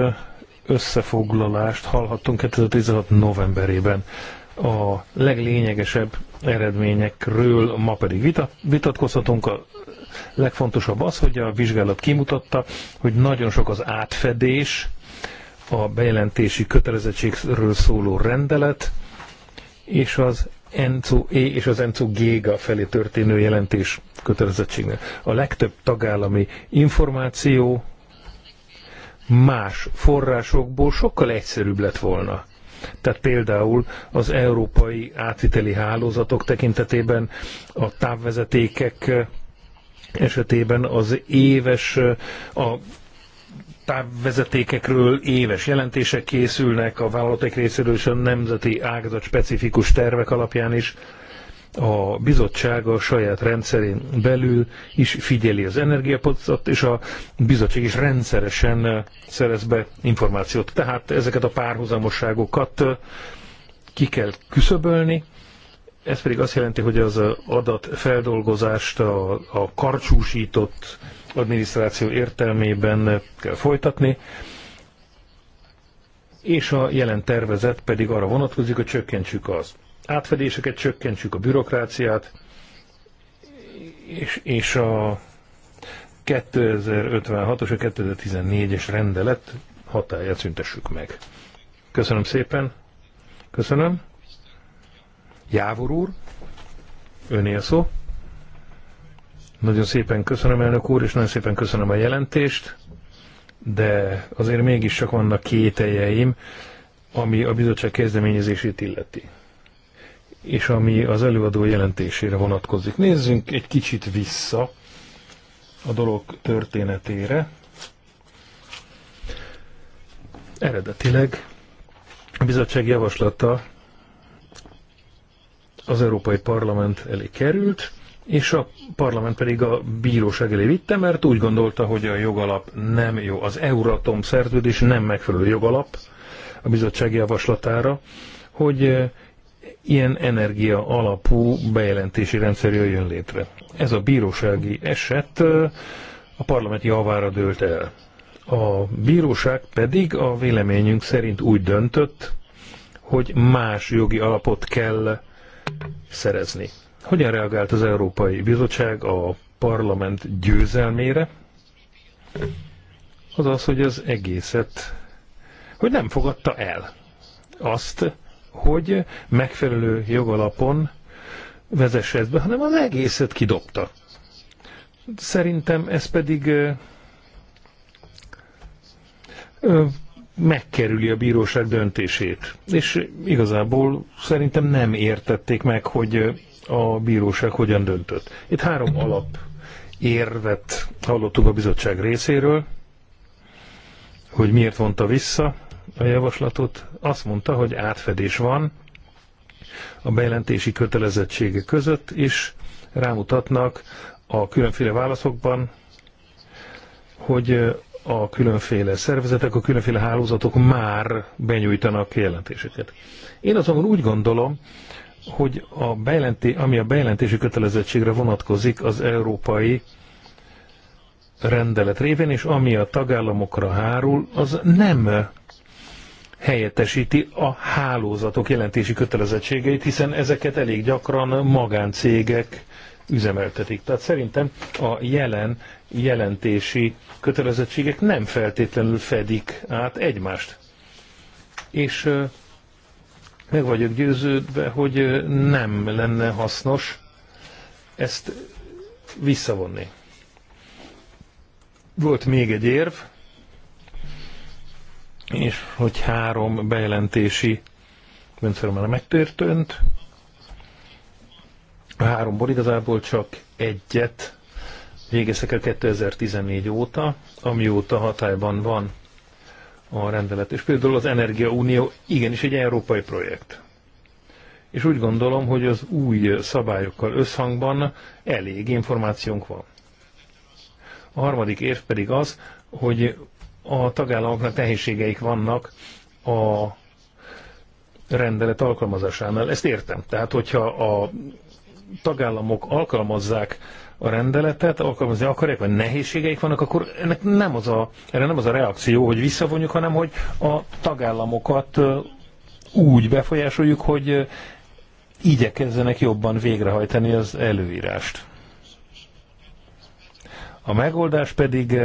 összefoglalást hallhattunk 2016 novemberében. A leglényegesebb eredményekről ma pedig vita, vitatkozhatunk. A legfontosabb az, hogy a vizsgálat kimutatta, hogy nagyon sok az átfedés a bejelentési kötelezettségről szóló rendelet és az ENCO E és az ENCO Géga felé történő jelentés kötelezettségnél. A legtöbb tagállami információ más forrásokból sokkal egyszerűbb lett volna. Tehát például az európai átviteli hálózatok tekintetében a távvezetékek esetében az éves, a távvezetékekről éves jelentések készülnek, a vállalatok részéről és a nemzeti ágazat specifikus tervek alapján is a bizottság a saját rendszerén belül is figyeli az energiapodzat, és a bizottság is rendszeresen eh, szerez be információt. Tehát ezeket a párhuzamosságokat eh, ki kell küszöbölni, ez pedig azt jelenti, hogy az eh, adatfeldolgozást a, a karcsúsított adminisztráció értelmében kell folytatni, és a jelen tervezet pedig arra vonatkozik, hogy csökkentsük az átfedéseket csökkentsük, a bürokráciát, és, és a 2056-os, a 2014-es rendelet hatáját szüntessük meg. Köszönöm szépen. Köszönöm. Jávor úr, öné a szó. Nagyon szépen köszönöm, elnök úr, és nagyon szépen köszönöm a jelentést, de azért mégiscsak vannak kételjeim, ami a bizottság kezdeményezését illeti és ami az előadó jelentésére vonatkozik. Nézzünk egy kicsit vissza a dolog történetére. Eredetileg a bizottság javaslata az Európai Parlament elé került, és a parlament pedig a bíróság elé vitte, mert úgy gondolta, hogy a jogalap nem jó. Az Euratom szerződés nem megfelelő jogalap a bizottság javaslatára, hogy ilyen energia alapú bejelentési rendszer jöjjön létre. Ez a bírósági eset a parlament javára dőlt el. A bíróság pedig a véleményünk szerint úgy döntött, hogy más jogi alapot kell szerezni. Hogyan reagált az Európai Bizottság a parlament győzelmére? Az az, hogy az egészet, hogy nem fogadta el azt, hogy megfelelő jogalapon vezesse ezt be, hanem az egészet kidobta. Szerintem ez pedig ö, ö, megkerüli a bíróság döntését. És igazából szerintem nem értették meg, hogy a bíróság hogyan döntött. Itt három alap érvet hallottuk a bizottság részéről, hogy miért vonta vissza a javaslatot, azt mondta, hogy átfedés van a bejelentési kötelezettsége között, és rámutatnak a különféle válaszokban, hogy a különféle szervezetek, a különféle hálózatok már benyújtanak jelentéseket. Én azonban úgy gondolom, hogy a bejelenté, ami a bejelentési kötelezettségre vonatkozik az európai rendelet révén, és ami a tagállamokra hárul, az nem helyettesíti a hálózatok jelentési kötelezettségeit, hiszen ezeket elég gyakran magáncégek üzemeltetik. Tehát szerintem a jelen jelentési kötelezettségek nem feltétlenül fedik át egymást. És meg vagyok győződve, hogy nem lenne hasznos ezt visszavonni. Volt még egy érv, és hogy három bejelentési rendszer már megtörtént. A háromból igazából csak egyet végeztek el 2014 óta, amióta hatályban van a rendelet. És például az energia Unió igenis egy európai projekt. És úgy gondolom, hogy az új szabályokkal összhangban elég információnk van. A harmadik érv pedig az, hogy a tagállamoknak nehézségeik vannak a rendelet alkalmazásánál. Ezt értem. Tehát, hogyha a tagállamok alkalmazzák a rendeletet, alkalmazni akarják, vagy nehézségeik vannak, akkor ennek nem az a, erre nem az a reakció, hogy visszavonjuk, hanem hogy a tagállamokat úgy befolyásoljuk, hogy igyekezzenek jobban végrehajtani az előírást. A megoldás pedig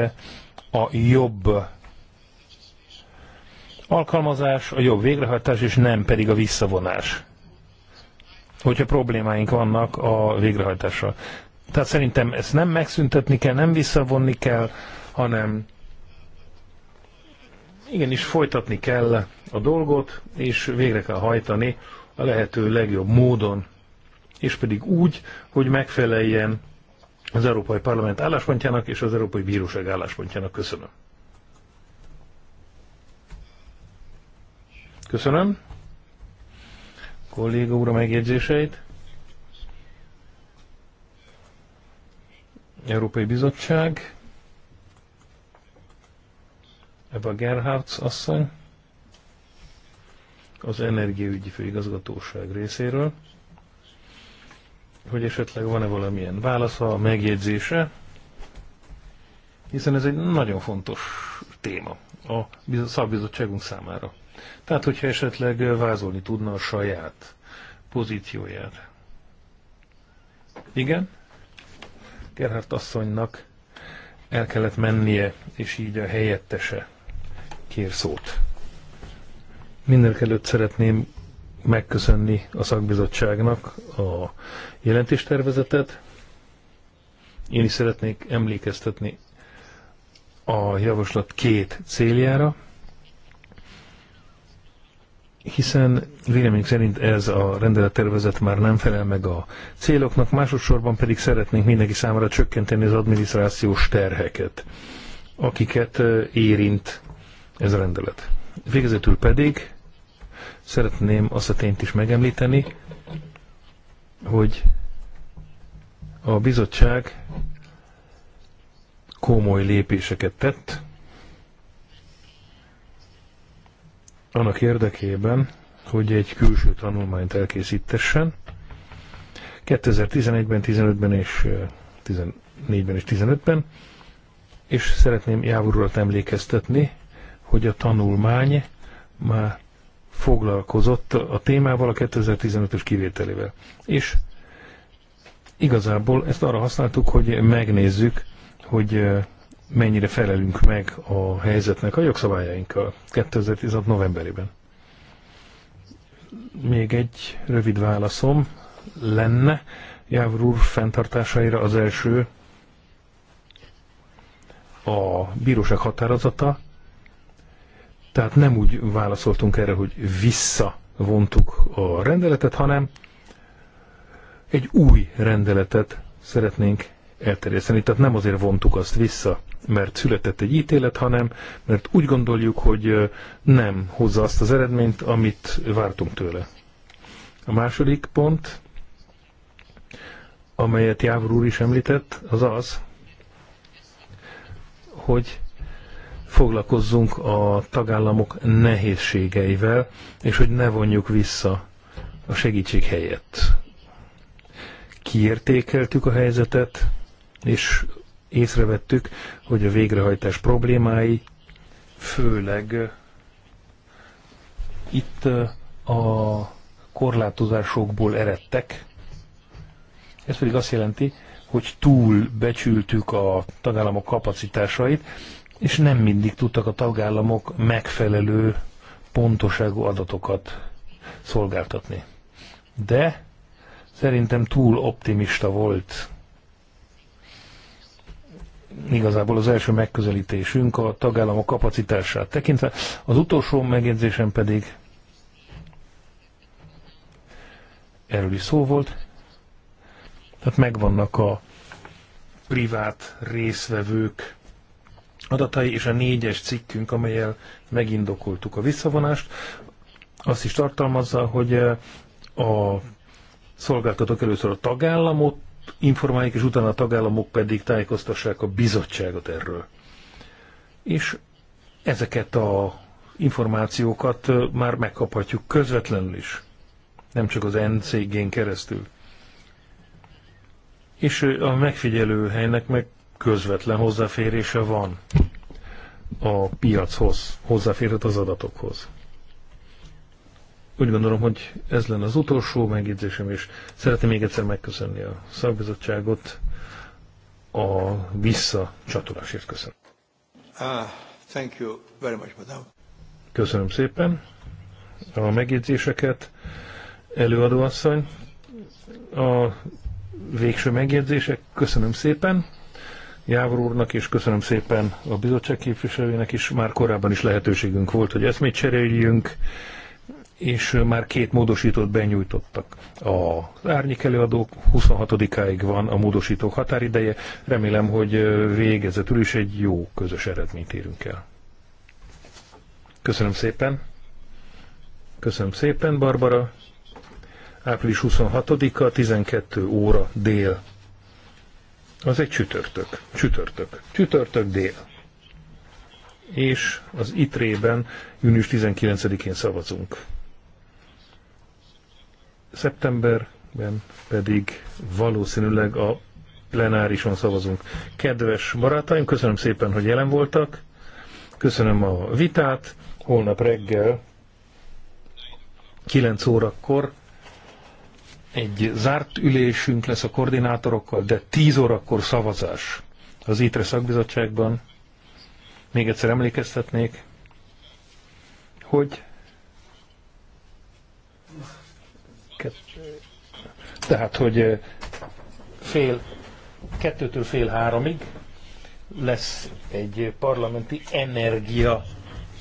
a jobb alkalmazás, a jobb végrehajtás, és nem pedig a visszavonás. Hogyha problémáink vannak a végrehajtással. Tehát szerintem ezt nem megszüntetni kell, nem visszavonni kell, hanem igenis folytatni kell a dolgot, és végre kell hajtani a lehető legjobb módon, és pedig úgy, hogy megfeleljen az Európai Parlament álláspontjának és az Európai Bíróság álláspontjának. Köszönöm. Köszönöm. Kolléga úr a megjegyzéseit. Európai Bizottság. Ebbe a Gerhardt asszony az energiaügyi főigazgatóság részéről hogy esetleg van-e valamilyen válasza, megjegyzése, hiszen ez egy nagyon fontos téma a szakbizottságunk számára. Tehát, hogyha esetleg vázolni tudna a saját pozícióját. Igen? Gerhardt asszonynak el kellett mennie, és így a helyettese kér szót. Mindenek előtt szeretném megköszönni a szakbizottságnak a jelentéstervezetet. Én is szeretnék emlékeztetni a javaslat két céljára, hiszen vélemény szerint ez a rendelettervezet már nem felel meg a céloknak, másodszorban pedig szeretnénk mindenki számára csökkenteni az adminisztrációs terheket, akiket érint ez a rendelet. Végezetül pedig szeretném azt a tényt is megemlíteni, hogy a bizottság komoly lépéseket tett annak érdekében, hogy egy külső tanulmányt elkészítessen. 2011-ben, 15-ben és 14-ben és 15-ben, és szeretném Jávor emlékeztetni, hogy a tanulmány már foglalkozott a témával, a 2015-ös kivételével. És igazából ezt arra használtuk, hogy megnézzük, hogy eh, mennyire felelünk meg a helyzetnek a jogszabályainkkal 2016. novemberében. Még egy rövid válaszom lenne Jávor úr fenntartásaira az első a bíróság határozata tehát nem úgy válaszoltunk erre, hogy visszavontuk a rendeletet, hanem egy új rendeletet szeretnénk elterjeszteni. Tehát nem azért vontuk azt vissza, mert született egy ítélet, hanem mert úgy gondoljuk, hogy nem hozza azt az eredményt, amit vártunk tőle. A második pont, amelyet Jávor úr is említett, az az, hogy foglalkozzunk a tagállamok nehézségeivel, és hogy ne vonjuk vissza a segítség helyett. Kiértékeltük a helyzetet, és észrevettük, hogy a végrehajtás problémái főleg itt a korlátozásokból eredtek. Ez pedig azt jelenti, hogy túl becsültük a tagállamok kapacitásait, és nem mindig tudtak a tagállamok megfelelő pontoságú adatokat szolgáltatni. De szerintem túl optimista volt igazából az első megközelítésünk a tagállamok kapacitását tekintve. Az utolsó megjegyzésem pedig erről is szó volt. Tehát megvannak a privát részvevők adatai és a négyes cikkünk, amelyel megindokoltuk a visszavonást, azt is tartalmazza, hogy eh, a szolgáltatók először a tagállamot informálják, és utána a tagállamok pedig tájékoztassák a bizottságot erről. És ezeket a információkat eh, már megkaphatjuk közvetlenül is, nem csak az NCG-n keresztül. És eh, a megfigyelő helynek meg közvetlen hozzáférése van a piachoz, hozzáférhet az adatokhoz. Úgy gondolom, hogy ez lenne az utolsó megjegyzésem, és szeretném még egyszer megköszönni a szakbizottságot a visszacsatolásért. Köszönöm. Ah, thank you very much, madam. Köszönöm szépen a megjegyzéseket. Előadóasszony, a végső megjegyzések. Köszönöm szépen. Jávor úrnak, és köszönöm szépen a bizottság képviselőjének is. Már korábban is lehetőségünk volt, hogy eszmét cseréljünk, és már két módosítót benyújtottak. Az árnyék előadók 26-áig van a módosítók határideje. Remélem, hogy végezetül is egy jó közös eredményt érünk el. Köszönöm szépen. Köszönöm szépen, Barbara. Április 26-a, 12 óra dél. Az egy csütörtök. Csütörtök. Csütörtök dél. És az ITRE-ben június 19-én szavazunk. Szeptemberben pedig valószínűleg a plenárison szavazunk. Kedves barátaim, köszönöm szépen, hogy jelen voltak. Köszönöm a vitát. Holnap reggel 9 órakor egy zárt ülésünk lesz a koordinátorokkal, de 10 órakor szavazás az ITRE szakbizottságban. Még egyszer emlékeztetnék, hogy tehát, hogy eh, fél, kettőtől fél háromig lesz egy parlamenti energia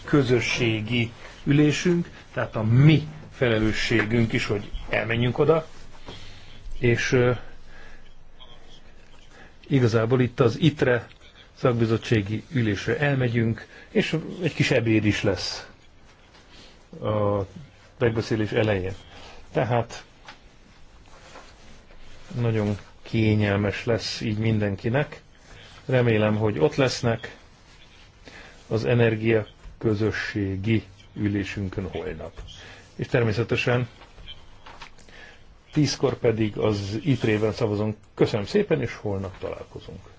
közösségi ülésünk, tehát a mi felelősségünk is, hogy elmenjünk oda, és igazából itt az ITRE szakbizottsági ülésre elmegyünk, és egy kis ebéd is lesz a megbeszélés elején. Tehát nagyon kényelmes lesz így mindenkinek. Remélem, hogy ott lesznek az energia közösségi ülésünkön holnap. És természetesen tízkor pedig az ITRE-ben szavazunk. Köszönöm szépen, és holnap találkozunk.